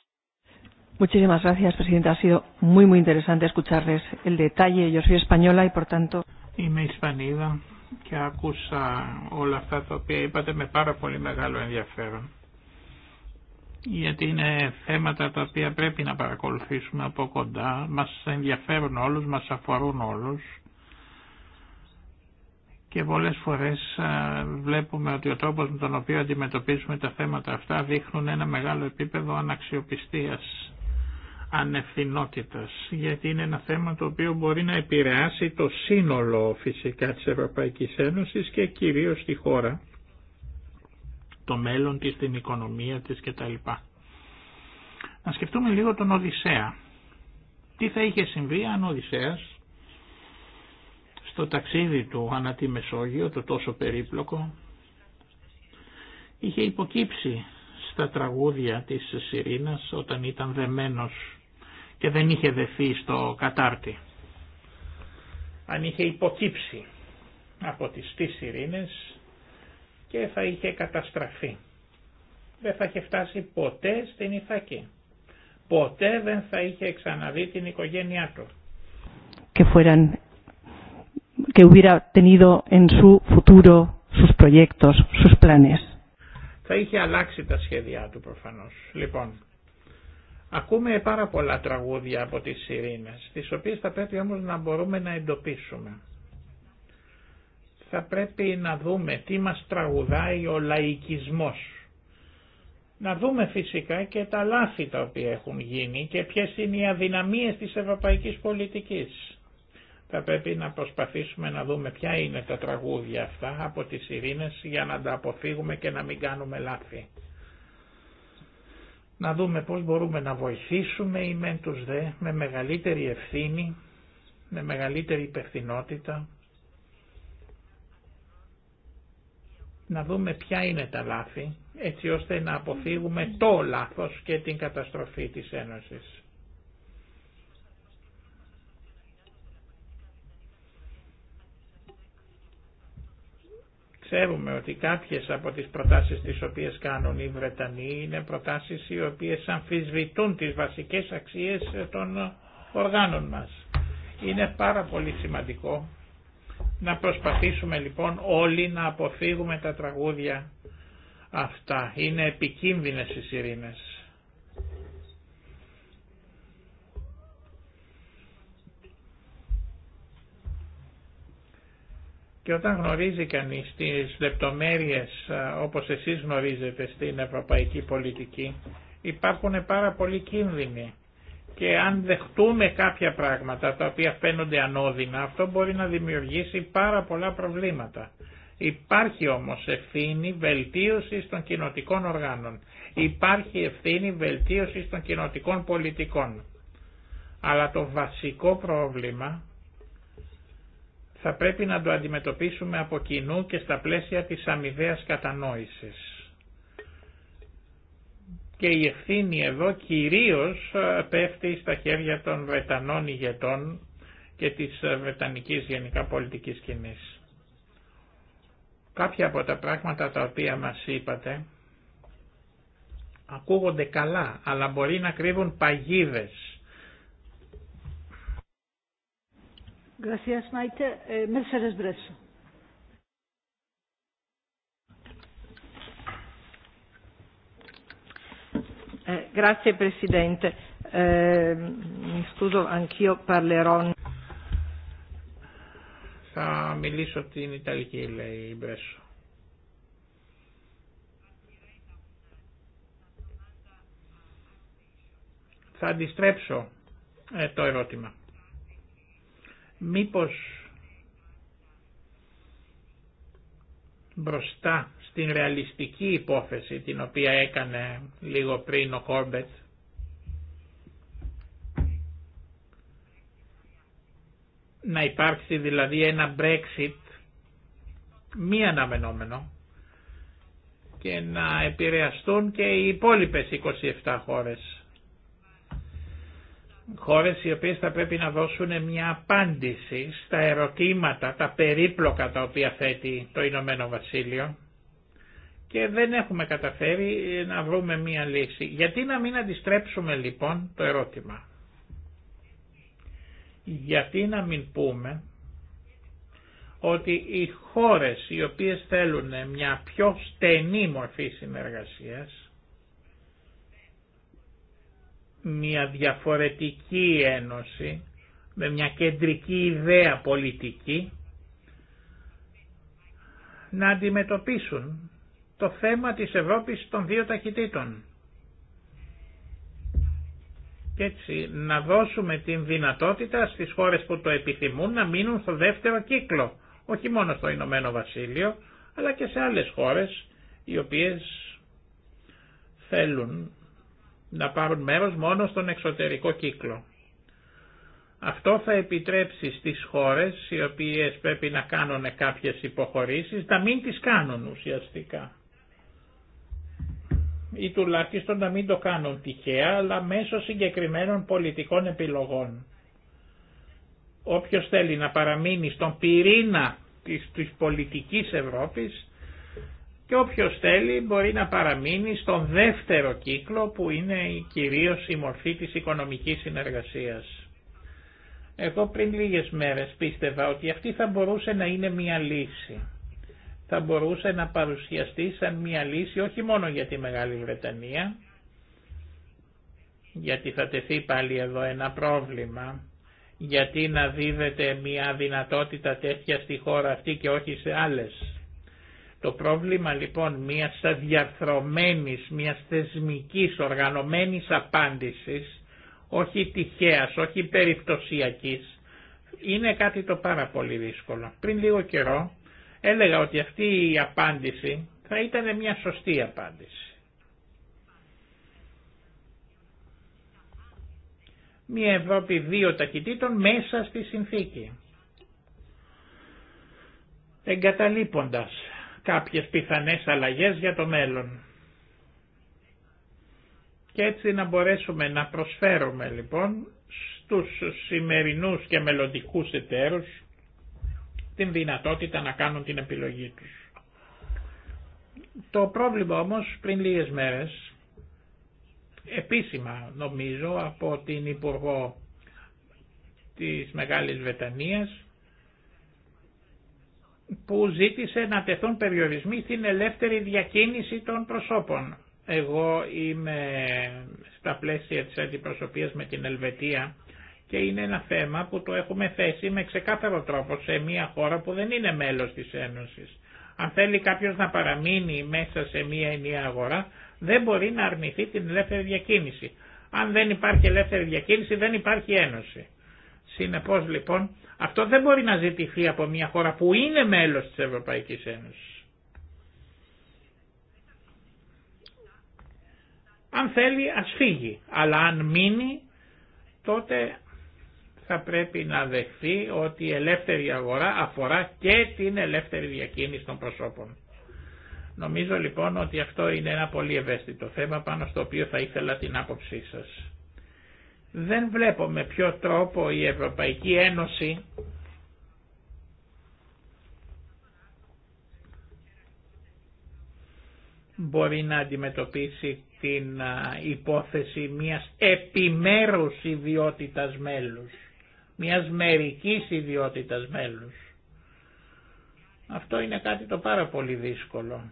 Είμαι Ισπανίδα και άκουσα όλα αυτά τα οποία είπατε με πάρα πολύ μεγάλο ενδιαφέρον. Γιατί είναι θέματα τα οποία πρέπει να παρακολουθήσουμε από κοντά. Μας ενδιαφέρουν όλους, μας αφορούν όλους. Και πολλές φορές βλέπουμε ότι ο τρόπος με τον οποίο αντιμετωπίζουμε τα θέματα αυτά δείχνουν ένα μεγάλο επίπεδο αναξιοπιστίας ανευθυνότητας, γιατί είναι ένα θέμα το οποίο μπορεί να επηρεάσει το σύνολο φυσικά της Ευρωπαϊκής Ένωσης και κυρίως τη χώρα, το μέλλον της, την οικονομία της κτλ. Να σκεφτούμε λίγο τον Οδυσσέα. Τι θα είχε συμβεί αν ο Οδυσσέας στο ταξίδι του ανά τη Μεσόγειο, το τόσο περίπλοκο, είχε υποκύψει στα τραγούδια της Σιρήνας όταν ήταν δεμένος και δεν είχε δεθεί στο κατάρτι. Αν είχε υποκύψει από τις τις ειρήνες και θα είχε καταστραφεί. Δεν θα είχε φτάσει ποτέ στην Ιθάκη. Ποτέ δεν θα είχε ξαναδεί την οικογένειά του. Και fueran que hubiera tenido en su futuro sus proyectos, sus planes. Θα είχε αλλάξει τα σχέδιά του προφανώς. Λοιπόν, Ακούμε πάρα πολλά τραγούδια από τις σιρήνες, τις οποίες θα πρέπει όμως να μπορούμε να εντοπίσουμε. Θα πρέπει να δούμε τι μας τραγουδάει ο λαϊκισμός. Να δούμε φυσικά και τα λάθη τα οποία έχουν γίνει και ποιες είναι οι αδυναμίες της ευρωπαϊκής πολιτικής. Θα πρέπει να προσπαθήσουμε να δούμε ποια είναι τα τραγούδια αυτά από τις ειρήνες για να τα αποφύγουμε και να μην κάνουμε λάθη να δούμε πώς μπορούμε να βοηθήσουμε οι μεν τους δε με μεγαλύτερη ευθύνη, με μεγαλύτερη υπευθυνότητα, να δούμε ποια είναι τα λάθη, έτσι ώστε να αποφύγουμε το λάθος και την καταστροφή της Ένωσης. πιστεύουμε ότι κάποιες από τις προτάσεις τις οποίες κάνουν οι Βρετανοί είναι προτάσεις οι οποίες αμφισβητούν τις βασικές αξίες των οργάνων μας. Είναι πάρα πολύ σημαντικό να προσπαθήσουμε λοιπόν όλοι να αποφύγουμε τα τραγούδια αυτά. Είναι επικίνδυνες οι σιρήνες. Και όταν γνωρίζει κανείς τις λεπτομέρειες όπως εσείς γνωρίζετε στην ευρωπαϊκή πολιτική υπάρχουν πάρα πολλοί κίνδυνοι. Και αν δεχτούμε κάποια πράγματα τα οποία φαίνονται ανώδυνα αυτό μπορεί να δημιουργήσει πάρα πολλά προβλήματα. Υπάρχει όμως ευθύνη βελτίωση των κοινοτικών οργάνων. Υπάρχει ευθύνη βελτίωση των κοινοτικών πολιτικών. Αλλά το βασικό πρόβλημα θα πρέπει να το αντιμετωπίσουμε από κοινού και στα πλαίσια της αμοιβαίας κατανόησης. Και η ευθύνη εδώ κυρίως ε, πέφτει στα χέρια των Βρετανών ηγετών και της ε, Βρετανικής γενικά πολιτικής κοινής. Κάποια από τα πράγματα τα οποία μας είπατε ακούγονται καλά, αλλά μπορεί να κρύβουν παγίδες Eh, Mercedes Eh, grazie Presidente, eh, scuso anch'io parlerò. Θα μιλήσω την Ιταλική, λέει η Μπρέσο. Θα αντιστρέψω ε, το ερώτημα. Μήπως μπροστά στην ρεαλιστική υπόθεση την οποία έκανε λίγο πριν ο Κόρμπετ να υπάρξει δηλαδή ένα Brexit μη αναμενόμενο και να επηρεαστούν και οι υπόλοιπες 27 χώρες χώρες οι οποίες θα πρέπει να δώσουν μια απάντηση στα ερωτήματα, τα περίπλοκα τα οποία θέτει το Ηνωμένο Βασίλειο και δεν έχουμε καταφέρει ε, να βρούμε μια λύση. Γιατί να μην αντιστρέψουμε λοιπόν το ερώτημα. Γιατί να μην πούμε ότι οι χώρες οι οποίες θέλουν μια πιο στενή μορφή συνεργασίας μια διαφορετική ένωση με μια κεντρική ιδέα πολιτική να αντιμετωπίσουν το θέμα της Ευρώπης των δύο ταχυτήτων. Και έτσι να δώσουμε την δυνατότητα στις χώρες που το επιθυμούν να μείνουν στο δεύτερο κύκλο, όχι μόνο στο Ηνωμένο Βασίλειο, αλλά και σε άλλες χώρες οι οποίες θέλουν να πάρουν μέρος μόνο στον εξωτερικό κύκλο. Αυτό θα επιτρέψει στις χώρες οι οποίες πρέπει να κάνουν κάποιες υποχωρήσεις να μην τις κάνουν ουσιαστικά. Ή τουλάχιστον να μην το κάνουν τυχαία αλλά μέσω συγκεκριμένων πολιτικών επιλογών. Όποιος θέλει να παραμείνει στον πυρήνα της, της πολιτικής Ευρώπης και όποιος θέλει μπορεί να παραμείνει στον δεύτερο κύκλο που είναι κυρίως η μορφή της οικονομικής συνεργασίας. Εγώ πριν λίγες μέρες πίστευα ότι αυτή θα μπορούσε να είναι μια λύση. Θα μπορούσε να παρουσιαστεί σαν μια λύση όχι μόνο για τη Μεγάλη Βρετανία, γιατί θα τεθεί πάλι εδώ ένα πρόβλημα, γιατί να δίδεται μια δυνατότητα τέτοια στη χώρα αυτή και όχι σε άλλες το πρόβλημα λοιπόν μιας διαρθρωμένης, μιας θεσμικής, οργανωμένης απάντησης, όχι τυχαίας, όχι περιπτωσιακής, είναι κάτι το πάρα πολύ δύσκολο. Πριν λίγο καιρό έλεγα ότι αυτή η απάντηση θα ήταν μια σωστή απάντηση. Μια Ευρώπη δύο ταχυτήτων μέσα στη συνθήκη. Εγκαταλείποντας κάποιες πιθανές αλλαγές για το μέλλον. Και έτσι να μπορέσουμε να προσφέρουμε λοιπόν στους σημερινούς και μελλοντικούς εταίρους την δυνατότητα να κάνουν την επιλογή τους. Το πρόβλημα όμως πριν λίγες μέρες, επίσημα νομίζω από την Υπουργό της Μεγάλης Βετανίας που ζήτησε να τεθούν περιορισμοί στην ελεύθερη διακίνηση των προσώπων. Εγώ είμαι στα πλαίσια της αντιπροσωπείας με την Ελβετία και είναι ένα θέμα που το έχουμε θέσει με ξεκάθαρο τρόπο σε μια χώρα που δεν είναι μέλος της Ένωσης. Αν θέλει κάποιος να παραμείνει μέσα σε μια ενιαία αγορά δεν μπορεί να αρνηθεί την ελεύθερη διακίνηση. Αν δεν υπάρχει ελεύθερη διακίνηση δεν υπάρχει Ένωση. Συνεπώς λοιπόν αυτό δεν μπορεί να ζητηθεί από μια χώρα που είναι μέλος της Ευρωπαϊκής Ένωσης. Αν θέλει ας φύγει, αλλά αν μείνει τότε θα πρέπει να δεχθεί ότι η ελεύθερη αγορά αφορά και την ελεύθερη διακίνηση των προσώπων. Νομίζω λοιπόν ότι αυτό είναι ένα πολύ ευαίσθητο θέμα πάνω στο οποίο θα ήθελα την άποψή σας. Δεν βλέπω με ποιο τρόπο η Ευρωπαϊκή Ένωση μπορεί να αντιμετωπίσει την υπόθεση μιας επιμέρους ιδιότητας μέλους, μιας μερικής ιδιότητας μέλους. Αυτό είναι κάτι το πάρα πολύ δύσκολο.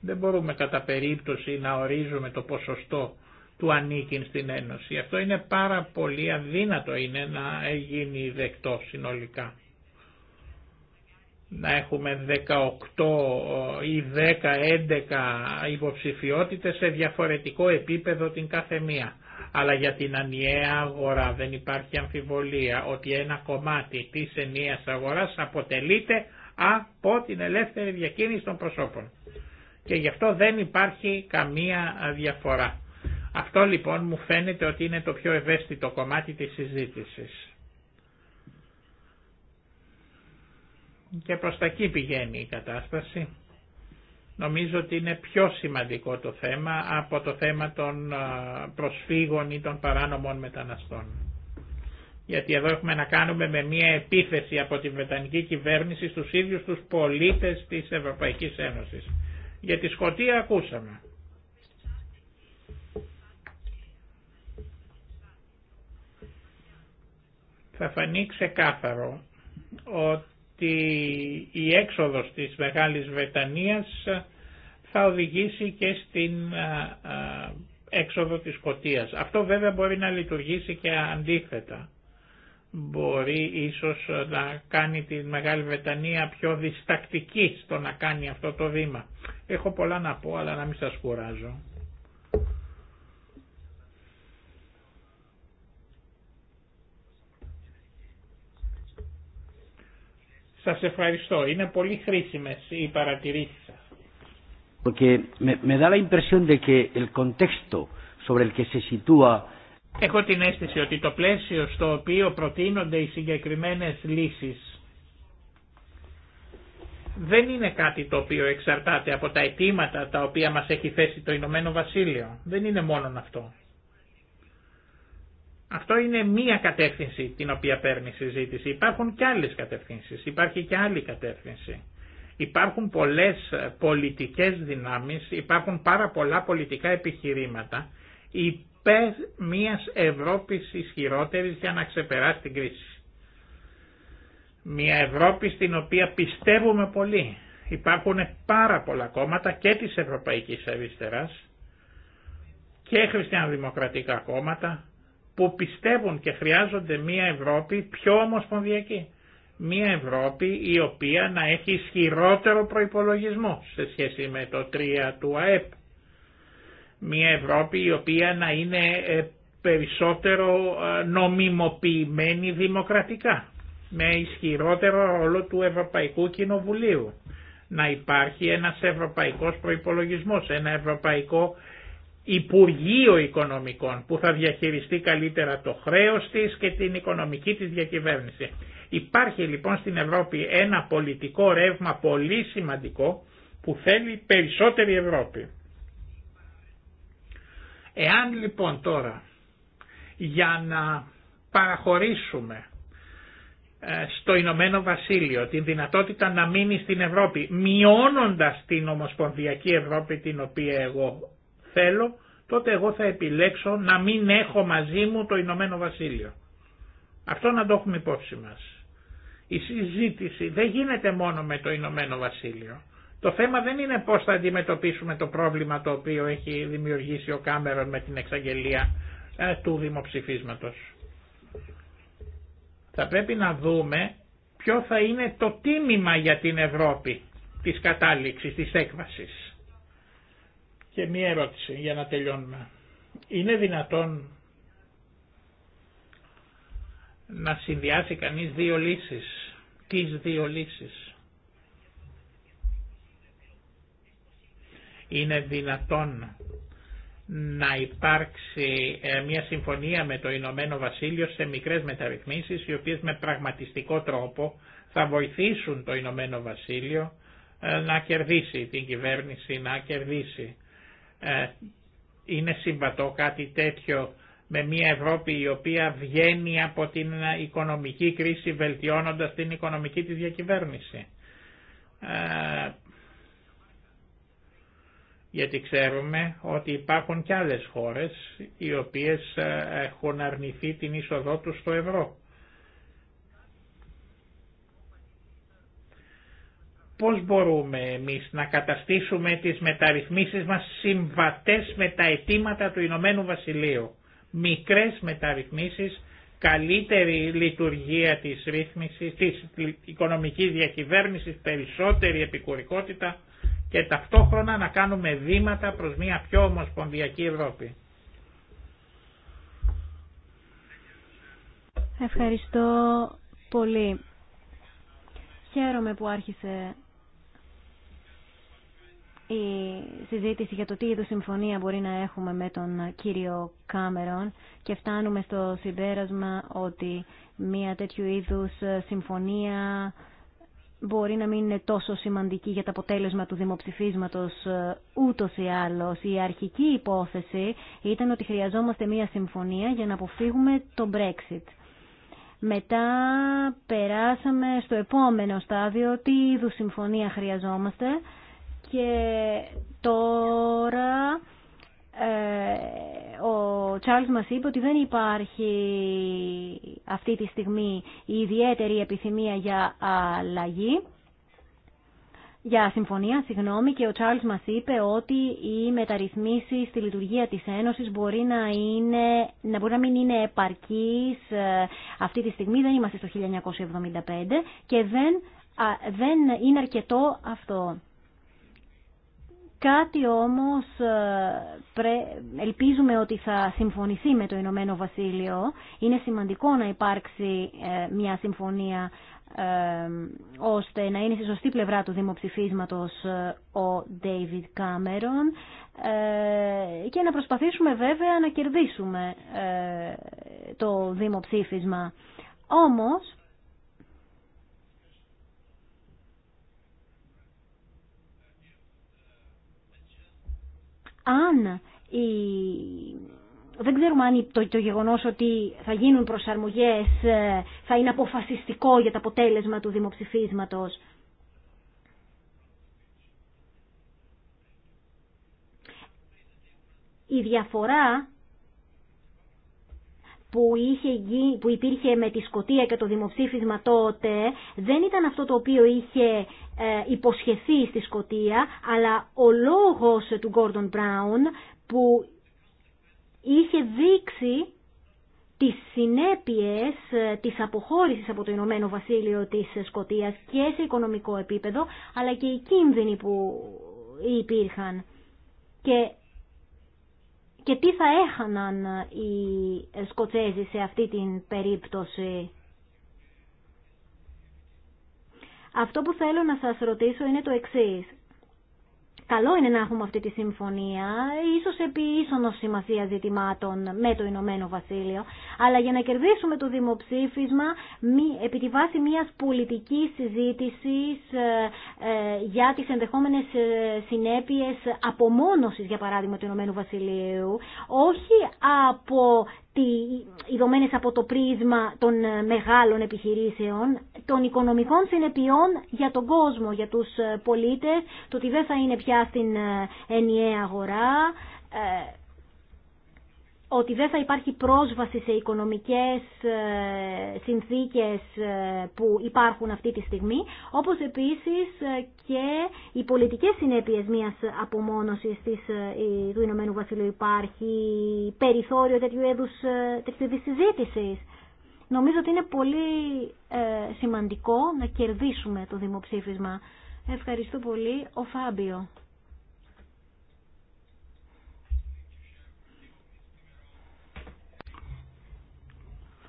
Δεν μπορούμε κατά περίπτωση να ορίζουμε το ποσοστό του ανήκει στην Ένωση. Αυτό είναι πάρα πολύ αδύνατο είναι να γίνει δεκτό συνολικά. Να έχουμε 18 ή 10-11 υποψηφιότητες σε διαφορετικό επίπεδο την κάθε μία. Αλλά για την ανιαία αγορά δεν υπάρχει αμφιβολία ότι ένα κομμάτι της ενιαίας αγοράς αποτελείται από την ελεύθερη διακίνηση των προσώπων. Και γι' αυτό δεν υπάρχει καμία διαφορά. Αυτό λοιπόν μου φαίνεται ότι είναι το πιο ευαίσθητο κομμάτι της συζήτησης. Και προς τα εκεί πηγαίνει η κατάσταση. Νομίζω ότι είναι πιο σημαντικό το θέμα από το θέμα των προσφύγων ή των παράνομων μεταναστών. Γιατί εδώ έχουμε να κάνουμε με μια επίθεση από τη Βρετανική κυβέρνηση στους ίδιους τους πολίτες της Ευρωπαϊκής Ένωσης. Για τη Σκοτία ακούσαμε. θα φανεί ξεκάθαρο ότι η έξοδος της Μεγάλης Βρετανίας θα οδηγήσει και στην έξοδο της Σκοτίας. Αυτό βέβαια μπορεί να λειτουργήσει και αντίθετα. Μπορεί ίσως να κάνει τη Μεγάλη Βρετανία πιο διστακτική στο να κάνει αυτό το βήμα. Έχω πολλά να πω αλλά να μην σας κουράζω. Σας ευχαριστώ. Είναι πολύ χρήσιμες οι παρατηρήσεις σας. Porque me, Έχω την αίσθηση ότι το πλαίσιο στο οποίο προτείνονται οι συγκεκριμένες λύσεις δεν είναι κάτι το οποίο εξαρτάται από τα αιτήματα τα οποία μας έχει θέσει το Ηνωμένο Βασίλειο. Δεν είναι μόνον αυτό. Αυτό είναι μία κατεύθυνση την οποία παίρνει η συζήτηση. Υπάρχουν και άλλες κατευθύνσεις, υπάρχει και άλλη κατεύθυνση. Υπάρχουν πολλές ε, πολιτικές δυνάμεις, υπάρχουν πάρα πολλά πολιτικά επιχειρήματα υπέρ μιας Ευρώπης ισχυρότερης για να ξεπεράσει την κρίση. Μια Ευρώπη στην οποία πιστεύουμε πολύ. Υπάρχουν πάρα πολλά κόμματα και της Ευρωπαϊκής Αριστεράς και χριστιανοδημοκρατικά κόμματα που πιστεύουν και χρειάζονται μια Ευρώπη πιο ομοσπονδιακή. Μια Ευρώπη η οποία να έχει ισχυρότερο προϋπολογισμό σε σχέση με το 3 του ΑΕΠ. Μια Ευρώπη η οποία να είναι ε, περισσότερο ε, νομιμοποιημένη δημοκρατικά με ισχυρότερο ρόλο του Ευρωπαϊκού Κοινοβουλίου. Να υπάρχει ένας ευρωπαϊκός προϋπολογισμός, ένα ευρωπαϊκό Υπουργείο Οικονομικών που θα διαχειριστεί καλύτερα το χρέος της και την οικονομική της διακυβέρνηση. Υπάρχει λοιπόν στην Ευρώπη ένα πολιτικό ρεύμα πολύ σημαντικό που θέλει περισσότερη Ευρώπη. Εάν λοιπόν τώρα για να παραχωρήσουμε ε, στο Ηνωμένο Βασίλειο την δυνατότητα να μείνει στην Ευρώπη μειώνοντας την Ομοσπονδιακή Ευρώπη την οποία εγώ θέλω, τότε εγώ θα επιλέξω να μην έχω μαζί μου το Ηνωμένο Βασίλειο. Αυτό να το έχουμε υπόψη μας. Η συζήτηση δεν γίνεται μόνο με το Ηνωμένο Βασίλειο. Το θέμα δεν είναι πώς θα αντιμετωπίσουμε το πρόβλημα το οποίο έχει δημιουργήσει ο Κάμερον με την εξαγγελία ε, του δημοψηφίσματος. Θα πρέπει να δούμε ποιο θα είναι το τίμημα για την Ευρώπη της κατάληξης, της έκβασης. Και μία ερώτηση για να τελειώνουμε. Είναι δυνατόν να συνδυάσει κανείς δύο λύσεις, τις δύο λύσεις. Είναι δυνατόν να υπάρξει ε, μια συμφωνία με το Ηνωμένο Βασίλειο σε μικρές μεταρρυθμίσεις οι οποίες με πραγματιστικό τρόπο θα βοηθήσουν το Ηνωμένο Βασίλειο ε, να κερδίσει την κυβέρνηση, να κερδίσει ε, είναι συμβατό κάτι τέτοιο με μια Ευρώπη η οποία βγαίνει από την οικονομική κρίση βελτιώνοντας την οικονομική της διακυβέρνηση. Ε, γιατί ξέρουμε ότι υπάρχουν και άλλες χώρες οι οποίες ε, έχουν αρνηθεί την είσοδό τους στο ευρώ. πώς μπορούμε εμείς να καταστήσουμε τις μεταρρυθμίσεις μας συμβατές με τα αιτήματα του Ηνωμένου Βασιλείου. Μικρές μεταρρυθμίσεις, καλύτερη λειτουργία της ρύθμισης, της οικονομικής διακυβέρνησης, περισσότερη επικουρικότητα και ταυτόχρονα να κάνουμε βήματα προς μια πιο ομοσπονδιακή Ευρώπη. Ευχαριστώ πολύ. Χαίρομαι που άρχισε η συζήτηση για το τι είδους συμφωνία μπορεί να έχουμε με τον κύριο Κάμερον και φτάνουμε στο συμπέρασμα ότι μια τέτοιου είδους συμφωνία μπορεί να μην είναι τόσο σημαντική για το αποτέλεσμα του δημοψηφίσματος ε, ούτως ή άλλως. Η αρχική υπόθεση ήταν ότι χρειαζόμαστε μια συμφωνία για να αποφύγουμε το Brexit. Μετά περάσαμε στο επόμενο στάδιο τι είδους συμφωνία χρειαζόμαστε και τώρα ε, ο Τσάρλς μας είπε ότι δεν υπάρχει αυτή τη στιγμή η ιδιαίτερη επιθυμία για αλλαγή για συμφωνία, συγγνώμη, και ο Τσάρλς μας είπε ότι οι μεταρρυθμίσεις στη λειτουργία της Ένωσης μπορεί να, είναι, να μπορεί να μην είναι επαρκής ε, αυτή τη στιγμή, δεν είμαστε στο 1975 και δεν, δεν είναι αρκετό αυτό. Κάτι όμως ε, ελπίζουμε ότι θα συμφωνηθεί με το Ηνωμένο Βασίλειο. Είναι σημαντικό να υπάρξει ε, μια συμφωνία ε, ώστε να είναι στη σωστή πλευρά του δημοψηφίσματος ο David Cameron και να προσπαθήσουμε βέβαια να κερδίσουμε το δημοψήφισμα. Όμως αν η... Δεν ξέρουμε αν το, το γεγονός ότι θα γίνουν προσαρμογές ε, θα είναι αποφασιστικό για το αποτέλεσμα του δημοψηφίσματος. Η διαφορά που, είχε, που υπήρχε με τη Σκοτία και το δημοψήφισμα τότε δεν ήταν αυτό το οποίο είχε ε, υποσχεθεί στη Σκοτία, αλλά ο λόγος του Γκόρντον Μπράουν, που είχε δείξει τις συνέπειες ε, της αποχώρησης από το Ηνωμένο Βασίλειο της Σκοτίας και σε οικονομικό επίπεδο, αλλά και οι κίνδυνοι που υπήρχαν. Και και τι θα έχαναν ε, οι Σκοτσέζοι σε αυτή την περίπτωση. Αυτό που θέλω να σας ρωτήσω είναι το εξής. Καλό είναι να έχουμε αυτή τη συμφωνία, ίσως επί ίσονος σημασία ζητημάτων με το Ηνωμένο Βασίλειο, αλλά για να κερδίσουμε το δημοψήφισμα μη, επί τη βάση μιας πολιτικής συζήτησης ε, ε, για τις ενδεχόμενες ε, συνέπειες απομόνωσης, για παράδειγμα, του Ηνωμένου Βασιλείου, όχι από οι δομένες από το πρίσμα των ε, μεγάλων επιχειρήσεων, των οικονομικών συνεπειών για τον κόσμο, για τους ε, πολίτες, το ότι δεν θα είναι πια στην ε, ενιαία αγορά, ότι δεν θα υπάρχει πρόσβαση σε οικονομικές ε, συνθήκες ε, που υπάρχουν αυτή τη στιγμή, όπως επίσης ε, και οι πολιτικές συνέπειες μιας απομόνωσης της, του Ηνωμένου Βασιλείου υπάρχει περιθώριο τέτοιου είδους ε, Νομίζω ότι είναι πολύ σημαντικό να κερδίσουμε το δημοψήφισμα. Ευχαριστώ πολύ. Ο Φάμπιο.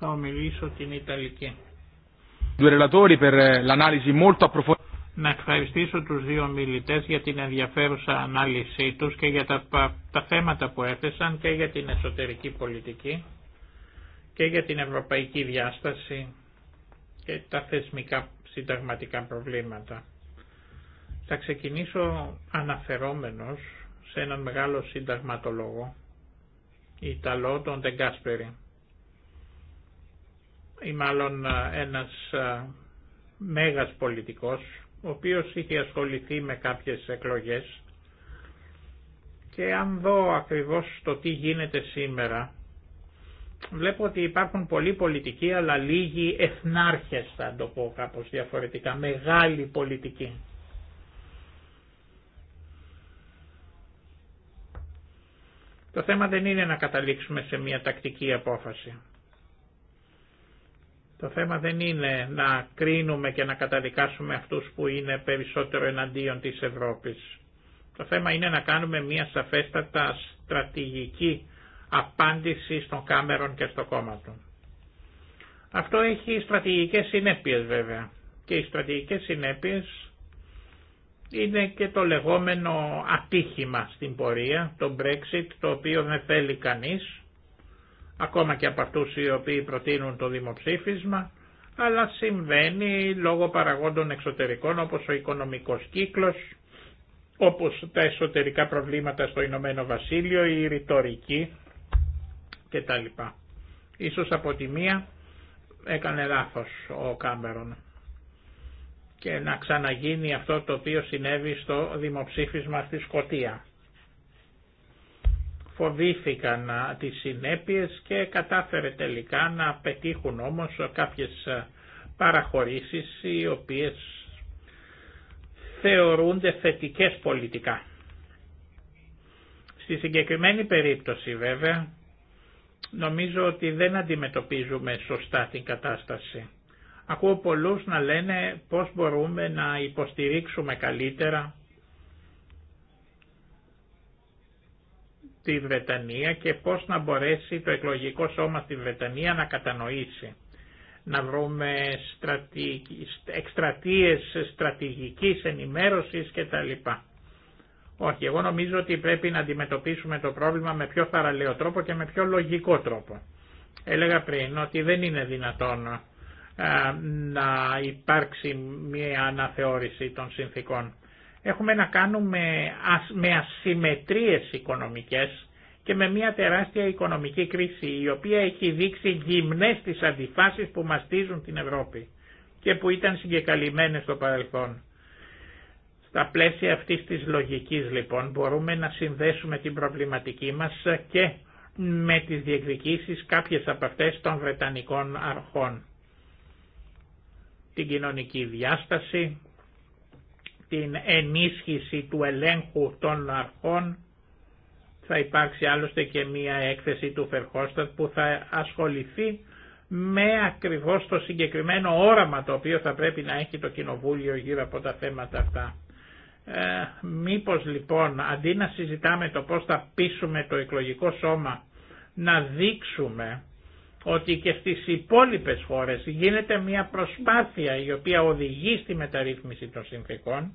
θα ομιλήσω την Ιταλική. Να ευχαριστήσω τους δύο μιλητές για την ενδιαφέρουσα ανάλυση τους και για τα, θέματα που έθεσαν και για την εσωτερική πολιτική και για την ευρωπαϊκή διάσταση και τα θεσμικά συνταγματικά προβλήματα. Θα ξεκινήσω αναφερόμενος σε έναν μεγάλο συνταγματολόγο, Ιταλό τον Τεγκάσπερη, ή μάλλον ε, ένας ε, μέγας πολιτικός, ο οποίος είχε ασχοληθεί με κάποιες εκλογές και αν δω ακριβώς το τι γίνεται σήμερα, βλέπω ότι υπάρχουν πολλοί πολιτικοί αλλά λίγοι εθνάρχες θα το πω κάπως διαφορετικά, μεγάλοι πολιτικοί. Το θέμα δεν είναι να καταλήξουμε σε μια τακτική απόφαση. Το θέμα δεν είναι να κρίνουμε και να καταδικάσουμε αυτούς που είναι περισσότερο εναντίον της Ευρώπης. Το θέμα είναι να κάνουμε μια σαφέστατα στρατηγική απάντηση στον Κάμερον και στο κόμμα του. Αυτό έχει στρατηγικές συνέπειες βέβαια και οι στρατηγικές συνέπειες είναι και το λεγόμενο ατύχημα στην πορεία, το Brexit, το οποίο δεν θέλει κανείς ακόμα και από αυτούς οι οποίοι προτείνουν το δημοψήφισμα, αλλά συμβαίνει λόγω παραγόντων εξωτερικών όπως ο οικονομικός κύκλος, όπως τα εσωτερικά προβλήματα στο Ηνωμένο Βασίλειο, η ρητορική κτλ. Ίσως από τη μία έκανε λάθος ο Κάμερον και να ξαναγίνει αυτό το οποίο συνέβη στο δημοψήφισμα στη Σκοτία φοβήθηκαν τις συνέπειες και κατάφερε τελικά να πετύχουν όμως κάποιες παραχωρήσεις οι οποίες θεωρούνται θετικές πολιτικά. Στη συγκεκριμένη περίπτωση βέβαια νομίζω ότι δεν αντιμετωπίζουμε σωστά την κατάσταση. Ακούω πολλούς να λένε πώς μπορούμε να υποστηρίξουμε καλύτερα τη Βρετανία και πώς να μπορέσει το εκλογικό σώμα στη Βρετανία να κατανοήσει. Να βρούμε στρατη... εκστρατείες στρατηγικής ενημέρωσης κτλ. Όχι, εγώ νομίζω ότι πρέπει να αντιμετωπίσουμε το πρόβλημα με πιο θαραλέο τρόπο και με πιο λογικό τρόπο. Έλεγα πριν ότι δεν είναι δυνατόν να υπάρξει μια αναθεώρηση των συνθήκων έχουμε να κάνουμε με ασυμμετρίες οικονομικές και με μια τεράστια οικονομική κρίση η οποία έχει δείξει γυμνές τις αντιφάσεις που μαστίζουν την Ευρώπη και που ήταν συγκεκαλυμμένες στο παρελθόν. Στα πλαίσια αυτής της λογικής λοιπόν μπορούμε να συνδέσουμε την προβληματική μας και με τις διεκδικήσεις κάποιες από αυτές των Βρετανικών αρχών. Την κοινωνική διάσταση, την ενίσχυση του ελέγχου των αρχών θα υπάρξει άλλωστε και μία έκθεση του Φερχόστατ που θα ασχοληθεί με ακριβώς το συγκεκριμένο όραμα το οποίο θα πρέπει να έχει το Κοινοβούλιο γύρω από τα θέματα αυτά. Ε, μήπως λοιπόν αντί να συζητάμε το πώς θα πείσουμε το εκλογικό σώμα να δείξουμε ότι και στις υπόλοιπες χώρες γίνεται μια προσπάθεια η οποία οδηγεί στη μεταρρύθμιση των συνθήκων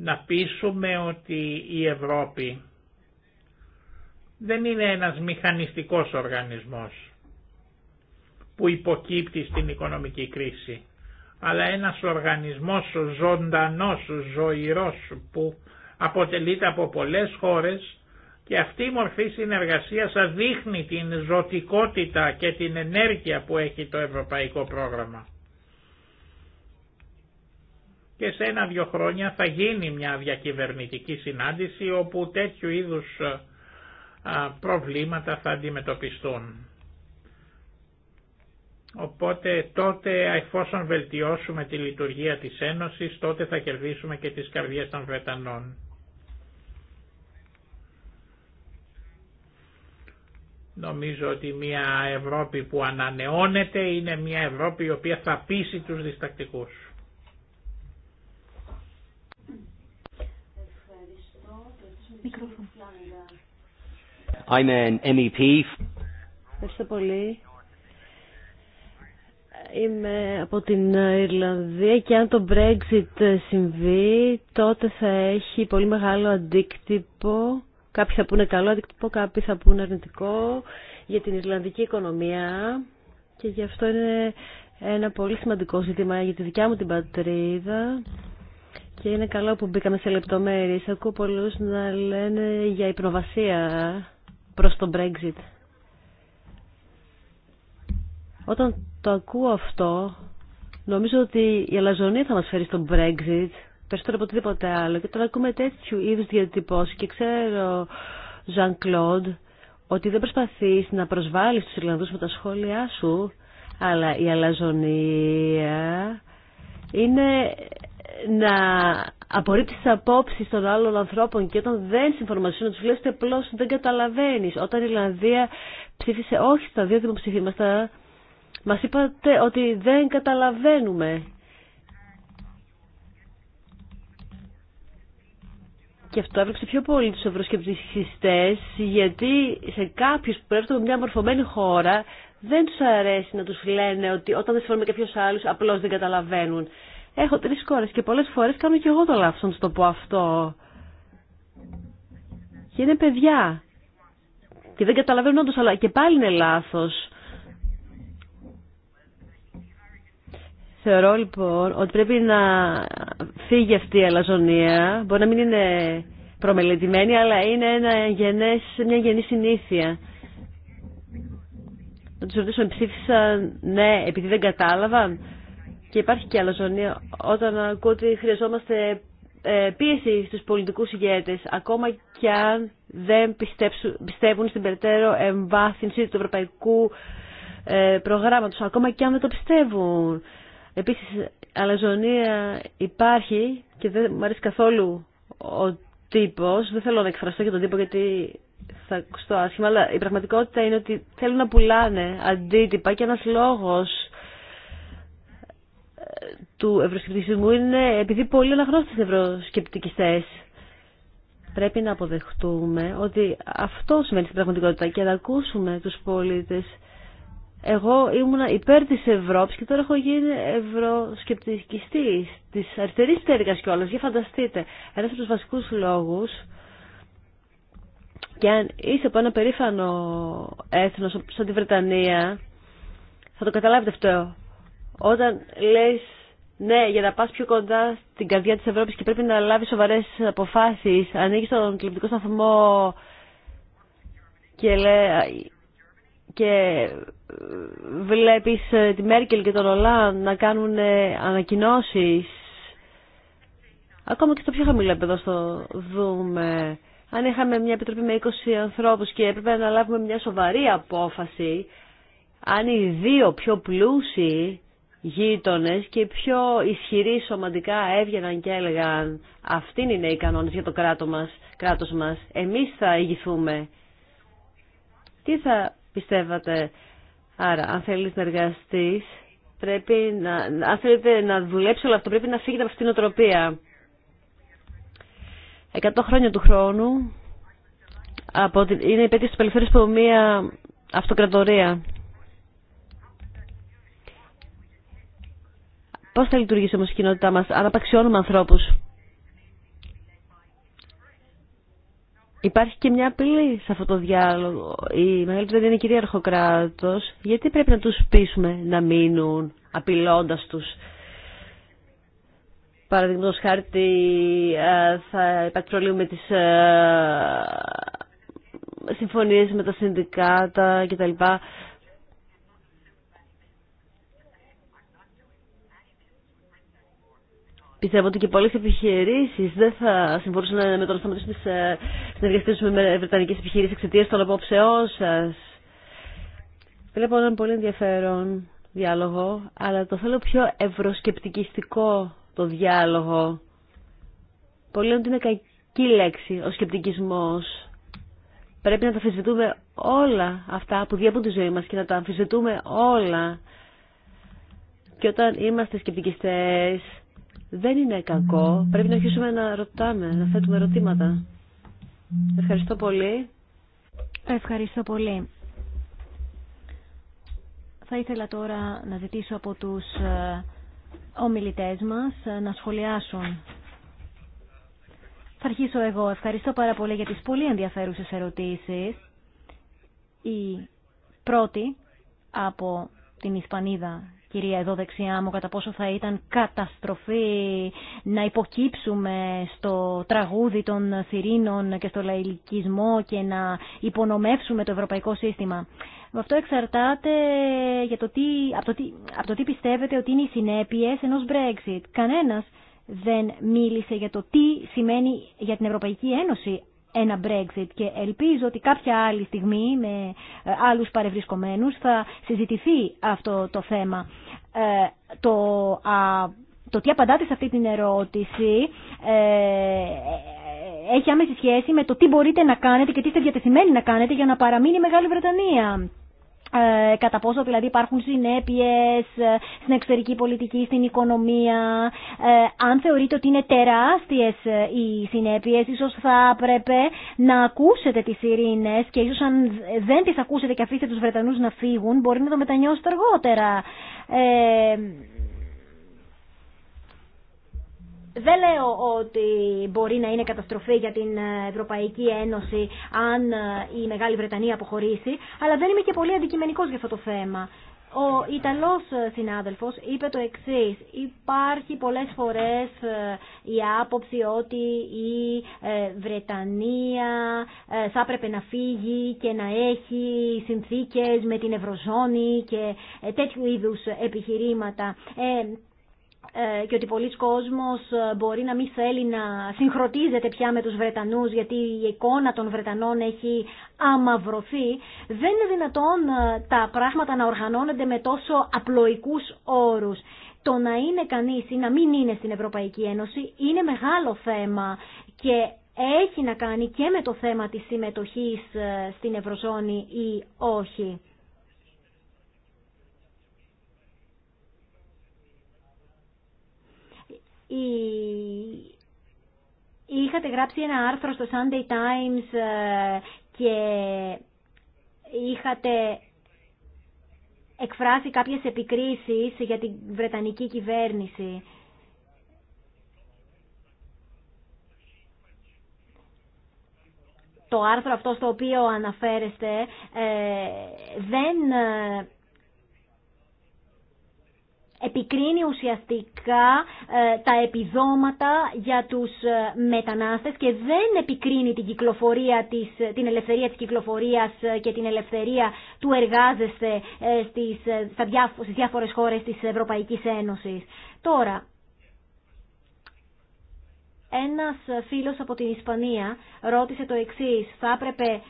να πείσουμε ότι η Ευρώπη δεν είναι ένας μηχανιστικός οργανισμός που υποκύπτει στην οικονομική κρίση, αλλά ένας οργανισμός ζωντανός, ζωηρός που αποτελείται από πολλές χώρες και αυτή η μορφή συνεργασίας δείχνει την ζωτικότητα και την ενέργεια που έχει το ευρωπαϊκό πρόγραμμα και σε ένα-δυο χρόνια θα γίνει μια διακυβερνητική συνάντηση όπου τέτοιου είδους ε, προβλήματα θα αντιμετωπιστούν. Οπότε τότε εφόσον βελτιώσουμε τη λειτουργία της Ένωσης τότε θα κερδίσουμε και τις καρδιές των Βρετανών. Νομίζω ότι μια Ευρώπη που ανανεώνεται είναι μια Ευρώπη η οποία θα πείσει τους διστακτικούς. I'm an MEP. Ευχαριστώ πολύ. Είμαι από την Ιρλανδία και αν το Brexit συμβεί τότε θα έχει πολύ μεγάλο αντίκτυπο. Κάποιοι θα πούνε καλό αντίκτυπο, κάποιοι θα πούνε αρνητικό για την Ιρλανδική οικονομία και γι' αυτό είναι ένα πολύ σημαντικό ζήτημα για τη δικιά μου την πατρίδα και είναι καλό που μπήκαμε σε λεπτομέρειες. Ακούω πολλούς να λένε για υπνοβασία προς το Brexit. Όταν το ακούω αυτό, νομίζω ότι η αλαζονία θα μας φέρει στο Brexit, περισσότερο από οτιδήποτε άλλο. Και τώρα ακούμε τέτοιου είδους διατυπώσεις και ξέρω, Ζαν Κλοντ, ότι δεν προσπαθείς να προσβάλλεις τους Ιρλανδούς με τα σχόλιά σου, αλλά η αλαζονία είναι να απορρίπτει τι απόψει των άλλων ανθρώπων και όταν δεν συμφωνούμε να του λέει απλώ δεν καταλαβαίνει. Όταν η Ιρλανδία ψήφισε όχι στα δύο δημοψηφίματα, μα είπατε ότι δεν καταλαβαίνουμε. Και αυτό έβλεψε πιο πολύ του ευρωσκεπτικιστέ, γιατί σε κάποιου που έρχονται μια μορφωμένη χώρα δεν του αρέσει να του λένε ότι όταν δεν συμφωνούμε με κάποιου άλλου απλώ δεν καταλαβαίνουν. Έχω τρει κόρε και πολλές φορέ κάνω και εγώ το λάθο να το πω αυτό. Και είναι παιδιά. Και δεν καταλαβαίνω όντω, αλλά και πάλι είναι λάθο. Θεωρώ λοιπόν ότι πρέπει να φύγει αυτή η αλαζονία. Μπορεί να μην είναι προμελετημένη, αλλά είναι ένα γενές, μια γενή συνήθεια. Να του ρωτήσω, ψήφισαν ναι επειδή δεν κατάλαβαν. Και υπάρχει και αλαζονία όταν ακούω ότι χρειαζόμαστε ε, πίεση στους πολιτικούς ηγέτες, ακόμα και αν δεν πιστεύουν στην περαιτέρω εμβάθυνση του ευρωπαϊκού ε, προγράμματος, ακόμα και αν δεν το πιστεύουν. Επίσης, αλαζονία υπάρχει και δεν μου αρέσει καθόλου ο τύπος, δεν θέλω να εκφραστώ για τον τύπο γιατί θα ακουστώ άσχημα, αλλά η πραγματικότητα είναι ότι θέλουν να πουλάνε αντίτυπα και ένας λόγος του ευρωσκεπτικισμού είναι επειδή πολλοί αναγνώστε ευρωσκεπτικιστέ. Πρέπει να αποδεχτούμε ότι αυτό σημαίνει στην πραγματικότητα και να ακούσουμε τους πολίτες. Εγώ ήμουνα υπέρ τη Ευρώπη και τώρα έχω γίνει ευρωσκεπτικιστής της αριστερή πτέρυγα κιόλα. Για φανταστείτε, Ένα από τους βασικούς λόγους και αν είσαι από ένα περήφανο έθνος σαν τη Βρετανία, θα το καταλάβετε αυτό όταν λες ναι, για να πας πιο κοντά στην καρδιά της Ευρώπης και πρέπει να λάβεις σοβαρές αποφάσεις, ανοίγεις τον κληπτικό σταθμό και, λέ, και βλέπεις ε, τη Μέρκελ και τον Ολάν να κάνουν ε, ανακοινώσεις. Ακόμα και στο πιο χαμηλό επίπεδο στο δούμε. Αν είχαμε μια επιτροπή με 20 ανθρώπους και έπρεπε να λάβουμε μια σοβαρή απόφαση, αν οι δύο πιο πλούσιοι γείτονε και πιο ισχυροί σωματικά έβγαιναν και έλεγαν αυτή είναι η κανόνε για το κράτος μας, κράτος μας. εμείς θα ηγηθούμε. Τι θα πιστεύατε, άρα αν θέλεις να πρέπει να, αν θέλετε να δουλέψει όλο αυτό πρέπει να φύγετε από αυτήν την οτροπία. Εκατό χρόνια του χρόνου από, είναι πέτυχη της περιφέρεια από μια αυτοκρατορία Πώ θα λειτουργήσει όμω η κοινότητά μα, αν απαξιώνουμε ανθρώπους. Υπάρχει και μια απειλή σε αυτό το διάλογο. Η Μεγάλη δεν είναι κυρίαρχο κράτο. Γιατί πρέπει να του πείσουμε να μείνουν απειλώντα του. Παραδείγματο χάρη ε, θα υπακτρολίουμε τι ε, συμφωνίε με τα συνδικάτα κτλ. Πιστεύω ότι και πολλέ επιχειρήσει δεν θα συμφωνούσαν με το να σταματήσουν τι ε, συνεργασίε με βρετανικέ επιχειρήσει εξαιτία των απόψεών σα. Βλέπω έναν πολύ ενδιαφέρον διάλογο, αλλά το θέλω πιο ευροσκεπτικιστικό το διάλογο. Πολλοί λένε ότι είναι κακή λέξη ο σκεπτικισμός. Πρέπει να τα αμφισβητούμε όλα αυτά που διέπουν τη ζωή μας και να τα αμφισβητούμε όλα. Και όταν είμαστε σκεπτικιστές, δεν είναι κακό. Πρέπει να αρχίσουμε να ρωτάμε, να θέτουμε ερωτήματα. Ευχαριστώ πολύ. Ευχαριστώ πολύ. Θα ήθελα τώρα να ζητήσω από τους ε, ομιλητές μας ε, να σχολιάσουν. Θα αρχίσω εγώ. Ευχαριστώ πάρα πολύ για τις πολύ ενδιαφέρουσες ερωτήσεις. Η πρώτη από την Ισπανίδα κυρία εδώ δεξιά μου, κατά πόσο θα ήταν καταστροφή να υποκύψουμε στο τραγούδι των θηρήνων και στο λαϊκισμό και να υπονομεύσουμε το ευρωπαϊκό σύστημα. Αυτό εξαρτάται για το τι, από, το τι, από το τι πιστεύετε ότι είναι οι συνέπειες ενός Brexit. Κανένας δεν μίλησε για το τι σημαίνει για την Ευρωπαϊκή Ένωση ένα Brexit και ελπίζω ότι κάποια άλλη στιγμή με ε, άλλους παρευρισκομένους θα συζητηθεί αυτό το θέμα. Ε, το, α, το τι απαντάτε σε αυτή την ερώτηση ε, ε, έχει άμεση σχέση με το τι μπορείτε να κάνετε και τι είστε διατεθειμένοι να κάνετε για να παραμείνει η Μεγάλη Βρετανία ε, κατά πόσο δηλαδή υπάρχουν συνέπειες ε, στην εξωτερική πολιτική, στην οικονομία. Ε, αν θεωρείτε ότι είναι τεράστιες ε, οι συνέπειες, ίσως θα έπρεπε να ακούσετε τις ειρήνες και ίσως αν δεν τις ακούσετε και αφήσετε τους Βρετανούς να φύγουν, μπορεί να το μετανιώσετε αργότερα. Δεν λέω ότι μπορεί να είναι καταστροφή για την ε, Ευρωπαϊκή Ένωση αν ε, η Μεγάλη Βρετανία αποχωρήσει, αλλά δεν είμαι και πολύ αντικειμενικός για αυτό το θέμα. Ο Ιταλός ε, συνάδελφος είπε το εξής, υπάρχει πολλές φορές η άποψη ότι η Βρετανία θα έπρεπε να φύγει και να έχει συνθήκες με την Ευρωζώνη και τέτοιου είδους επιχειρήματα. Ε, και ότι πολλοί κόσμος ε, μπορεί να μην θέλει να συγχροτίζεται πια με τους Βρετανούς γιατί η εικόνα των Βρετανών έχει αμαυρωθεί δεν είναι δυνατόν ε, τα πράγματα να οργανώνονται με τόσο απλοϊκούς όρους το να είναι κανείς ή να μην είναι στην Ευρωπαϊκή Ένωση είναι μεγάλο θέμα και έχει να κάνει και με το θέμα της συμμετοχής στην Ευρωζώνη ή όχι Είχατε γράψει ένα άρθρο στο Sunday Times ε, και είχατε εκφράσει κάποιες επικρίσεις για την Βρετανική κυβέρνηση. Το άρθρο αυτό στο οποίο αναφέρεστε ε, δεν ε, επικρίνει ουσιαστικά ε, τα επιδόματα για τους ε, μετανάστες και δεν επικρίνει την, κυκλοφορία της, ε, την ελευθερία της κυκλοφορίας και την ελευθερία του εργάζεσθε στις, στα διάφο, στις διάφορες χώρες της Ευρωπαϊκής Ένωσης. Τώρα, ένας φίλος από την Ισπανία ρώτησε το εξής, θα έπρεπε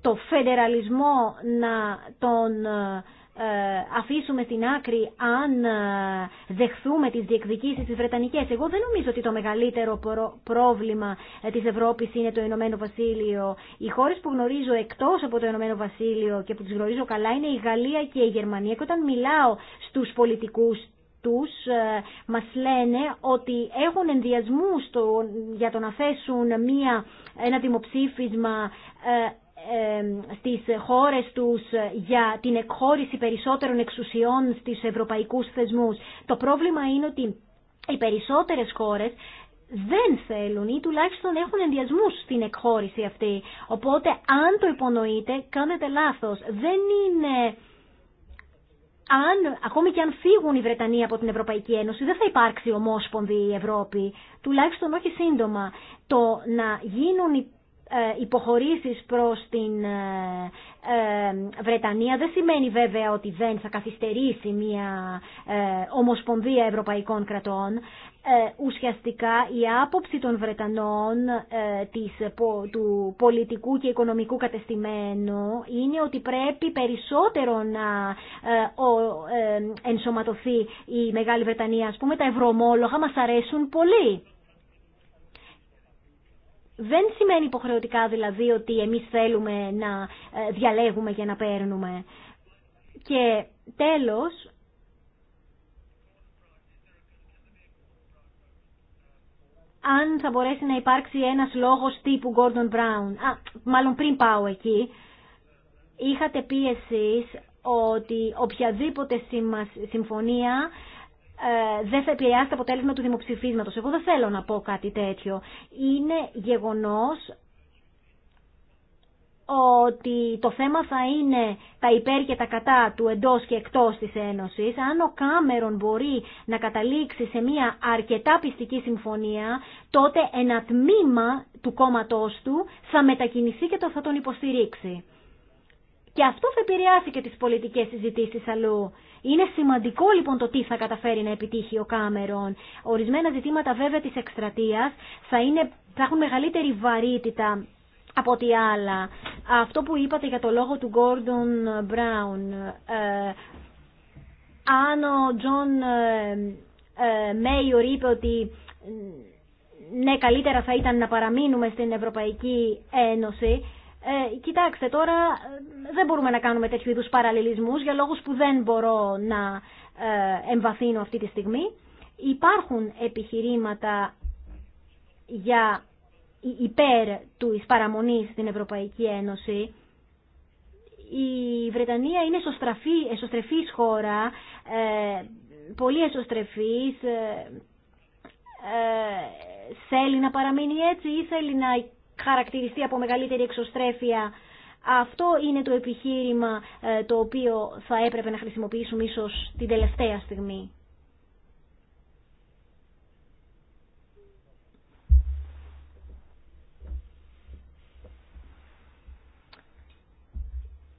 το φεντεραλισμό να τον ε, αφήσουμε στην άκρη αν ε, δεχθούμε τις διεκδικήσεις της Βρετανικές. Εγώ δεν νομίζω ότι το μεγαλύτερο πρόβλημα ε, της Ευρώπης είναι το Ηνωμένο Βασίλειο. Οι χώρες που γνωρίζω εκτός από το Ηνωμένο Βασίλειο και που τις γνωρίζω καλά είναι η Γαλλία και η Γερμανία και όταν μιλάω στους πολιτικούς τους μας λένε ότι έχουν ενδιασμούς για το να θέσουν μια, ένα δημοψήφισμα στις χώρες τους για την εκχώρηση περισσότερων εξουσιών στις ευρωπαϊκούς θεσμούς. Το πρόβλημα είναι ότι οι περισσότερες χώρες δεν θέλουν ή τουλάχιστον έχουν ενδιασμούς στην εκχώρηση αυτή. Οπότε αν το υπονοείτε κάνετε λάθος. Δεν είναι... Αν, ακόμη και αν φύγουν οι Βρετανοί από την Ευρωπαϊκή Ένωση, δεν θα υπάρξει ομόσπονδη η Ευρώπη, τουλάχιστον όχι σύντομα. Το να γίνουν ε, υποχωρήσεις προς την ε, ε, Βρετανία δεν σημαίνει βέβαια ότι δεν θα καθυστερήσει μια ομοσπονδία ευρωπαϊκών κρατών. Ουσιαστικά η άποψη των Βρετανών της, του πολιτικού και οικονομικού κατεστημένου είναι ότι πρέπει περισσότερο να ενσωματωθεί η Μεγάλη Βρετανία. Ας πούμε τα ευρωομόλογα μας αρέσουν πολύ. Δεν σημαίνει υποχρεωτικά δηλαδή ότι εμείς θέλουμε να ε, διαλέγουμε και να παίρνουμε. Και τέλος, αν θα μπορέσει να υπάρξει ένας λόγος τύπου Gordon Brown, α, μάλλον πριν πάω εκεί, είχατε πει εσείς ότι οποιαδήποτε συμφωνία ε, δεν θα επηρεάσει το αποτέλεσμα του δημοψηφίσματος. Εγώ δεν θέλω να πω κάτι τέτοιο. Είναι γεγονός ότι το θέμα θα είναι τα υπέρ και τα κατά του εντός και εκτός της Ένωσης. Αν ο Κάμερον μπορεί να καταλήξει σε μια αρκετά πιστική συμφωνία, τότε ένα τμήμα του κόμματός του θα μετακινηθεί και το θα τον υποστηρίξει. Και αυτό θα επηρεάσει και τις πολιτικές συζητήσεις αλλού. Είναι σημαντικό λοιπόν το τι θα καταφέρει να επιτύχει ο Κάμερον. Ορισμένα ζητήματα βέβαια της εκστρατείας θα, θα έχουν μεγαλύτερη βαρύτητα από ό,τι άλλα. Αυτό που είπατε για το λόγο του Γκόρντον Μπράουν, ε, αν ο Τζον ε, ε είπε ότι ε, ναι, καλύτερα θα ήταν να παραμείνουμε στην Ευρωπαϊκή Ένωση, ε, κοιτάξτε, τώρα ε, δεν μπορούμε να κάνουμε τέτοιου είδου παραλληλισμούς για λόγους που δεν μπορώ να ε, εμβαθύνω αυτή τη στιγμή. Υπάρχουν επιχειρήματα για υπέρ του παραμονή στην Ευρωπαϊκή Ένωση. Η Βρετανία είναι εσωστρεφή εσωστρεφής χώρα, ε, πολύ εσωστρεφής, ε, ε, θέλει να παραμείνει έτσι ή θέλει να χαρακτηριστεί από μεγαλύτερη εξωστρέφεια. Αυτό είναι το επιχείρημα ε, το οποίο θα έπρεπε να χρησιμοποιήσουμε ίσως την τελευταία στιγμή.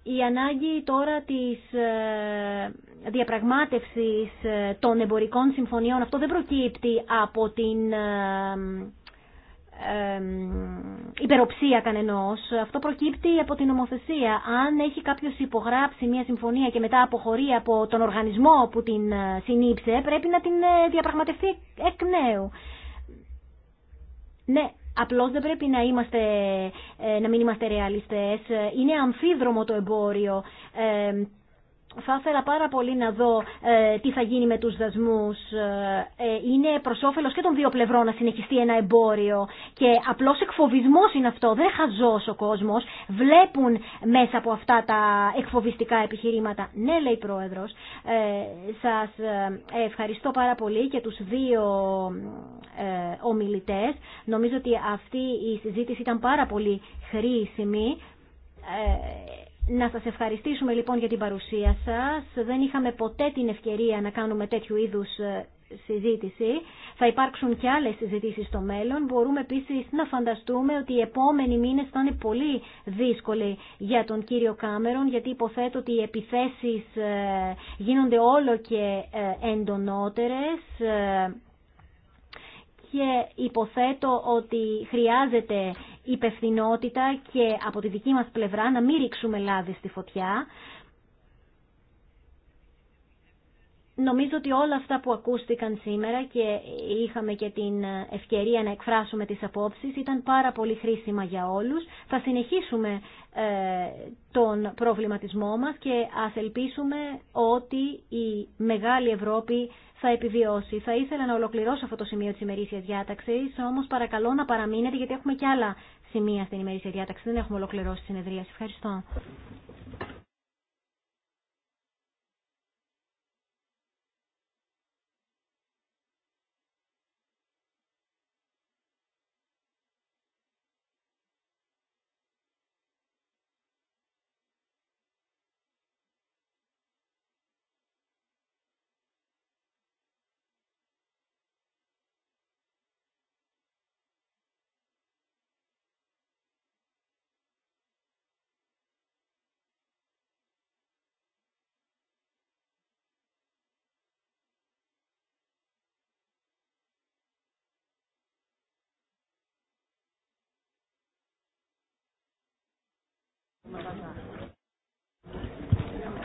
Η ανάγκη τώρα της ε, διαπραγμάτευσης ε, των εμπορικών συμφωνιών, αυτό δεν προκύπτει από την υπεροψία κανενός. Αυτό προκύπτει από την νομοθεσία. Αν έχει κάποιο υπογράψει μια συμφωνία και μετά αποχωρεί από τον οργανισμό που την ε, συνήψε, πρέπει να την ε, διαπραγματευτεί εκ νέου. Ναι, απλώς δεν πρέπει να, είμαστε, ε, να μην είμαστε ρεαλιστές. Είναι αμφίδρομο το εμπόριο θα ήθελα πάρα πολύ να δω ε, τι θα γίνει με τους δασμούς. Ε, ε, είναι προς όφελος και των δύο πλευρών να συνεχιστεί ένα εμπόριο και απλώς εκφοβισμός είναι αυτό, δεν χαζός ο κόσμος. Βλέπουν μέσα από αυτά τα εκφοβιστικά επιχειρήματα. Ναι, λέει η Πρόεδρος, σας ευχαριστώ πάρα πολύ και τους δύο ομιλητές. Νομίζω ότι αυτή η συζήτηση ήταν πάρα πολύ χρήσιμη. Να σας ευχαριστήσουμε λοιπόν για την παρουσία σας. Δεν είχαμε ποτέ την ευκαιρία να κάνουμε τέτοιου είδους ε, συζήτηση. Θα υπάρξουν και άλλες συζητήσεις στο μέλλον. Μπορούμε επίσης να φανταστούμε ότι οι επόμενοι μήνες θα είναι πολύ δύσκολοι για τον κύριο Κάμερον, γιατί υποθέτω ότι οι επιθέσεις ε, γίνονται όλο και ε, εντονότερες και υποθέτω ότι χρειάζεται υπευθυνότητα και από τη δική μας πλευρά να μην ρίξουμε λάδι στη φωτιά. Νομίζω ότι όλα αυτά που ακούστηκαν σήμερα και είχαμε και την ευκαιρία να εκφράσουμε τις απόψεις ήταν πάρα πολύ χρήσιμα για όλους. Θα συνεχίσουμε ε, τον προβληματισμό μας και ας ελπίσουμε ότι η μεγάλη Ευρώπη θα επιβιώσει. Θα ήθελα να ολοκληρώσω αυτό το σημείο τη ημερήσιας διάταξη. Όμω παρακαλώ να παραμείνετε γιατί έχουμε και άλλα σημεία στην ημερήσια διάταξη. Δεν έχουμε ολοκληρώσει τη συνεδρία. Ευχαριστώ.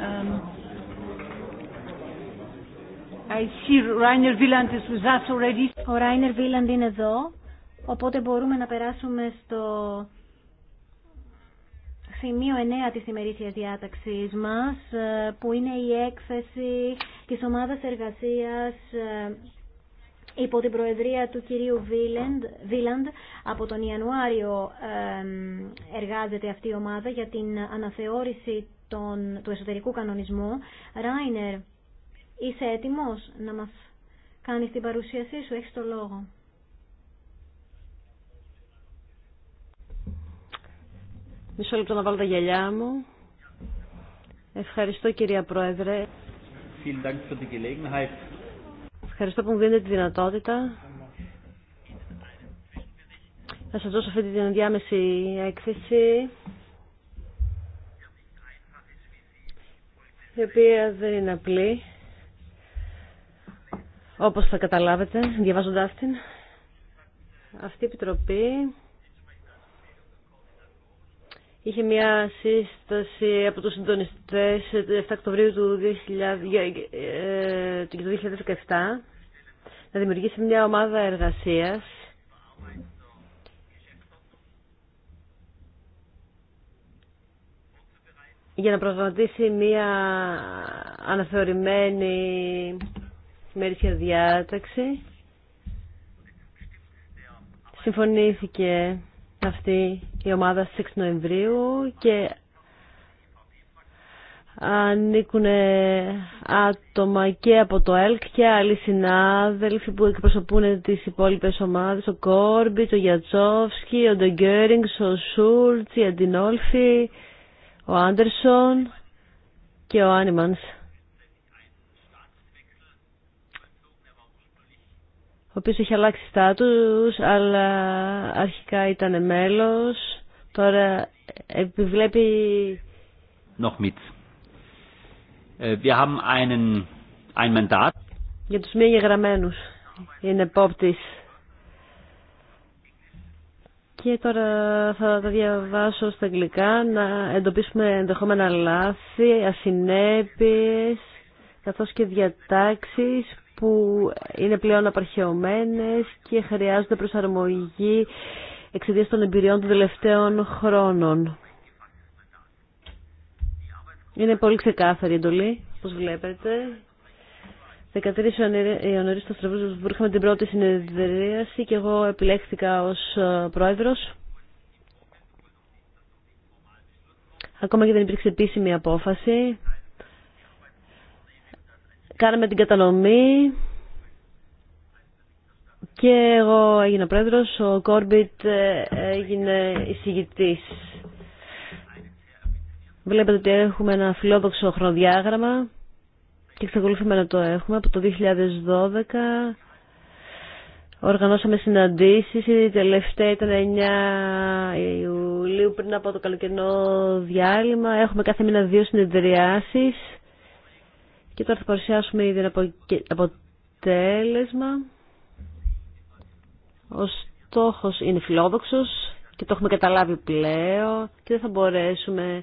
Um, Ο Ράινερ Βίλαντ είναι εδώ, οπότε μπορούμε να περάσουμε στο σημείο 9 της ημερήσιας διάταξής μας, ε, που είναι η έκθεση της ομάδας εργασίας ε, υπό την προεδρία του κυρίου Βίλαντ από τον Ιανουάριο εργάζεται αυτή η ομάδα για την αναθεώρηση των, του εσωτερικού κανονισμού. Ράινερ, είσαι έτοιμος να μας κάνεις την παρουσίασή σου, έχεις το λόγο. Μισό λεπτό να βάλω τα γυαλιά μου. Ευχαριστώ κυρία Πρόεδρε. Ευχαριστώ που μου δίνετε τη δυνατότητα να σας δώσω αυτή την διάμεση έκθεση η οποία δεν είναι απλή όπως θα καταλάβετε διαβάζοντάς την αυτή η Επιτροπή Είχε μια σύσταση από τους συντονιστές 7 Οκτωβρίου του 2017 ε, να δημιουργήσει μια ομάδα εργασίας για να προγραμματίσει μια αναθεωρημένη μερικιά διάταξη. Συμφωνήθηκε αυτή η ομάδα στις 6 Νοεμβρίου και ανήκουν άτομα και από το ΕΛΚ και άλλοι συνάδελφοι που εκπροσωπούν τις υπόλοιπες ομάδες, ο Κόρμπιτ, ο Γιατσόφσκι, ο Ντεγκέρινγκς, ο Σούλτς, η Αντινόλφη, ο Άντερσον και ο Άνιμανς. ο οποίος έχει αλλάξει στάτους, αλλά αρχικά ήταν μέλος, τώρα επιβλέπει... Noch mit. Äh, wir haben einen, Για τους μη εγγεγραμμένους είναι επόπτης. Και τώρα θα τα διαβάσω στα αγγλικά να εντοπίσουμε ενδεχόμενα λάθη, ασυνέπειες, καθώς και διατάξεις που είναι πλέον απαρχαιωμένες και χρειάζονται προσαρμογή εξαιτίας των εμπειριών των τελευταίων χρόνων. Είναι πολύ ξεκάθαρη η εντολή, όπως βλέπετε. 13 Ιανουαρίου στο Στρασβούργο είχαμε την πρώτη συνεδρίαση και εγώ επιλέχθηκα ως ε, πρόεδρος. Ακόμα και δεν υπήρξε επίσημη απόφαση κάναμε την κατανομή και εγώ έγινα πρόεδρος, ο Κόρμπιτ ε, έγινε εισηγητής. Βλέπετε ότι έχουμε ένα φιλόδοξο χρονοδιάγραμμα και εξακολουθούμε να το έχουμε από το 2012. Οργανώσαμε συναντήσεις, η τελευταία ήταν 9 Ιουλίου πριν από το καλοκαιρινό διάλειμμα. Έχουμε κάθε μήνα δύο συνεδριάσεις και τώρα θα παρουσιάσουμε ήδη ένα αποτέλεσμα. Ο στόχος είναι φιλόδοξος και το έχουμε καταλάβει πλέον και δεν θα μπορέσουμε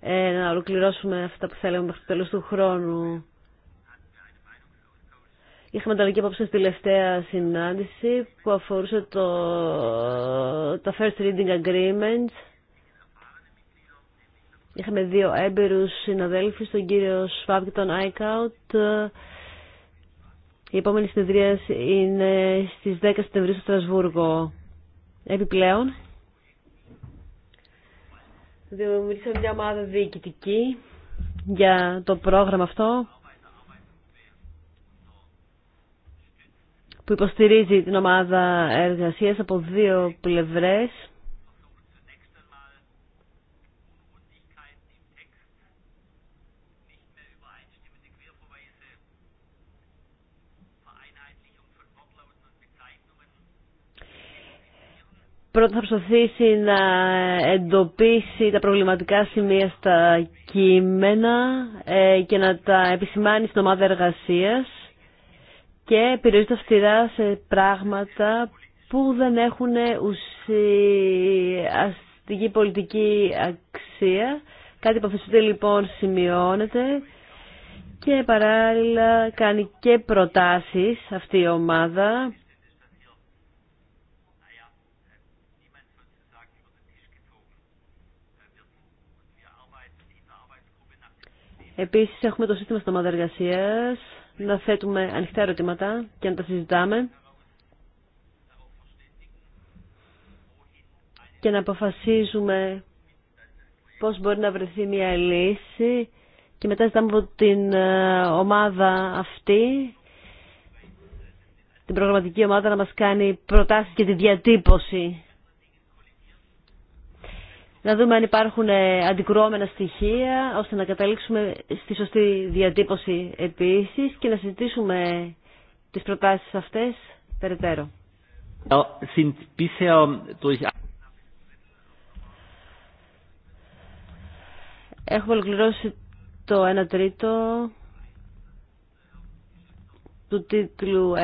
ε, να ολοκληρώσουμε αυτά που θέλαμε μέχρι το τέλος του χρόνου. Είχαμε ανταλλαγή απόψε στη τελευταία συνάντηση που αφορούσε το, τα First Reading Agreements Είχαμε δύο έμπειρους συναδέλφους, τον κύριο Σφάβ και τον Άικαουτ. Η επόμενη συνεδρία είναι στις 10 Σεπτεμβρίου στο Στρασβούργο. Επιπλέον, δημιουργήσαμε μια ομάδα διοικητική για το πρόγραμμα αυτό που υποστηρίζει την ομάδα εργασίας από δύο πλευρές. πρώτα θα προσπαθήσει να εντοπίσει τα προβληματικά σημεία στα κείμενα ε, και να τα επισημάνει στην ομάδα εργασίας και περιορίζεται αυστηρά σε πράγματα που δεν έχουν ουσιαστική πολιτική αξία. Κάτι που αφήσετε λοιπόν σημειώνεται και παράλληλα κάνει και προτάσεις αυτή η ομάδα Επίσης έχουμε το σύστημα στα εργασία, να θέτουμε ανοιχτά ερωτήματα και να τα συζητάμε και να αποφασίζουμε πώς μπορεί να βρεθεί μια λύση και μετά ζητάμε από την ε, ομάδα αυτή, την προγραμματική ομάδα να μας κάνει προτάσεις και τη διατύπωση να δούμε αν υπάρχουν ε, αντικρουόμενα στοιχεία, ώστε να καταλήξουμε στη σωστή διατύπωση επίσης και να συζητήσουμε τις προτάσεις αυτές περαιτέρω. Äh, Έχουμε ολοκληρώσει το 1 τρίτο του τίτλου 1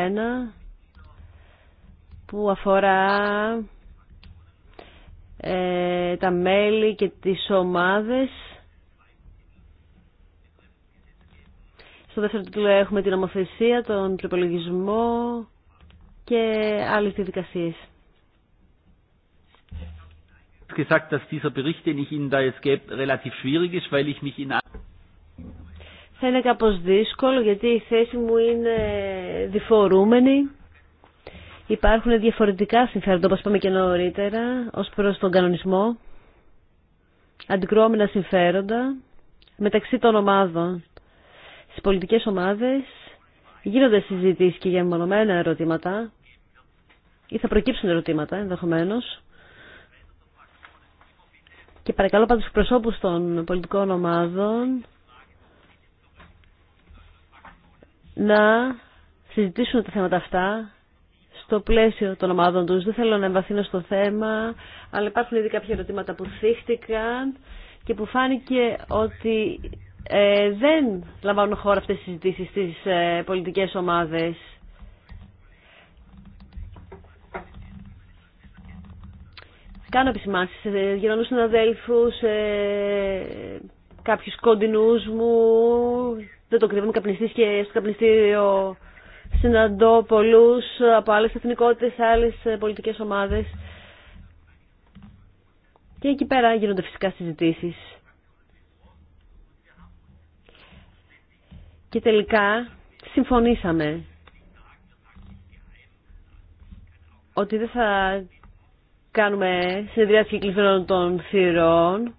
που αφορά ε, τα μέλη και τις ομάδες. Στο δεύτερο τίτλο έχουμε την ομοθεσία, τον τριπολογισμό και άλλες διαδικασίες. θα είναι κάπως δύσκολο γιατί η θέση μου είναι διφορούμενη υπάρχουν διαφορετικά συμφέροντα, όπως είπαμε και νωρίτερα, ως προς τον κανονισμό, αντικρώμενα συμφέροντα μεταξύ των ομάδων. Στις πολιτικές ομάδες γίνονται συζητήσεις και για μονομένα ερωτήματα ή θα προκύψουν ερωτήματα ενδεχομένως. Και παρακαλώ πάντως τους προσώπους των πολιτικών ομάδων να συζητήσουν τα θέματα αυτά στο πλαίσιο των ομάδων τους. Δεν θέλω να εμβαθύνω στο θέμα, αλλά υπάρχουν ήδη κάποια ερωτήματα που θύχτηκαν και που φάνηκε ότι ε, δεν λαμβάνουν χώρα αυτές τις συζητήσεις στις ε, πολιτικές ομάδες. Κάνω επισημάνσεις ε, γυρνώνω συναδέλφους, ε, κάποιους κοντινούς μου, δεν το κρύβουν καπνιστής και στο καπνιστήριο συναντώ πολλούς από άλλες εθνικότητες, άλλες ε, πολιτικές ομάδες. Και εκεί πέρα γίνονται φυσικά συζητήσεις. Και τελικά συμφωνήσαμε ότι δεν θα κάνουμε συνεδριάσεις κυκλοφορών των θύρων,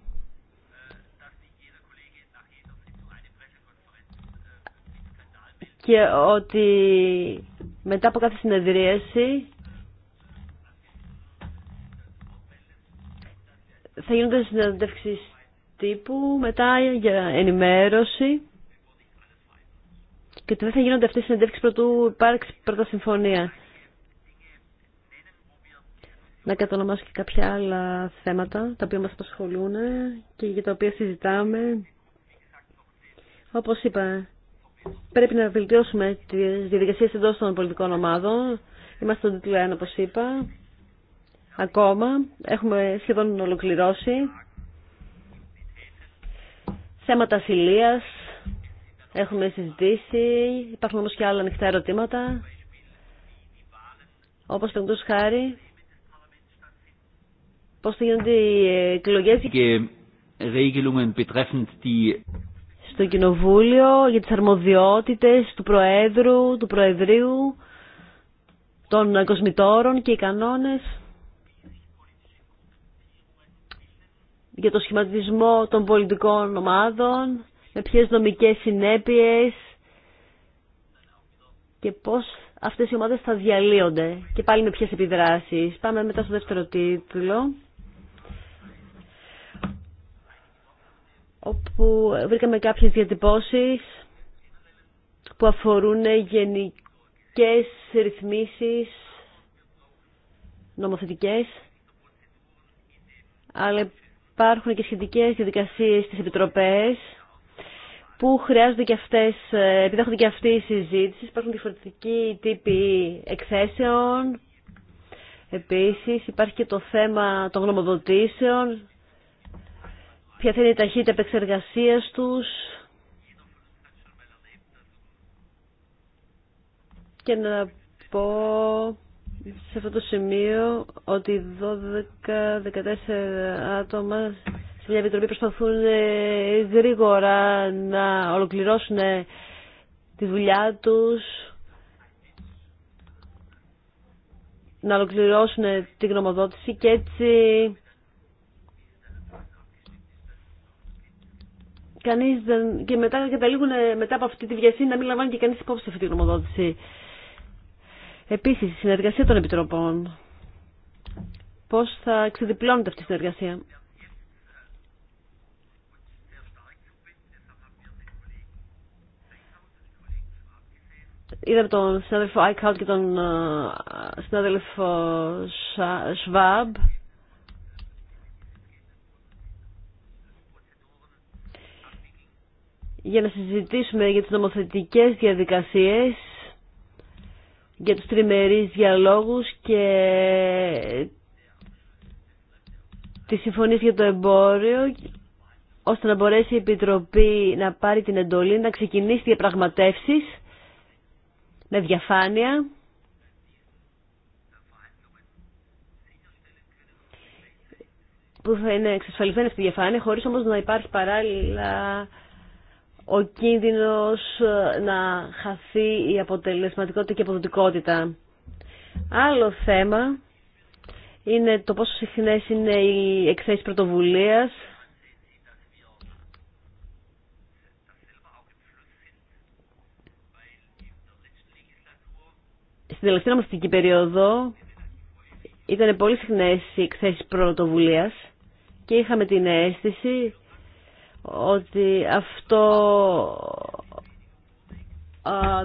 και ότι μετά από κάθε συνεδρίαση θα γίνονται συνεδεύξεις τύπου, μετά για ενημέρωση και δεν θα γίνονται αυτές οι συνεδεύξεις πρωτού υπάρξει πρώτα συμφωνία. Να κατονομάσω και κάποια άλλα θέματα τα οποία μας απασχολούν και για τα οποία συζητάμε. Όπως είπα, Πρέπει να βελτιώσουμε τις διαδικασίες εντός των πολιτικών ομάδων. Είμαστε στον τίτλο 1, όπως είπα. Ακόμα. Έχουμε σχεδόν ολοκληρώσει. Θέματα ασυλίας Έχουμε συζητήσει. Υπάρχουν όμως και άλλα ανοιχτά ερωτήματα. Όπως τον τους χάρη. Πώς θα γίνονται οι εκλογές. Και... betreffend die στο Κοινοβούλιο για τις αρμοδιότητες του Προέδρου, του Προεδρίου, των κοσμητόρων και οι κανόνες για το σχηματισμό των πολιτικών ομάδων, με ποιες νομικές συνέπειες και πώς αυτές οι ομάδες θα διαλύονται και πάλι με ποιες επιδράσεις. Πάμε μετά στο δεύτερο τίτλο. όπου βρήκαμε κάποιες διατυπώσεις που αφορούν γενικές ρυθμίσεις νομοθετικές, αλλά υπάρχουν και σχετικές διαδικασίες στις επιτροπές που χρειάζονται και αυτές, επειδή έχουν και αυτή η συζήτηση, υπάρχουν διαφορετικοί τύποι εκθέσεων. Επίσης υπάρχει και το θέμα των γνωμοδοτήσεων ποια θα είναι η ταχύτητα επεξεργασίας τους και να πω σε αυτό το σημείο ότι 12-14 άτομα σε μια επιτροπή προσπαθούν ε, γρήγορα να ολοκληρώσουν ε, τη δουλειά τους να ολοκληρώσουν ε, τη γνωμοδότηση και έτσι κανείς δεν... και μετά καταλήγουν μετά από αυτή τη βιασύνη να μην λαμβάνει και κανείς υπόψη αυτή τη γνωμοδότηση. Επίσης, η συνεργασία των επιτροπών. Πώς θα ξεδιπλώνεται αυτή η συνεργασία. Είδαμε τον συνάδελφο Άικαουτ και τον ε, συνάδελφο Σβάμπ. για να συζητήσουμε για τις νομοθετικές διαδικασίες, για τους τριμερείς διαλόγους και τις συμφωνίες για το εμπόριο, ώστε να μπορέσει η Επιτροπή να πάρει την εντολή, να ξεκινήσει διαπραγματεύσεις με διαφάνεια. που θα είναι εξασφαλισμένη στη διαφάνεια, χωρίς όμως να υπάρχει παράλληλα ο κίνδυνος ε, να χαθεί η αποτελεσματικότητα και η αποδοτικότητα. Άλλο θέμα είναι το πόσο συχνές είναι οι εκθέσεις πρωτοβουλίας. Στην τελευταία νομοθετική περίοδο ήταν πολύ συχνές οι εκθέσεις πρωτοβουλίας και είχαμε την αίσθηση ότι αυτό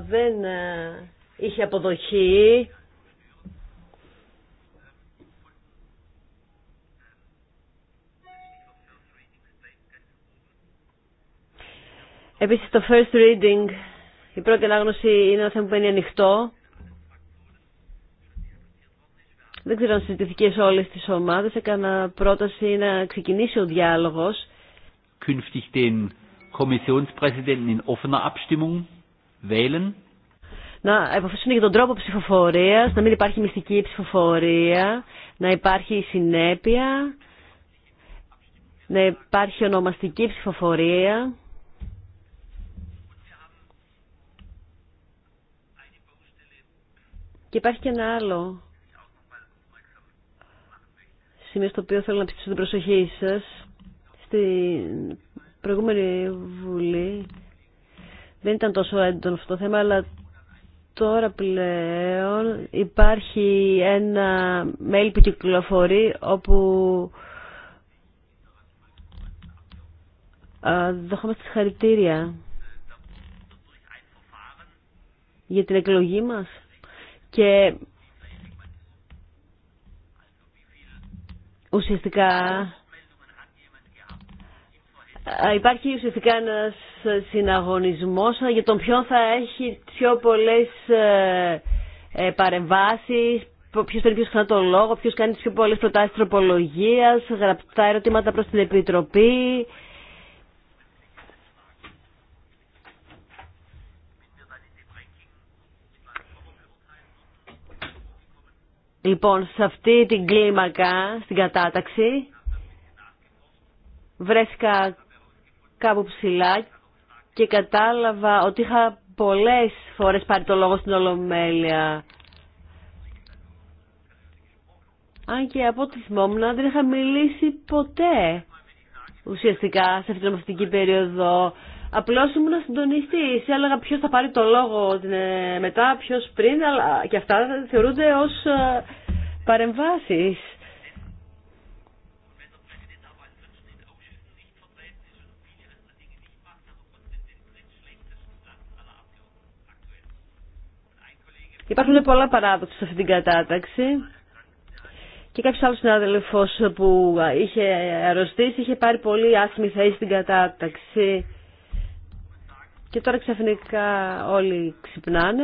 δεν ε, είχε αποδοχή Επίσης το first reading, η πρώτη ανάγνωση είναι ένα θέμα που μένει ανοιχτό. Δεν ξέρω αν συζητηθήκε σε όλες τις ομάδες. Έκανα πρόταση να ξεκινήσει ο διάλογος künftig den Kommissionspräsidenten in offener Abstimmung wählen. Να αποφασίσουν για τον τρόπο ψηφοφορίας, να μην υπάρχει μυστική ψηφοφορία, να υπάρχει συνέπεια, να υπάρχει ονομαστική ψηφοφορία. Και υπάρχει και ένα άλλο σημείο στο οποίο θέλω να πιστήσω την προσοχή σας στην προηγούμενη Βουλή δεν ήταν τόσο έντονο αυτό το θέμα, αλλά τώρα πλέον υπάρχει ένα mail που κυκλοφορεί όπου δεχόμαστε συγχαρητήρια για την εκλογή μας και ουσιαστικά Υπάρχει ουσιαστικά ένας συναγωνισμός για τον ποιον θα έχει πιο πολλές ε, ε, παρεμβάσεις, ποιος παίρνει πιο συχνά το λόγο, ποιος κάνει τις πιο πολλές προτάσεις τροπολογίας, γραπτά ερωτήματα προς την Επιτροπή. Λοιπόν, σε αυτή την κλίμακα, στην κατάταξη, βρέθηκα κάπου ψηλά και κατάλαβα ότι είχα πολλές φορές πάρει το λόγο στην Ολομέλεια. Αν και από ό,τι θυμόμουν δεν είχα μιλήσει ποτέ ουσιαστικά σε αυτήν την ομοθετική περίοδο. Απλώς ήμουν συντονιστής, έλεγα ποιος θα πάρει το λόγο ε, μετά, ποιος πριν, αλλά και αυτά θεωρούνται ως ε, παρεμβάσεις. Υπάρχουν πολλά παράδοξα σε αυτή την κατάταξη. Και κάποιο άλλο συνάδελφο που είχε αρρωστήσει είχε πάρει πολύ άσχημη θέση στην κατάταξη. Και τώρα ξαφνικά όλοι ξυπνάνε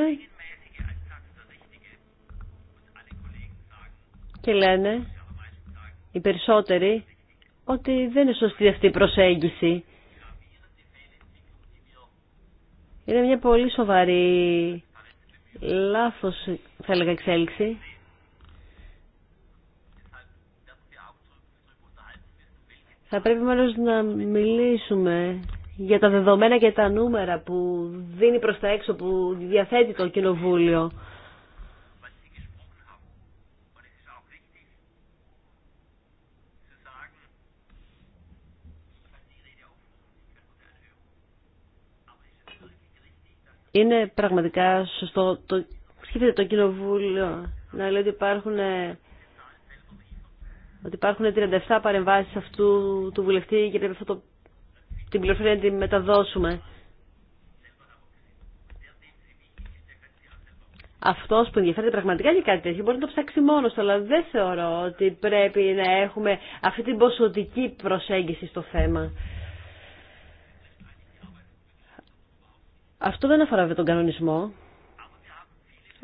και λένε οι περισσότεροι ότι δεν είναι σωστή αυτή η προσέγγιση. Είναι μια πολύ σοβαρή λάθος θα έλεγα εξέλιξη. Θα πρέπει μάλλον να μιλήσουμε για τα δεδομένα και τα νούμερα που δίνει προς τα έξω, που διαθέτει το Κοινοβούλιο. Είναι πραγματικά σωστό το, το κοινοβούλιο να λέει ότι υπάρχουν ότι υπάρχουν 37 παρεμβάσεις αυτού του βουλευτή και πρέπει αυτό το, την πληροφορία να τη μεταδώσουμε. Αυτό που ενδιαφέρεται πραγματικά για κάτι τέτοιο μπορεί να το ψάξει μόνο του, αλλά δεν θεωρώ ότι πρέπει να έχουμε αυτή την ποσοτική προσέγγιση στο θέμα. Αυτό δεν αφορά τον κανονισμό.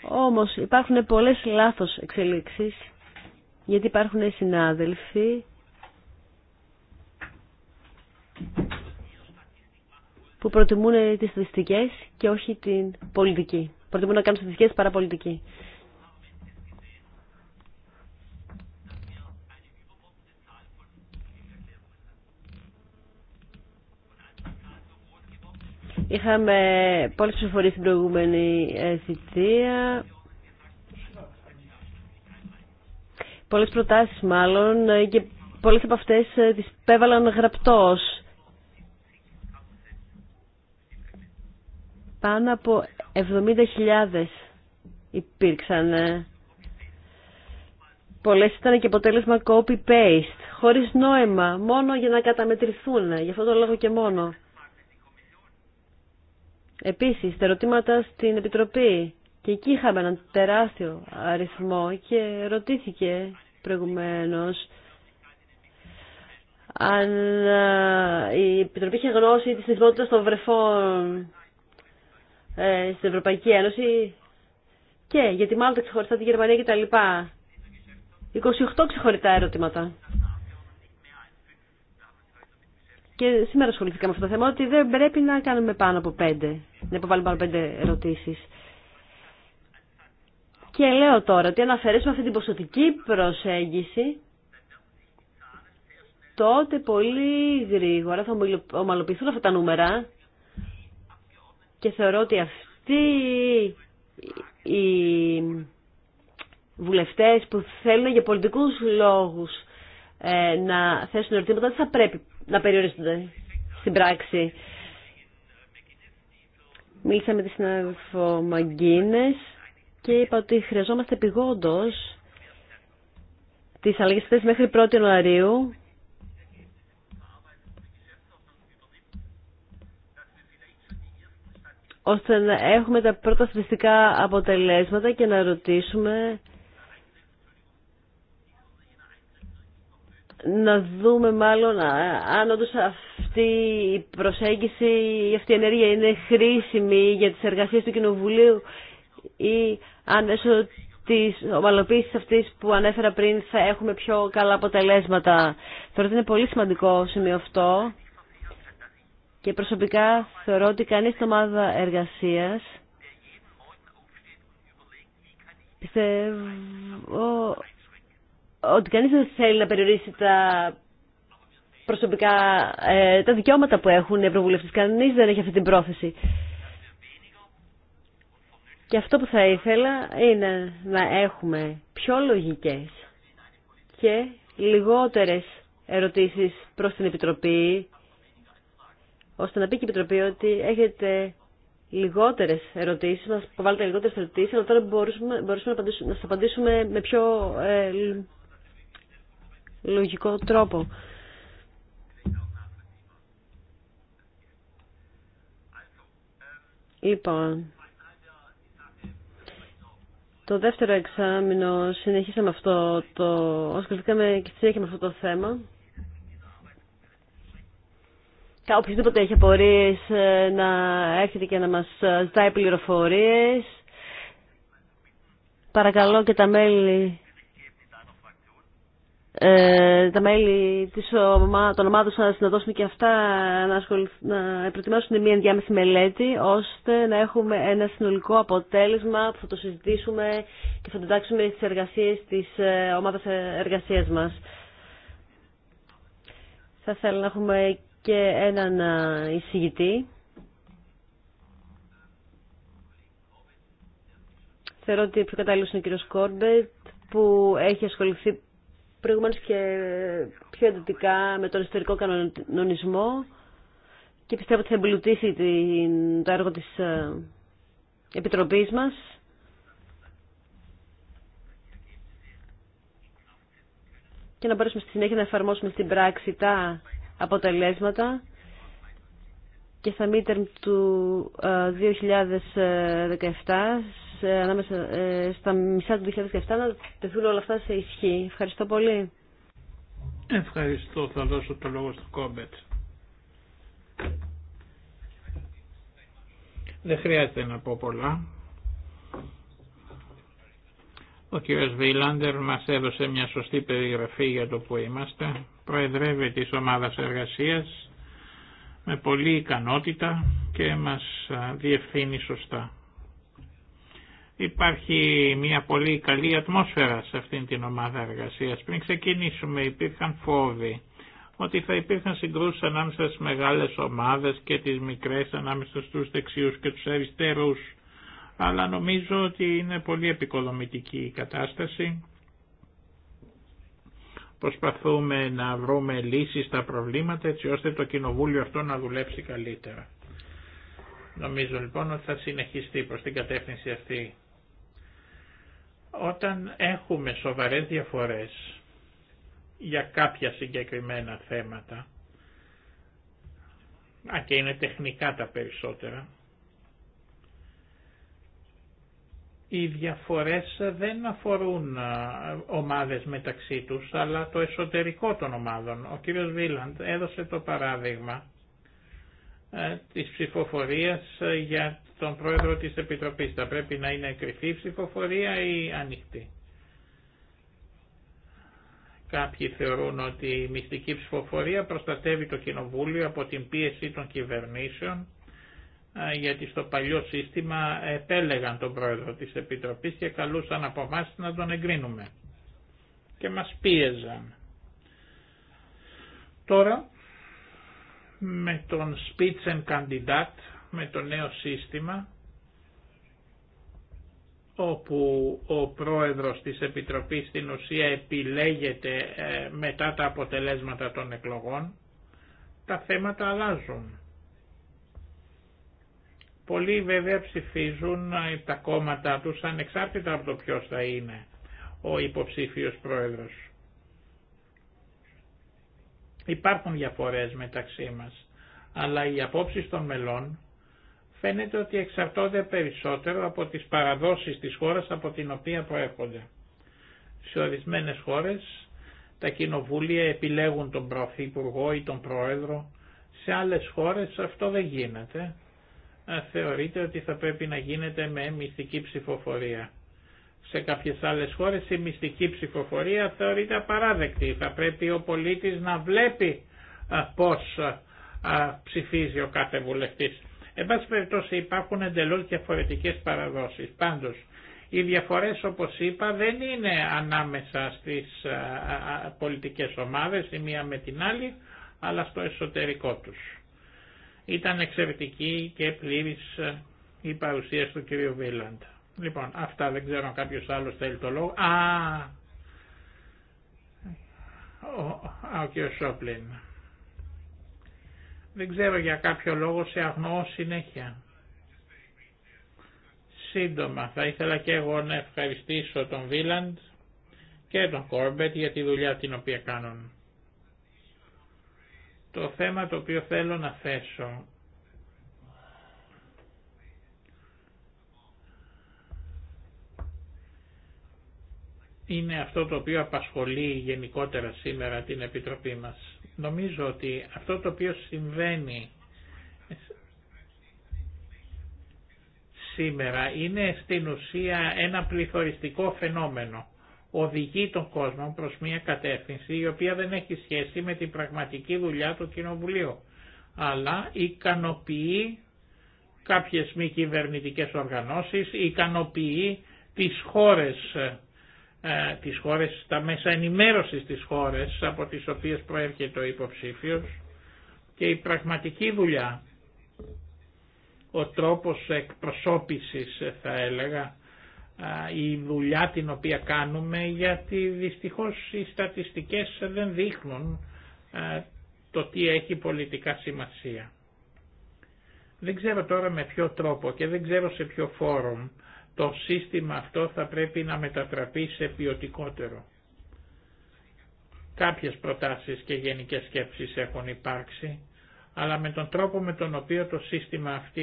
Όμως υπάρχουν πολλές λάθος εξελίξεις γιατί υπάρχουν συνάδελφοι που προτιμούν τις στατιστικές και όχι την πολιτική. Προτιμούν να κάνουν στατιστικές παρά πολιτική. Είχαμε πολλέ ψηφορίες στην προηγούμενη ε, θητεία. Πολλέ προτάσεις μάλλον ε, και πολλές από αυτές ε, τις πέβαλαν γραπτός. Πάνω από 70.000 υπήρξαν. Πολλές ήταν και αποτέλεσμα copy-paste, χωρίς νόημα, μόνο για να καταμετρηθούν, γι' αυτό το λόγο και μόνο. Επίσης, τα ερωτήματα στην Επιτροπή. Και εκεί είχαμε έναν τεράστιο αριθμό και ρωτήθηκε προηγουμένως αν η Επιτροπή είχε γνώση της θνησιμότητας των βρεφών ε, στην Ευρωπαϊκή Ένωση και γιατί μάλλον τα ξεχωριστά τη Γερμανία κτλ. 28 ξεχωριστά ερωτήματα και σήμερα ασχοληθήκαμε με αυτό το θέμα, ότι δεν πρέπει να κάνουμε πάνω από πέντε, να υποβάλουμε πάνω από πέντε ερωτήσεις. Και λέω τώρα ότι αν αφαιρέσουμε αυτή την ποσοτική προσέγγιση, τότε πολύ γρήγορα θα ομαλοποιηθούν αυτά τα νούμερα και θεωρώ ότι αυτοί οι βουλευτές που θέλουν για πολιτικούς λόγους ε, να θέσουν ερωτήματα δεν θα πρέπει να περιορίζονται στην πράξη. Μίλησα με τη συνάδελφο και είπα ότι χρειαζόμαστε επιγόντως τις αλλαγές αυτές μέχρι 1η Ιανουαρίου ώστε να έχουμε τα πρώτα στατιστικά αποτελέσματα και να ρωτήσουμε να δούμε μάλλον αν όντως αυτή η προσέγγιση, αυτή η ενέργεια είναι χρήσιμη για τις εργασίες του Κοινοβουλίου ή αν μέσω της ομαλοποίησης αυτής που ανέφερα πριν θα έχουμε πιο καλά αποτελέσματα. Θεωρώ ότι είναι πολύ σημαντικό σημείο αυτό και προσωπικά θεωρώ ότι κανείς στην ομάδα εργασίας πιστεύω ότι κανείς δεν θέλει να περιορίσει τα προσωπικά, ε, τα δικαιώματα που έχουν οι ευρωβουλευτές. Κανείς δεν έχει αυτή την πρόθεση. Και αυτό που θα ήθελα είναι να έχουμε πιο λογικές και λιγότερες ερωτήσεις προς την Επιτροπή, ώστε να πει και η Επιτροπή ότι έχετε λιγότερες ερωτήσεις, μας υποβάλλετε λιγότερες ερωτήσεις, αλλά τώρα μπορούμε, να, να σας απαντήσουμε με πιο ε, λογικό τρόπο. Λοιπόν, το δεύτερο εξάμεινο συνεχίσαμε αυτό το... Ασχοληθήκαμε και συνέχεια με αυτό το θέμα. Οποιοςδήποτε έχει απορίες ε, να έρχεται και να μας ε, ζητάει πληροφορίες. Παρακαλώ και τα μέλη ε, τα μέλη της ομα, των ομάδων να δώσουν και αυτά να, να προετοιμάσουν μια ενδιάμεση μελέτη ώστε να έχουμε ένα συνολικό αποτέλεσμα που θα το συζητήσουμε και θα το εντάξουμε στις εργασίες της ε, ομάδας εργασίας μας. Θα ήθελα να έχουμε και έναν ε, εισηγητή. Θεωρώ ότι πιο κατάλληλος είναι ο κύριος Κόρμπετ που έχει ασχοληθεί προηγουμένως και πιο εντατικά με τον ιστορικό κανονισμό και πιστεύω ότι θα εμπλουτίσει το έργο της ε, Επιτροπής μας. και να μπορέσουμε στη συνέχεια να εφαρμόσουμε στην πράξη τα αποτελέσματα και στα μήτερ του 2017 ε, ε, ανάμεσα ε, στα μισά του 2007 να τεθούν όλα αυτά σε ισχύ. Ευχαριστώ πολύ. Ευχαριστώ. Θα δώσω το λόγο στο Κόμπετ. Δεν χρειάζεται να πω πολλά. Ο κ. Βιλάντερ μας έδωσε μια σωστή περιγραφή για το που είμαστε. Προεδρεύει της ομάδας εργασίας με πολλή ικανότητα και μας διευθύνει σωστά. Υπάρχει μια πολύ καλή ατμόσφαιρα σε αυτήν την ομάδα εργασίας. Πριν ξεκινήσουμε υπήρχαν φόβοι ότι θα υπήρχαν συγκρούσεις ανάμεσα στις μεγάλες ομάδες και τις μικρές ανάμεσα στους δεξιούς και τους αριστερούς. Αλλά νομίζω ότι είναι πολύ επικοδομητική η κατάσταση. Προσπαθούμε να βρούμε λύσεις στα προβλήματα έτσι ώστε το κοινοβούλιο αυτό να δουλέψει καλύτερα. Νομίζω λοιπόν ότι θα συνεχιστεί προς την κατεύθυνση αυτή όταν έχουμε σοβαρές διαφορές για κάποια συγκεκριμένα θέματα, α και είναι τεχνικά τα περισσότερα, οι διαφορές δεν αφορούν ομάδες μεταξύ τους, αλλά το εσωτερικό των ομάδων. Ο κύριος Βίλαντ έδωσε το παράδειγμα ε, της ψηφοφορίας ε, για τον πρόεδρο της Επιτροπής. Θα πρέπει να είναι κρυφή ψηφοφορία ή ανοιχτή. Κάποιοι θεωρούν ότι η μυστική ψηφοφορία προστατεύει το Κοινοβούλιο από την πίεση των κυβερνήσεων γιατί στο παλιό σύστημα επέλεγαν τον πρόεδρο της Επιτροπής και καλούσαν από εμά να τον εγκρίνουμε. Και μας πίεζαν. Τώρα με τον Spitzen Kandidat με το νέο σύστημα όπου ο πρόεδρος της Επιτροπής στην ουσία επιλέγεται ε, μετά τα αποτελέσματα των εκλογών, τα θέματα αλλάζουν. Πολλοί βέβαια ψηφίζουν ε, τα κόμματα τους ανεξάρτητα από το ποιος θα είναι ο υποψήφιος πρόεδρος. Υπάρχουν διαφορές μεταξύ μας, αλλά οι απόψεις των μελών φαίνεται ότι εξαρτώνται περισσότερο από τις παραδόσεις της χώρας από την οποία προέρχονται. Σε ορισμένες χώρες τα κοινοβούλια επιλέγουν τον Πρωθυπουργό ή τον Πρόεδρο, σε άλλες χώρες αυτό δεν γίνεται. Ε, θεωρείται ότι θα πρέπει να γίνεται με μυστική ψηφοφορία. Σε κάποιες άλλες χώρες η μυστική ψηφοφορία θεωρείται απαράδεκτη. Θα πρέπει ο πολίτης να βλέπει ε, πώς ε, ψηφίζει ο κάθε βουλευτής. Εν πάση περιπτώσει υπάρχουν εντελώς διαφορετικές παραδόσεις. Πάντως, οι διαφορές όπως είπα δεν είναι ανάμεσα στις πολιτικές ομάδες η μία με την άλλη, αλλά στο εσωτερικό τους. Ήταν εξαιρετική και πλήρης η παρουσίαση του κ. Βίλαντ. Λοιπόν, αυτά δεν ξέρω αν κάποιος άλλος θέλει το λόγο. Α, ο, ο, ο Σόπλιν. Δεν ξέρω για κάποιο λόγο σε αγνοώ συνέχεια. Σύντομα θα ήθελα και εγώ να ευχαριστήσω τον Βίλαντ και τον Κόρμπετ για τη δουλειά την οποία κάνουν. Το θέμα το οποίο θέλω να θέσω είναι αυτό το οποίο απασχολεί γενικότερα σήμερα την Επιτροπή μας. Νομίζω ότι αυτό το οποίο συμβαίνει σήμερα είναι στην ουσία ένα πληθωριστικό φαινόμενο. Οδηγεί τον κόσμο προς μια κατεύθυνση η οποία δεν έχει σχέση με την πραγματική δουλειά του Κοινοβουλίου, αλλά ικανοποιεί κάποιες μη κυβερνητικέ οργανώσεις, ικανοποιεί τις χώρες ε, τις χώρες, τα μέσα ενημέρωσης της χώρες από τις οποίες προέρχεται ο υποψήφιος και η πραγματική δουλειά, ο τρόπος εκπροσώπησης θα έλεγα, ε, η δουλειά την οποία κάνουμε γιατί δυστυχώς οι στατιστικές δεν δείχνουν ε, το τι έχει πολιτικά σημασία. Δεν ξέρω τώρα με ποιο τρόπο και δεν ξέρω σε ποιο φόρουμ το σύστημα αυτό θα πρέπει να μετατραπεί σε ποιοτικότερο. Κάποιες προτάσεις και γενικές σκέψεις έχουν υπάρξει, αλλά με τον τρόπο με τον οποίο το σύστημα αυτή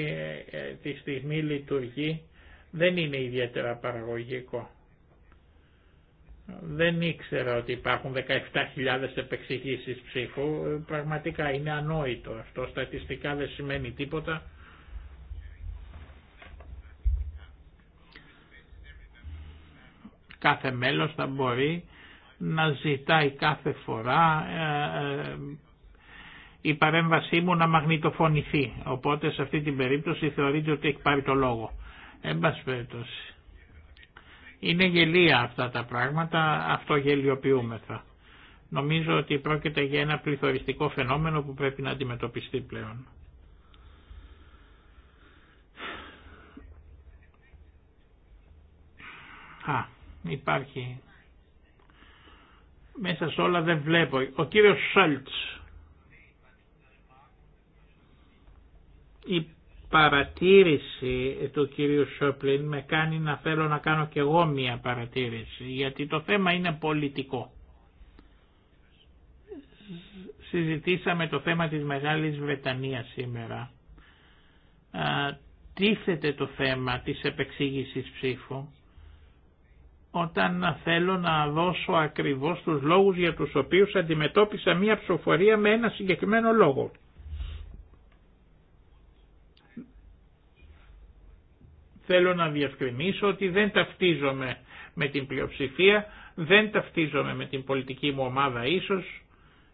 ε, ε, τη στιγμή λειτουργεί δεν είναι ιδιαίτερα παραγωγικό. Δεν ήξερα ότι υπάρχουν 17.000 επεξηγήσεις ψήφου, ε, πραγματικά είναι ανόητο αυτό, στατιστικά δεν σημαίνει τίποτα κάθε μέλος θα μπορεί να ζητάει κάθε φορά ε, ε, η παρέμβασή μου να μαγνητοφωνηθεί. Οπότε σε αυτή την περίπτωση θεωρείται ότι έχει πάρει το λόγο. Εν πάση Είναι γελία αυτά τα πράγματα, αυτό γελιοποιούμεθα. Νομίζω ότι πρόκειται για ένα πληθωριστικό φαινόμενο που πρέπει να αντιμετωπιστεί πλέον. Α, Υπάρχει. Μέσα σε όλα δεν βλέπω. Ο κύριος Σόλτς. Η παρατήρηση του κυρίου Σόπλιν με κάνει να θέλω να κάνω και εγώ μία παρατήρηση, γιατί το θέμα είναι πολιτικό. Συζητήσαμε το θέμα της Μεγάλης Βρετανίας σήμερα. τίθεται το θέμα της επεξήγησης ψήφου όταν θέλω να δώσω ακριβώς τους λόγους για τους οποίους αντιμετώπισα μία ψηφοφορία με ένα συγκεκριμένο λόγο. Θέλω να διευκρινίσω ότι δεν ταυτίζομαι με την πλειοψηφία, δεν ταυτίζομαι με την πολιτική μου ομάδα ίσως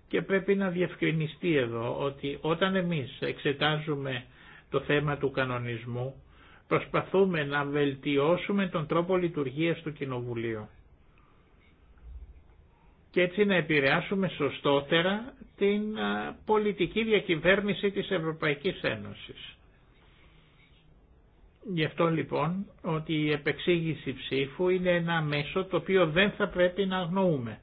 και πρέπει να διευκρινιστεί εδώ ότι όταν εμείς εξετάζουμε το θέμα του κανονισμού Προσπαθούμε να βελτιώσουμε τον τρόπο λειτουργίας του Κοινοβουλίου και έτσι να επηρεάσουμε σωστότερα την πολιτική διακυβέρνηση της Ευρωπαϊκής Ένωσης. Γι' αυτό λοιπόν ότι η επεξήγηση ψήφου είναι ένα μέσο το οποίο δεν θα πρέπει να αγνοούμε.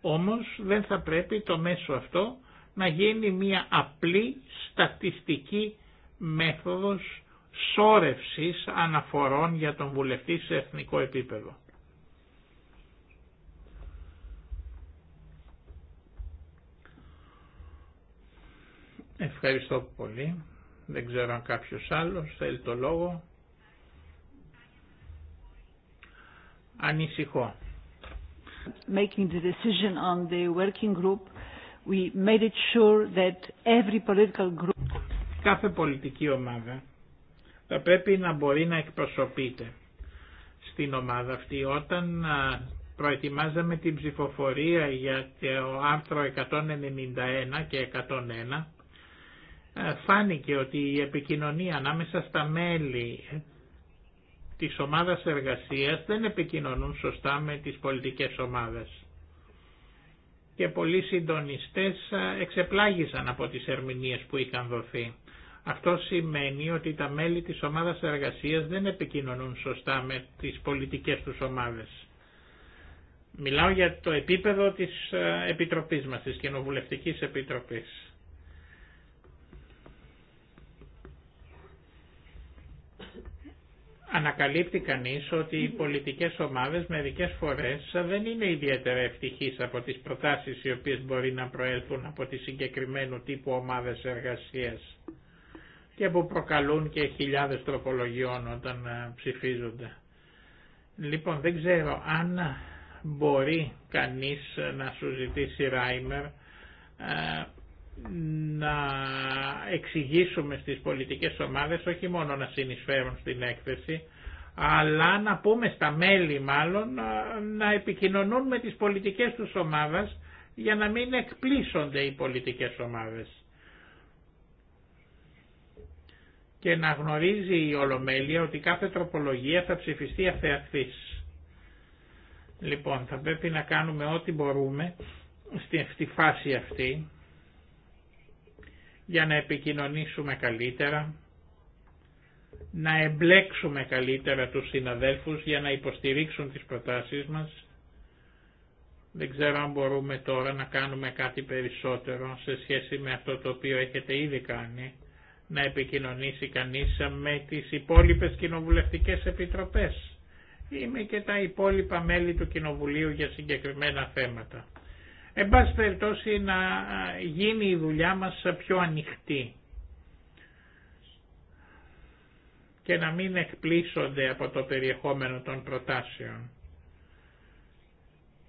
Όμως δεν θα πρέπει το μέσο αυτό να γίνει μια απλή στατιστική μέθοδος σόρευσης αναφορών για τον βουλευτή σε εθνικό επίπεδο. Ευχαριστώ πολύ. Δεν ξέρω αν κάποιος άλλος θέλει το λόγο. Ανησυχώ. Making the decision on the working group, we made it sure that every political group... Κάθε πολιτική ομάδα θα πρέπει να μπορεί να εκπροσωπείται στην ομάδα αυτή. Όταν προετοιμάζαμε την ψηφοφορία για το άρθρο 191 και 101, φάνηκε ότι η επικοινωνία ανάμεσα στα μέλη της ομάδας εργασίας δεν επικοινωνούν σωστά με τις πολιτικές ομάδες. Και πολλοί συντονιστές εξεπλάγησαν από τις ερμηνείες που είχαν δοθεί. Αυτό σημαίνει ότι τα μέλη της ομάδας εργασίας δεν επικοινωνούν σωστά με τις πολιτικές τους ομάδες. Μιλάω για το επίπεδο της ε, Επιτροπής μας, της Κοινοβουλευτικής Επιτροπής. Ανακαλύπτει κανείς ότι οι πολιτικές ομάδες μερικές φορές δεν είναι ιδιαίτερα ευτυχείς από τις προτάσεις οι οποίες μπορεί να προέλθουν από τις συγκεκριμένου τύπου ομάδες εργασίας και που προκαλούν και χιλιάδες τροπολογιών όταν ε, ψηφίζονται. Λοιπόν, δεν ξέρω αν μπορεί κανείς ε, να σου ζητήσει Ράιμερ ε, να εξηγήσουμε στις πολιτικές ομάδες όχι μόνο να συνεισφέρουν στην έκθεση αλλά να πούμε στα μέλη μάλλον να επικοινωνούν με τις πολιτικές τους ομάδες για να μην εκπλήσονται οι πολιτικές ομάδες. και να γνωρίζει η Ολομέλεια ότι κάθε τροπολογία θα ψηφιστεί αθεαθής. Λοιπόν, θα πρέπει να κάνουμε ό,τι μπορούμε στη φάση αυτή για να επικοινωνήσουμε καλύτερα, να εμπλέξουμε καλύτερα τους συναδέλφους για να υποστηρίξουν τις προτάσεις μας. Δεν ξέρω αν μπορούμε τώρα να κάνουμε κάτι περισσότερο σε σχέση με αυτό το οποίο έχετε ήδη κάνει να επικοινωνήσει κανείς με τις υπόλοιπες κοινοβουλευτικές επιτροπές ή με και τα υπόλοιπα μέλη του Κοινοβουλίου για συγκεκριμένα θέματα. Εν πάση να γίνει η δουλειά μας πιο ανοιχτή και να μην εκπλήσονται από το περιεχόμενο των προτάσεων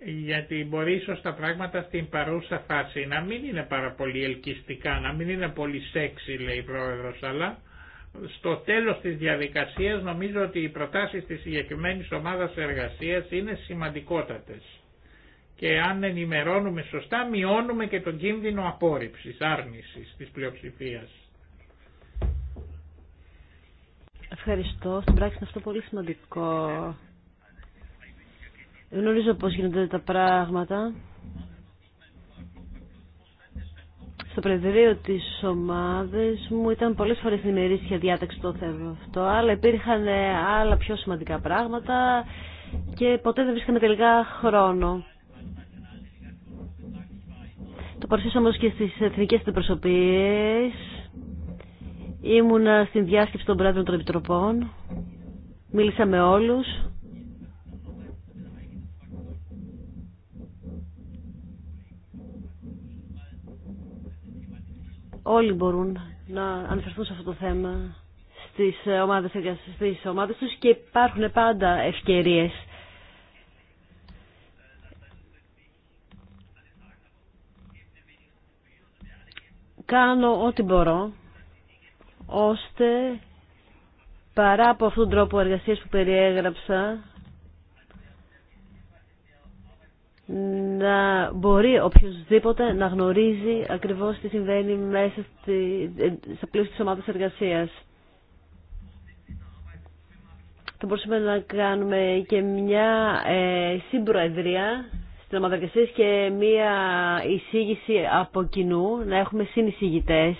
γιατί μπορεί ίσως τα πράγματα στην παρούσα φάση να μην είναι πάρα πολύ ελκυστικά, να μην είναι πολύ σεξι λέει η πρόεδρος, αλλά στο τέλος της διαδικασίας νομίζω ότι οι προτάσεις της συγκεκριμένη ομάδας εργασίας είναι σημαντικότατες. Και αν ενημερώνουμε σωστά μειώνουμε και τον κίνδυνο απόρριψης, άρνησης της πλειοψηφίας. Ευχαριστώ. Στην πράξη είναι αυτό πολύ σημαντικό Γνωρίζω πώς γίνονται τα πράγματα. Στο πρεδρείο της ομάδες μου ήταν πολλές φορές την διάταξη το θέμα αυτό, αλλά υπήρχαν ε, άλλα πιο σημαντικά πράγματα και ποτέ δεν βρίσκαμε τελικά χρόνο. Το παρουσίασα και στις εθνικές αντιπροσωπείες. Ήμουνα στην διάσκεψη των Πρόεδρων των Επιτροπών. Μίλησα με όλους. όλοι μπορούν να αναφερθούν σε αυτό το θέμα στις ε, ομάδες, στις ομάδες τους και υπάρχουν πάντα ευκαιρίες. Κάνω ό,τι μπορώ ώστε παρά από αυτόν τον τρόπο εργασίας που περιέγραψα να μπορεί οποιοδήποτε να γνωρίζει ακριβώς τι συμβαίνει μέσα στη, στα πλαίσια της ομάδας εργασίας. Θα μπορούσαμε να κάνουμε και μια ε, συμπροεδρία στην ομάδα εργασίας και μια εισήγηση από κοινού, να έχουμε συνεισηγητές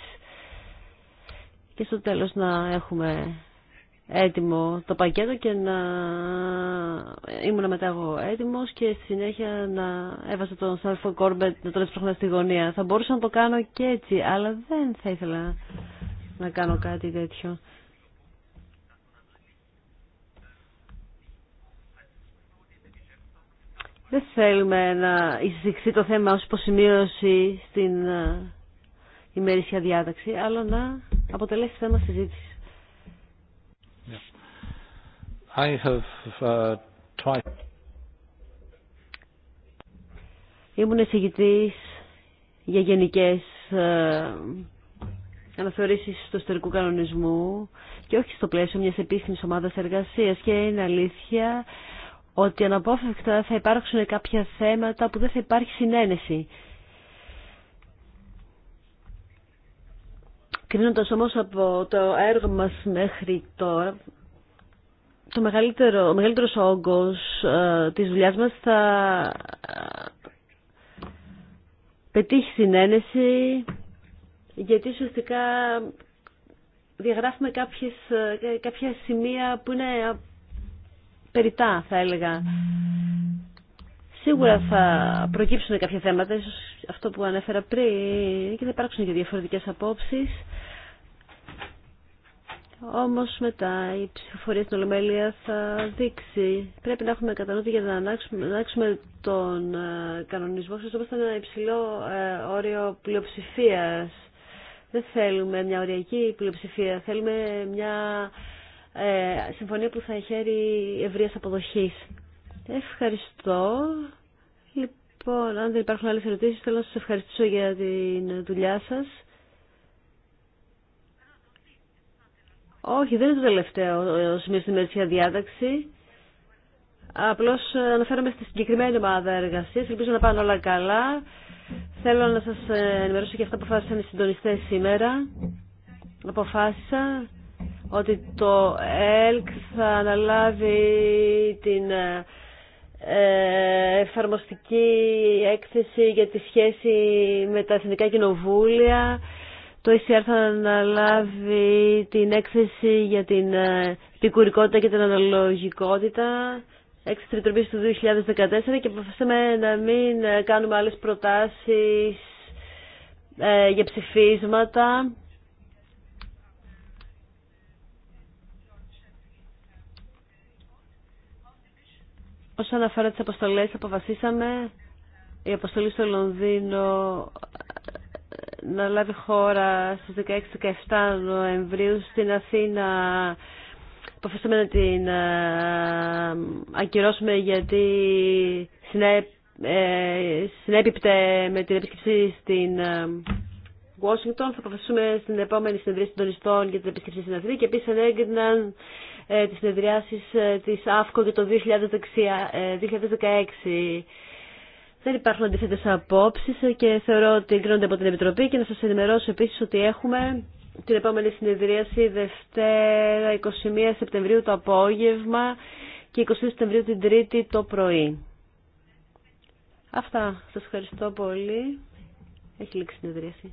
και στο τέλος να έχουμε έτοιμο το πακέτο και να ήμουν μετά εγώ έτοιμος και στη συνέχεια να έβαζα τον Σάρφο Κόρμπετ να τον έσπρωχνα στη γωνία. Θα μπορούσα να το κάνω και έτσι, αλλά δεν θα ήθελα να κάνω κάτι τέτοιο. Δεν θέλουμε να εισηγηθεί το θέμα ως υποσημείωση στην ε, ημερήσια διάταξη, αλλά να αποτελέσει θέμα συζήτηση. I have, uh, Ήμουν εισηγητής για γενικές ε, αναθεωρήσεις του εσωτερικού κανονισμού και όχι στο πλαίσιο μιας επίσημης ομάδας εργασίας και είναι αλήθεια ότι αναπόφευκτα θα υπάρξουν κάποια θέματα που δεν θα υπάρχει συνένεση. Κρίνοντας όμως από το έργο μας μέχρι τώρα το μεγαλύτερο, ο μεγαλύτερος όγκος ε, της δουλειάς μας θα ε, πετύχει συνένεση γιατί ουσιαστικά διαγράφουμε κάποιες, ε, κάποια σημεία που είναι περιτά θα έλεγα. Σίγουρα θα προκύψουν κάποια θέματα, αυτό που ανέφερα πριν και θα υπάρξουν και διαφορετικές απόψεις. Όμως μετά η ψηφοφορία στην Ολομέλεια θα δείξει. Πρέπει να έχουμε κατά για να αλλάξουμε, τον ε, κανονισμό, όπως ένα υψηλό ε, όριο πλειοψηφίας. Δεν θέλουμε μια οριακή πλειοψηφία, θέλουμε μια ε, συμφωνία που θα χαίρει ευρείας αποδοχής. Ευχαριστώ. Λοιπόν, αν δεν υπάρχουν άλλες ερωτήσεις, θέλω να σας ευχαριστήσω για την δουλειά σας. Όχι, δεν είναι το τελευταίο σημείο στην ημερησία διάταξη. Απλώ αναφέρομαι στη συγκεκριμένη ομάδα εργασία. Ελπίζω να πάνε όλα καλά. Θέλω να σα ενημερώσω και αυτά που αποφάσισαν οι συντονιστέ σήμερα. Αποφάσισα ότι το ΕΛΚ θα αναλάβει την ε, εφαρμοστική έκθεση για τη σχέση με τα εθνικά κοινοβούλια το ECR θα αναλάβει την έκθεση για την επικουρικότητα και την αναλογικότητα έκθεση Τριτροπής του 2014 και αποφασίσαμε να μην ε, κάνουμε άλλες προτάσεις ε, για ψηφίσματα. Όσον αφορά τις αποστολές, αποφασίσαμε η αποστολή στο Λονδίνο να λάβει χώρα στις 16-17 Νοεμβρίου στην Αθήνα. Αποφασίσαμε να την ε, ακυρώσουμε γιατί ε, συνέπιπτε με την επίσκεψη στην ε, Washington. Θα αποφασίσουμε στην επόμενη συνεδρία των τονιστών για την επίσκεψη στην Αθήνα και επίσης ανέγκριναν τις συνεδριάσεις της ΑΦΚΟ για το 2016. Δεν υπάρχουν αντίθετε απόψει και θεωρώ ότι εγκρίνονται από την Επιτροπή και να σας ενημερώσω επίσης ότι έχουμε την επόμενη συνεδρίαση Δευτέρα 21 Σεπτεμβρίου το απόγευμα και 22 Σεπτεμβρίου την Τρίτη το πρωί. Αυτά. Σας ευχαριστώ πολύ. Έχει λήξει η συνεδρίαση.